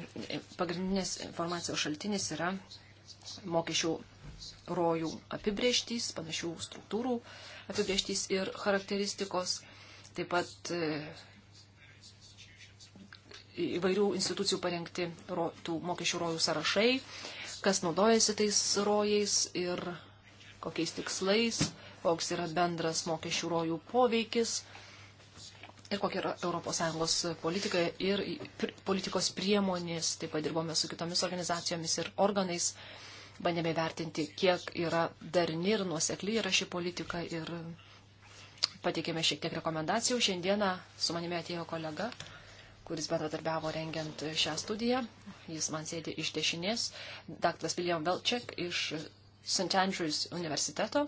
pagrindinės informacijos šaltinis yra mokesčių rojų apibrieštys, panašių struktūrų apibrieštys ir charakteristikos, taip pat e, įvairių institucijų parengti ro, tų mokesčių rojų sąrašai, kas naudojasi tais rojais ir kokiais tikslais, koks yra bendras mokesčių rojų poveikis ir kokia yra ES politika ir politikos priemonės. Taip pat dirbome su kitomis organizacijomis ir organais bandėme vertinti, kiek yra darni ir nuosekli yra ši politika ir pateikėme šiek tiek rekomendacijų. Šiandieną su manimi atėjo kolega, kuris bendradarbiavo rengiant šią studiją. Jis man sėdi iš dešinės, dr. William Velček iš St. Andrews universiteto,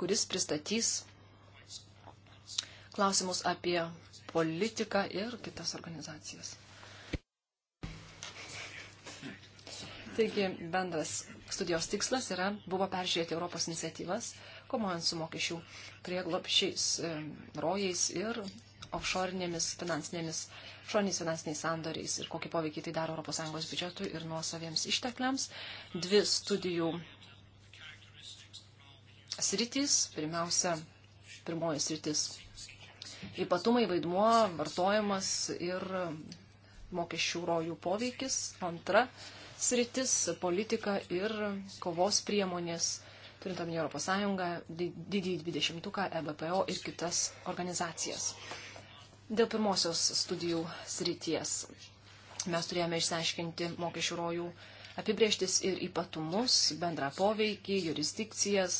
kuris pristatys klausimus apie politiką ir kitas organizacijas. Taigi bendras studijos tikslas yra, buvo peržiūrėti Europos iniciatyvas, komojant su mokesčių prieglopšiais, rojais ir offshore'inėmis finansinėmis, šoniais finansiniais sandoriais ir kokį poveikį tai daro ES biudžetui ir nuosaviems ištekliams. Dvi studijų sritys, pirmiausia, pirmoji sritis ypatumai vaidmuo, vartojimas ir mokesčių rojų poveikis. Antra sritis - politika ir kovos priemonės, turint omenyje Europos Sąjungą, didįjį dvidešimtuką, EBPO ir kitas organizacijas. Dėl pirmosios studijų srities mes turėjome išsiaiškinti mokesčių rojų apibrieštis ir ypatumus, bendrą poveikį, jurisdikcijas,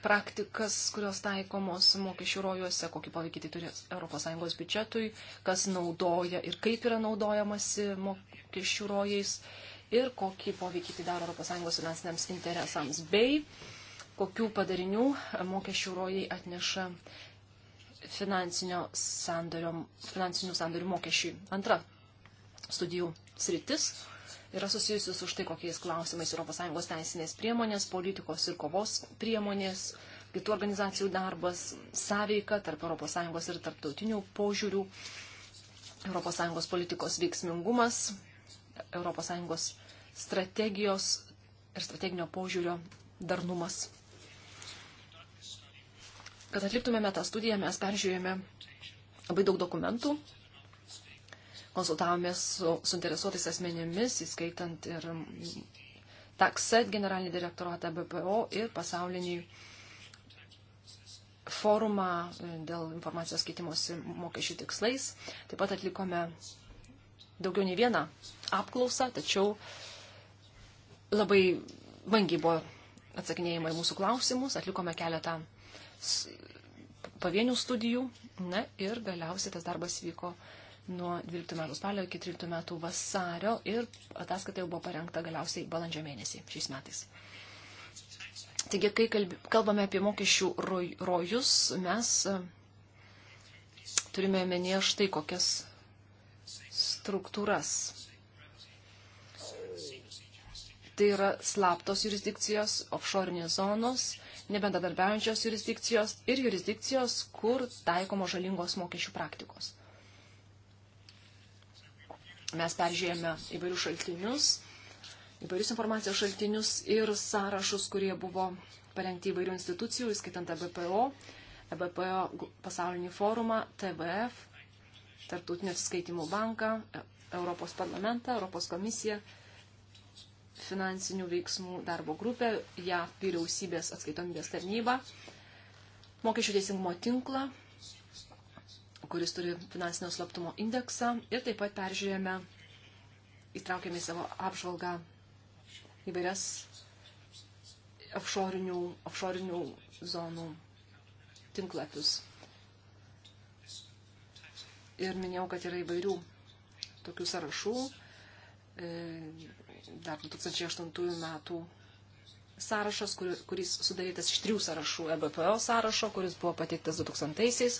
praktikas, kurios taikomos mokesčių rojuose, kokį poveikį tai turi ES biudžetui, kas naudoja ir kaip yra naudojamasi mok mokesčių rojais ir kokį poveikį tai daro ES finansiniams interesams, bei kokių padarinių mokesčių rojai atneša sandario, finansinių sandorių mokesčiui. Antra studijų sritis yra susijusi su štai kokiais klausimais ES teisinės priemonės, politikos ir kovos priemonės, kitų organizacijų darbas, sąveika tarp ES ir tarptautinių požiūrių, ES politikos veiksmingumas, ES strategijos ir strateginio požiūrio darnumas. Kad atliktumėme tą studiją, mes peržiūrėjome labai daug dokumentų, konsultavomės su suinteresuotais asmenėmis, įskaitant ir TAXET generalinį direktoratą BPO ir pasaulinį forumą dėl informacijos keitimosi mokesčių tikslais. Taip pat atlikome daugiau nei vieną apklausą, tačiau labai vangiai buvo atsakinėjimai mūsų klausimus, atlikome keletą pavienių studijų na, ir galiausiai tas darbas vyko nuo 12 metų spalio iki 13 metų vasario ir ataskaita jau buvo parengta galiausiai balandžio mėnesį šiais metais. Taigi, kai kalbame apie mokesčių rojus, mes e, turime menėje štai kokias struktūras. Tai yra slaptos jurisdikcijos, offshore'inės zonos, nebendradarbiaujančios jurisdikcijos ir jurisdikcijos, kur taikomo žalingos mokesčių praktikos. Mes peržiūrėjome įvairius šaltinius, įvairius informacijos šaltinius ir sąrašus, kurie buvo parengti įvairių institucijų, įskaitant ABPO, e ABPO e pasaulinį forumą, TVF, Tartautinio atsiskaitimų banką, e, Europos parlamentą, Europos komisiją, finansinių veiksmų darbo grupę, JAV vyriausybės atskaitomybės tarnybą, mokesčių teisingumo tinklą, kuris turi finansinio slaptumo indeksą ir taip pat peržiūrėjome, įtraukėme į savo apžvalgą įvairias offshore zonų tinklapius. Ir minėjau, kad yra įvairių tokių sąrašų. E, dar 2008 metų sąrašas, kur, kuris sudarytas iš trijų sąrašų EBPO sąrašo, kuris buvo pateiktas 2000-aisiais.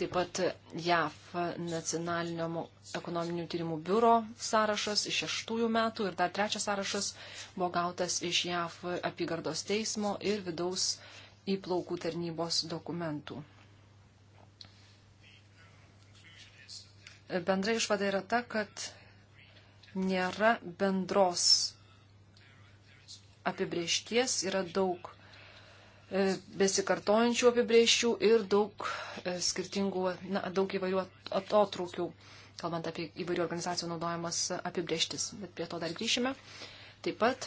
Taip pat JAF nacionalinio ekonominių tyrimų biuro sąrašas iš šeštųjų metų ir dar trečias sąrašas buvo gautas iš JAF apygardos teismo ir vidaus įplaukų tarnybos dokumentų. bendra išvada yra ta, kad nėra bendros apibriešties, yra daug e, besikartojančių apibrieščių ir daug e, skirtingų, na, daug įvairių atotrūkių, kalbant apie įvairių organizacijų naudojamas apibrieštis. Bet prie to dar grįšime. Taip pat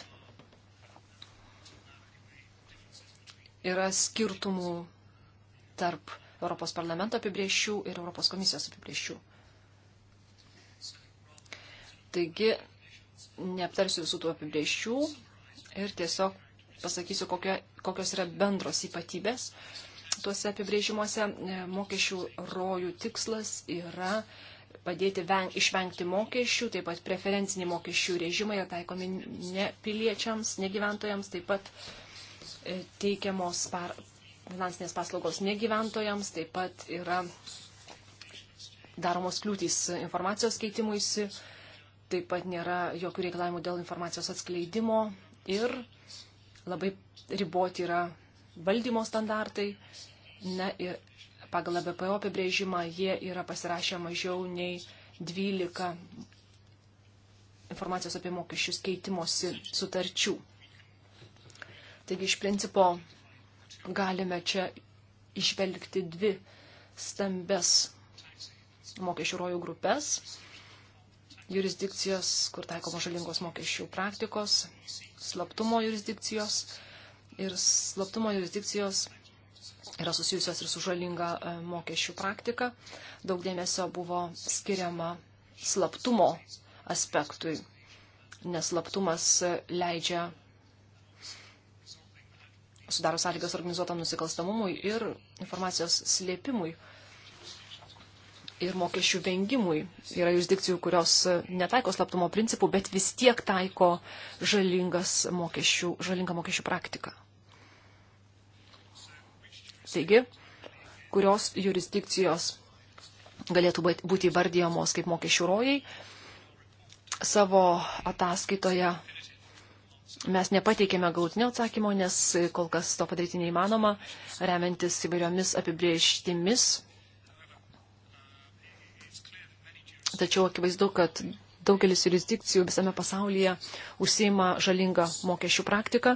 yra skirtumų tarp Europos parlamento apibrieščių ir Europos komisijos apibrieščių. Taigi, neaptarsiu visų tų apibrėžčių ir tiesiog pasakysiu, kokio, kokios yra bendros ypatybės. Tuose apibrėžimuose e, mokesčių rojų tikslas yra padėti veng, išvengti mokesčių, taip pat preferenciniai mokesčių režimai yra taikomi ne piliečiams, ne gyventojams, taip pat e, teikiamos par, finansinės paslaugos ne gyventojams, taip pat yra daromos kliūtys informacijos keitimuisi. Uh, taip pat nėra jokių reikalavimų dėl informacijos atskleidimo ir labai riboti yra valdymo standartai. Na ir pagal BPO apibrėžimą jie yra pasirašę mažiau nei 12 informacijos apie mokesčius keitimosi sutarčių. Taigi iš principo galime čia išvelgti dvi stambes mokesčių rojų grupės jurisdikcijos, kur taikomos žalingos mokesčių praktikos, slaptumo jurisdikcijos. Ir slaptumo jurisdikcijos yra susijusios ir su žalinga e, mokesčių praktika. Daug dėmesio buvo skiriama slaptumo aspektui, nes slaptumas e, leidžia sudaro sąlygas organizuotam nusikalstamumui ir informacijos slėpimui ir mokesčių vengimui. Yra jurisdikcijų, kurios e, netaiko slaptumo principų, bet vis tiek taiko mokesčių, žalingą mokesčių praktiką. Taigi, kurios jurisdikcijos galėtų būti įvardyjamos kaip mokesčių rojai. Savo ataskaitoje mes nepateikėme galutinio atsakymo, nes kol kas to padaryti neįmanoma, remiantis įvairiomis apibrieštimis Tačiau akivaizdu, kad daugelis jurisdikcijų visame pasaulyje užsima žalingą mokesčių praktiką,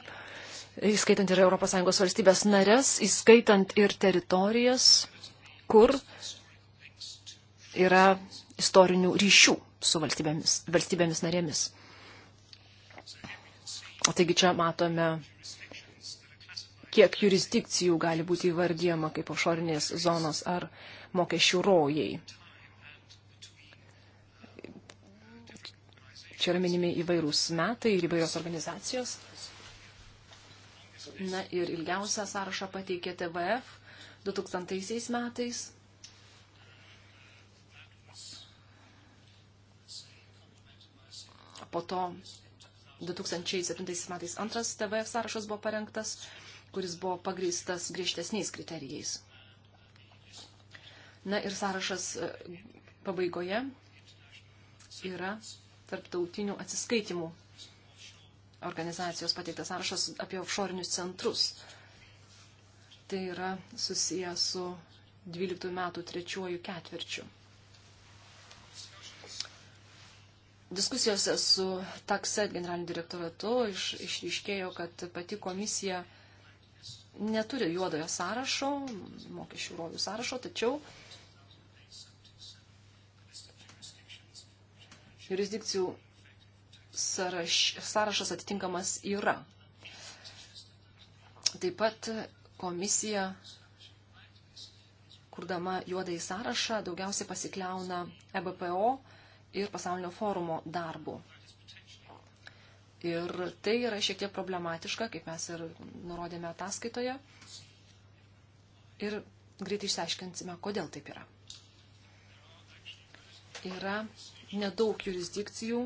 įskaitant ir ES valstybės narės, įskaitant ir teritorijas, kur yra istorinių ryšių su valstybėmis, valstybėmis narėmis. O taigi čia matome, kiek jurisdikcijų gali būti įvardyjama kaip ošorinės zonos ar mokesčių rojai. Čia yra minimi įvairūs metai ir įvairios organizacijos. Na ir ilgiausią sąrašą pateikė TVF 2000 metais. Po to 2007 metais antras TVF sąrašas buvo parengtas, kuris buvo pagrįstas griežtesniais kriterijais. Na ir sąrašas e, pabaigoje yra tarptautinių atsiskaitimų organizacijos pateiktas sąrašas apie offshore'inius centrus. Tai yra susiję su 12 metų trečiuoju ketvirčiu. Diskusijose su TAXET generaliniu direktoratu iš, išryškėjo, kad pati komisija neturi juodojo sąrašo, mokesčių rojų sąrašo, tačiau uh, jurisdikcijų sąraš, sąrašas atitinkamas yra. Taip pat komisija, kurdama juodai sąrašą, daugiausiai pasikliauna EBPO ir pasaulinio forumo darbu. Ir tai yra šiek tiek problematiška, kaip mes ir nurodėme ataskaitoje. Ir greitai išsiaiškinsime, kodėl taip yra. Yra nedaug jurisdikcijų,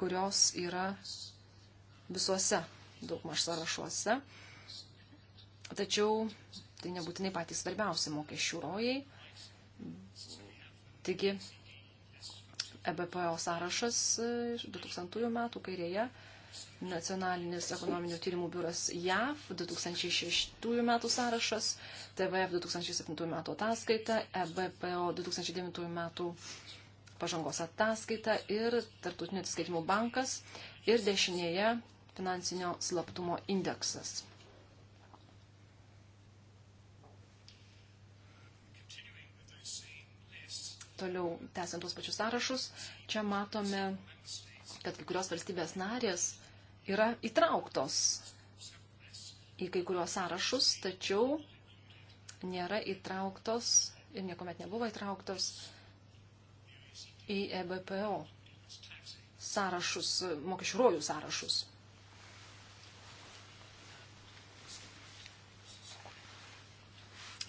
kurios yra visuose daugmaž sąrašuose. Tačiau tai nebūtinai patys svarbiausi mokesčių rojai. Taigi, EBPO sąrašas 2000 metų kairėje, Nacionalinis ekonominio tyrimų biuras JAV 2006 metų sąrašas, TVF 2007 metų ataskaita, EBPO 2009 metų ataskaita pažangos ataskaita ir Tartutinio atsiskaitimų bankas ir dešinėje finansinio slaptumo indeksas. Toliau tęsiant tuos pačius sąrašus, čia matome, kad kai kurios valstybės narės yra įtrauktos į kai kuriuos sąrašus, tačiau nėra įtrauktos ir niekuomet nebuvo įtrauktos į EBPO sąrašus, mokesčių rojų sąrašus.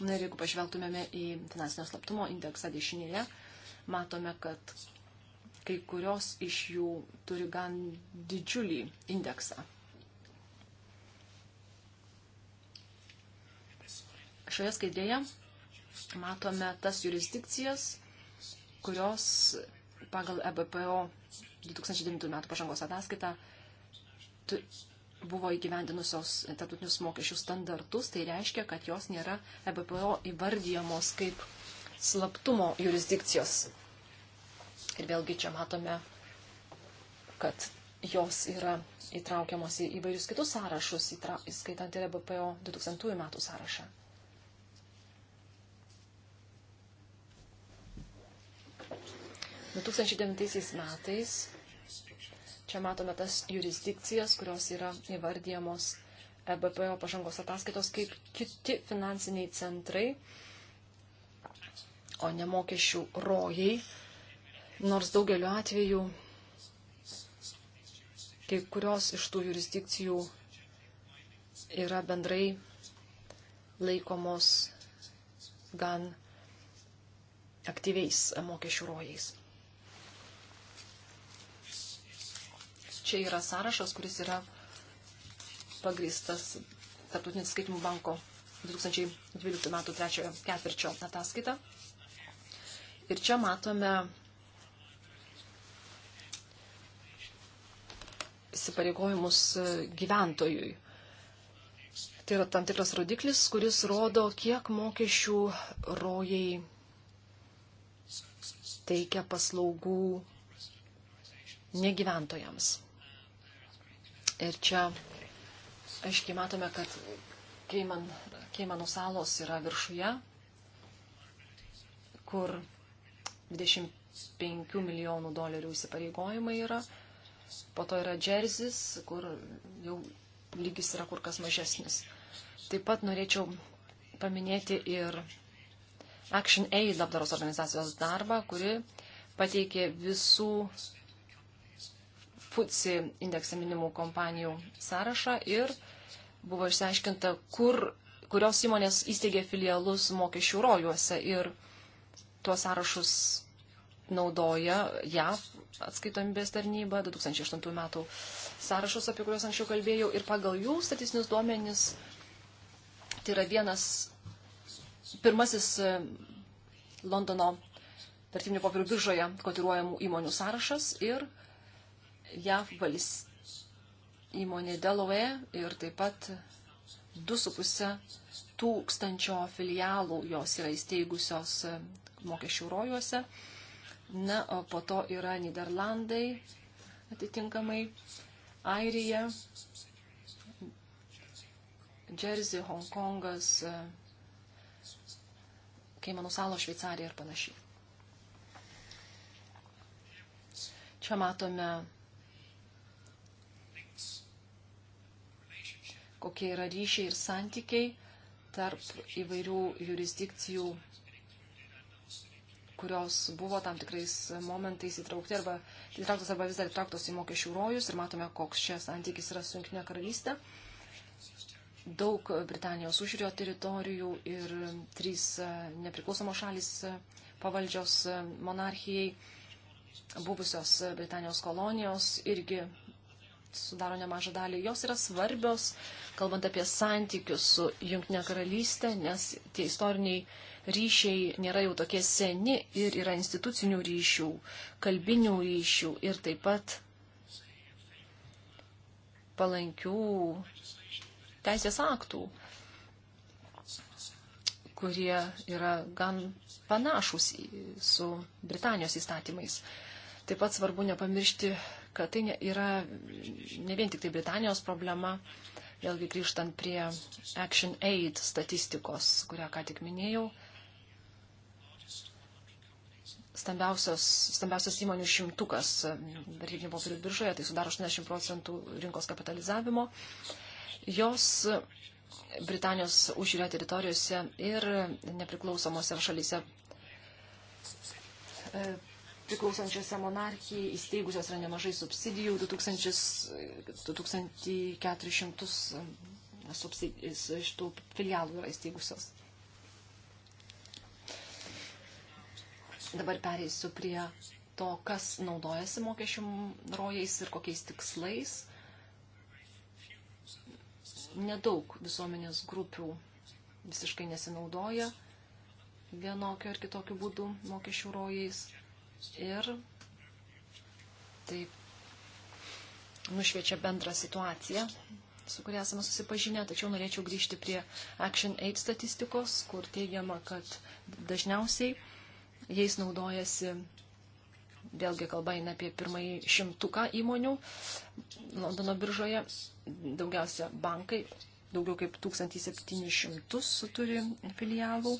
Na ir jeigu pažvelgtumėme į finansinio slaptumo indeksą dešinėje, matome, kad kai kurios iš jų turi gan didžiulį indeksą. Šioje skaidrėje matome tas jurisdikcijas, kurios pagal EBPO 2009 metų pažangos ataskaitą buvo įgyvendinusios tarptautinius mokesčių standartus, tai reiškia, kad jos nėra EBPO įvardyjamos kaip slaptumo jurisdikcijos. Ir vėlgi čia matome, kad jos yra įtraukiamos į įvairius kitus sąrašus, įskaitant ir EBPO 2000 metų sąrašą. 2009 metais čia matome tas jurisdikcijas, kurios yra įvardyjamos EBPO pažangos ataskaitos kaip kiti finansiniai centrai, o ne mokesčių rojai. Nors daugeliu atveju kai kurios iš tų jurisdikcijų yra bendrai laikomos gan aktyviais mokesčių rojais. čia yra sąrašas, kuris yra pagristas Tarptautinis skaitimų banko 2012 m. 3 ketvirčio ataskaita. Ir čia matome įsipareigojimus gyventojui. Tai yra tam tikras rodiklis, kuris rodo, kiek mokesčių rojai teikia paslaugų negyventojams. Ir čia aiškiai matome, kad Keiman, Keimanų salos yra viršuje, kur 25 milijonų dolerių įsipareigojimai yra. Po to yra Džerzis, kur jau lygis yra kur kas mažesnis. Taip pat norėčiau paminėti ir Action Aid labdaros organizacijos darbą, kuri pateikė visų FUCI indeksą minimų kompanijų sąrašą ir buvo išsiaiškinta, kur, kurios įmonės įsteigė filialus mokesčių rojuose ir tuos sąrašus naudoja JAV atskaitomybės tarnyba 2008 metų sąrašus, apie kuriuos anksčiau kalbėjau, ir pagal jų statistinius duomenis tai yra vienas pirmasis e, Londono vertybinių popierių biržoje kotiruojamų įmonių sąrašas ir JAV įmonė Delaware ir taip pat 2,5 tūkstančio filialų jos yra įsteigusios e, mokesčių rojuose. Na, o po to yra Niderlandai, atitinkamai Airija, Džerzi, Hongkongas, e, Keimanų salo, Šveicarija ir panašiai. Čia matome kokie yra ryšiai ir santykiai tarp įvairių jurisdikcijų, kurios buvo tam tikrais momentais įtraukti arba, įtrauktos arba vis dar įtrauktos į mokesčių rojus ir matome, koks šie santykis yra su Junktinė karalystė. Daug Britanijos užrio teritorijų ir trys nepriklausomos šalis pavaldžios monarchijai, buvusios Britanijos kolonijos irgi sudaro nemažą dalį, jos yra svarbios, kalbant apie santykius su Junktinė karalystė, nes tie istoriniai ryšiai nėra jau tokie seni ir yra institucinių ryšių, kalbinių ryšių ir taip pat palankių teisės aktų, kurie yra gan panašus su Britanijos įstatymais. Taip pat svarbu nepamiršti kad tai yra ne vien tik tai Britanijos problema, vėlgi grįžtant prie Action Aid statistikos, kurią ką tik minėjau. Stambiausios, stambiausios įmonių šimtukas vertybinių popierių biržoje, tai sudaro 80 procentų rinkos kapitalizavimo. Jos Britanijos užjūrio teritorijose ir nepriklausomose šalyse e, priklausančiose monarchijai, įsteigusios yra nemažai subsidijų, 2400 subsidijos šitų filialų yra įsteigusios. Dabar pereisiu prie to, kas naudojasi mokesčių rojais ir kokiais tikslais. Nedaug visuomenės grupių visiškai nesinaudoja vienokio ar kitokiu būdu mokesčių rojais ir taip nušviečia bendrą situaciją, su kuria esame susipažinę, tačiau norėčiau grįžti prie Action Aid statistikos, kur teigiama, kad dažniausiai jais naudojasi, vėlgi kalba eina apie pirmąjį šimtuką įmonių Londono biržoje, daugiausia bankai, daugiau kaip 1700 turi filialų,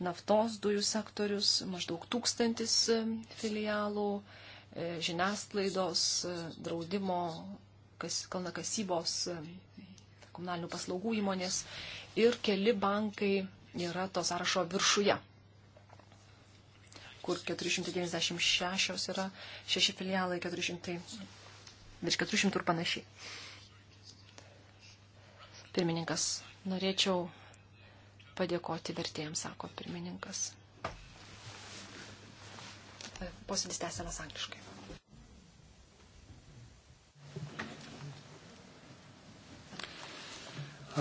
naftos dujų sektorius, maždaug tūkstantis e, filialų, e, žiniasklaidos, e, draudimo, kas, kalnakasybos, komunalinių paslaugų įmonės ir keli bankai yra to sąrašo viršuje kur 496 yra, 6 filialai 400, virš 400 ir panašiai. Pirmininkas, norėčiau padėkoti vertėjams, sako pirmininkas. Posėdis tęsiamas angliškai.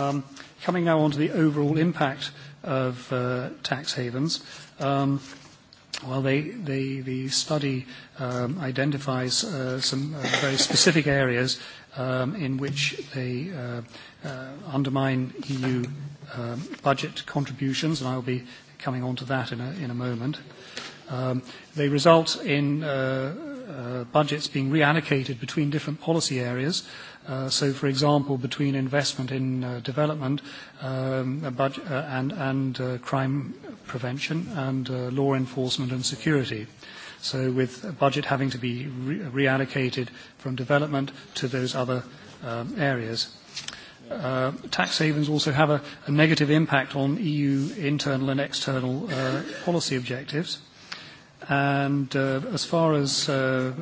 Um, coming now on to the overall impact of uh, tax havens. Um, Well, they, they, the study um, identifies uh, some uh, very specific areas um, in which they uh, uh, undermine EU uh, budget contributions, and I'll be coming on to that in a, in a moment. Um, they result in uh, uh, budgets being reallocated between different policy areas. Uh, so, for example, between investment in uh, development um, a budget, uh, and, and uh, crime prevention and uh, law enforcement and security. So with a budget having to be re reallocated from development to those other um, areas uh, tax havens also have a, a negative impact on EU internal and external uh, policy objectives. And uh, as far as uh,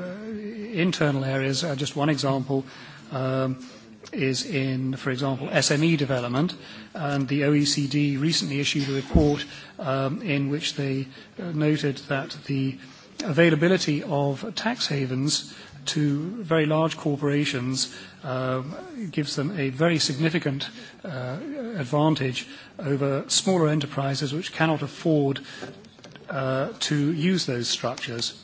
internal areas, uh, just one example um, is in, for example, SME development. And the OECD recently issued a report um, in which they uh, noted that the availability of tax havens to very large corporations um, gives them a very significant uh, advantage over smaller enterprises which cannot afford uh, to use those structures.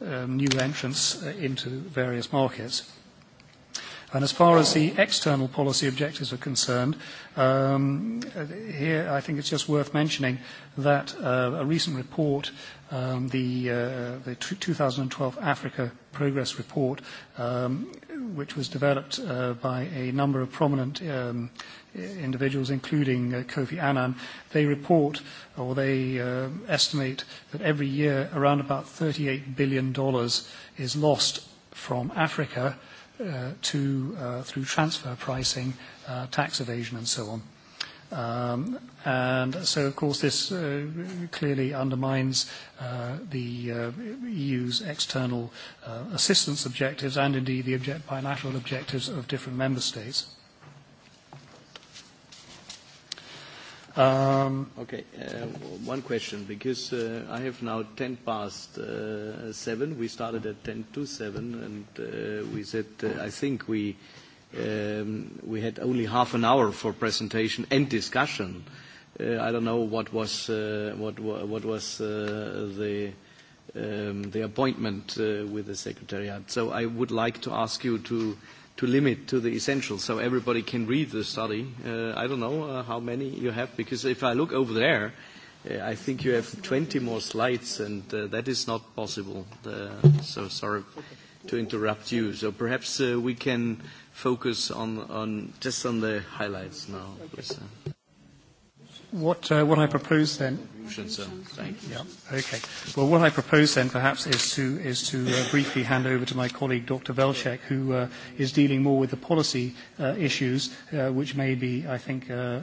um, new entrants uh, into various markets. And as far as the external policy objectives are concerned, um, here I think it's just worth mentioning that uh, a recent report, um, the, uh, the 2012 Africa Progress Report, um, which was developed uh, by a number of prominent um, individuals, including uh, Kofi Annan, they report or they uh, estimate that every year around about $38 billion is lost from Africa uh, to, uh, through transfer pricing, uh, tax evasion and so on. Um, and so, of course, this uh, clearly undermines uh, the uh, EU's external uh, assistance objectives and indeed the object bilateral objectives of different member states. Um, okay, uh, one question, because uh, I have now 10 past uh, 7. We started at 10 to 7, and uh, we said, uh, I think we, um, we had only half an hour for presentation and discussion. Uh, I don't know what was, uh, what, what was uh, the, um, the appointment uh, with the Secretariat. So I would like to ask you to uh, to limit to the essential so everybody can read the study. Uh, I don't know uh, how many you have, because if I look over there, uh, I think you have 20 more slides, and uh, that is not possible. Uh, so sorry to interrupt you. So perhaps uh, we can focus on, on just on the highlights now. Okay. Please, uh. What, uh, what I propose then. Uh, thank you. Yeah. Okay. Well, what I propose then perhaps is to, is to uh, briefly hand over to my colleague, Dr. Velchek, who uh, is dealing more with the policy uh, issues, uh, which may be, I think, uh,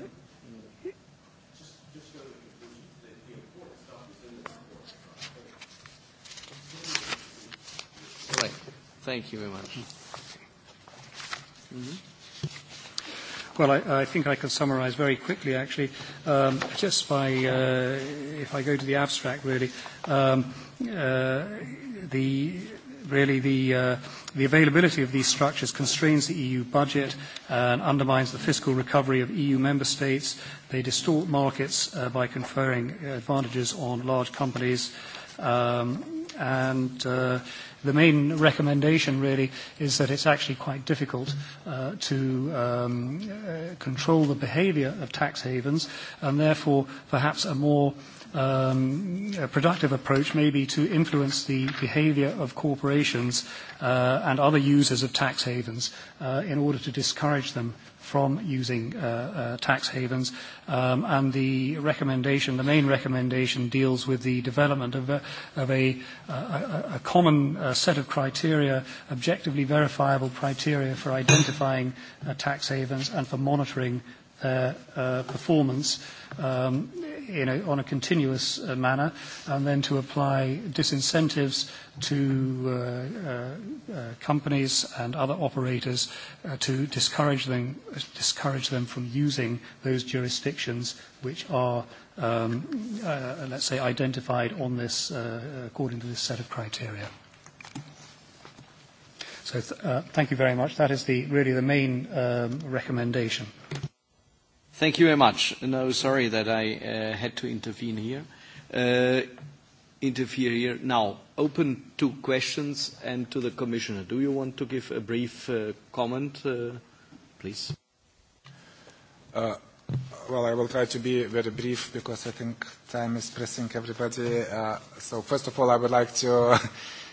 Right. Thank you very much. Mm-hmm. Well, I, I think I can summarize very quickly, actually, um, just by, uh, if I go to the abstract, really, um, uh, the, really the, uh, the availability of these structures constrains the EU budget and undermines the fiscal recovery of EU member states. They distort markets uh, by conferring advantages on large companies. Um, and uh, the main recommendation really is that it's actually quite difficult uh, to um, uh, control the behavior of tax havens, and therefore perhaps a more um, a productive approach may be to influence the behavior of corporations uh, and other users of tax havens uh, in order to discourage them from using uh, uh, tax havens. Um, and the recommendation, the main recommendation, deals with the development of a, of a, a, a common uh, set of criteria, objectively verifiable criteria for identifying uh, tax havens and for monitoring their uh, uh, performance um, you know, on a continuous uh, manner, and then to apply disincentives to uh, uh, uh, companies and other operators uh, to discourage them, discourage them from using those jurisdictions which are, um, uh, let's say, identified on this, uh, according to this set of criteria. So th- uh, thank you very much. That is the, really the main um, recommendation. Thank you very much. No, sorry that I uh, had to intervene here. Uh, interfere here. Now, open to questions and to the Commissioner. Do you want to give a brief uh, comment, uh, please? Uh, well, I will try to be very brief because I think time is pressing everybody. Uh, so first of all, I would like to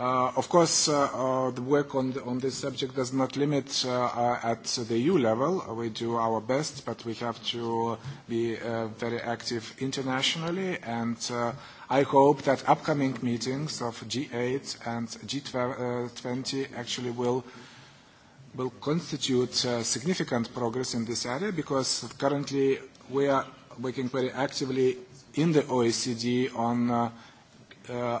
Uh, of course, uh, uh, the work on, the, on this subject does not limit uh, uh, at the EU level. Uh, we do our best, but we have to be uh, very active internationally. And uh, I hope that upcoming meetings of G8 and G20 uh, actually will will constitute uh, significant progress in this area because currently we are working very actively in the OECD on uh, uh,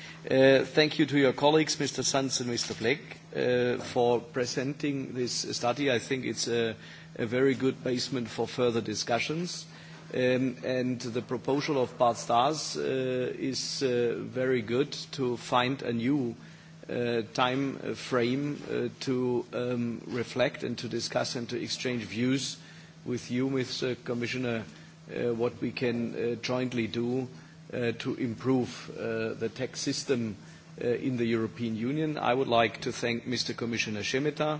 Uh, thank you to your colleagues, Mr. Sanz and Mr. Fleck, uh, for presenting this study. I think it's a, a very good basement for further discussions. Um, and the proposal of Bart Stars uh, is uh, very good to find a new uh, time uh, frame uh, to um, reflect and to discuss and to exchange views with you, Mr. Commissioner, uh, what we can uh, jointly do uh, uh, to improve uh, the tax system uh, in the European Union. I would like to thank Mr. Commissioner Shemeta, uh,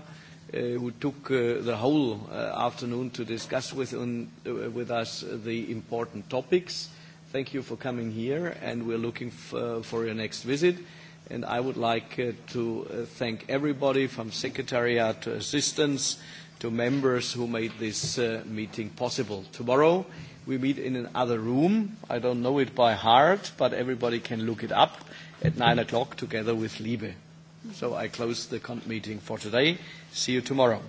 who took uh, the whole uh, afternoon to discuss with, un, uh, with us the important topics. Thank you for coming here, and we're looking f uh, for your next visit. And I would like uh, to uh, thank everybody from Secretariat to assistants to members who made this uh, meeting possible. Tomorrow We meet in another room. I don't know it by heart, but everybody can look it up at 9 o'clock together with Liebe. So I close the meeting for today. See you tomorrow.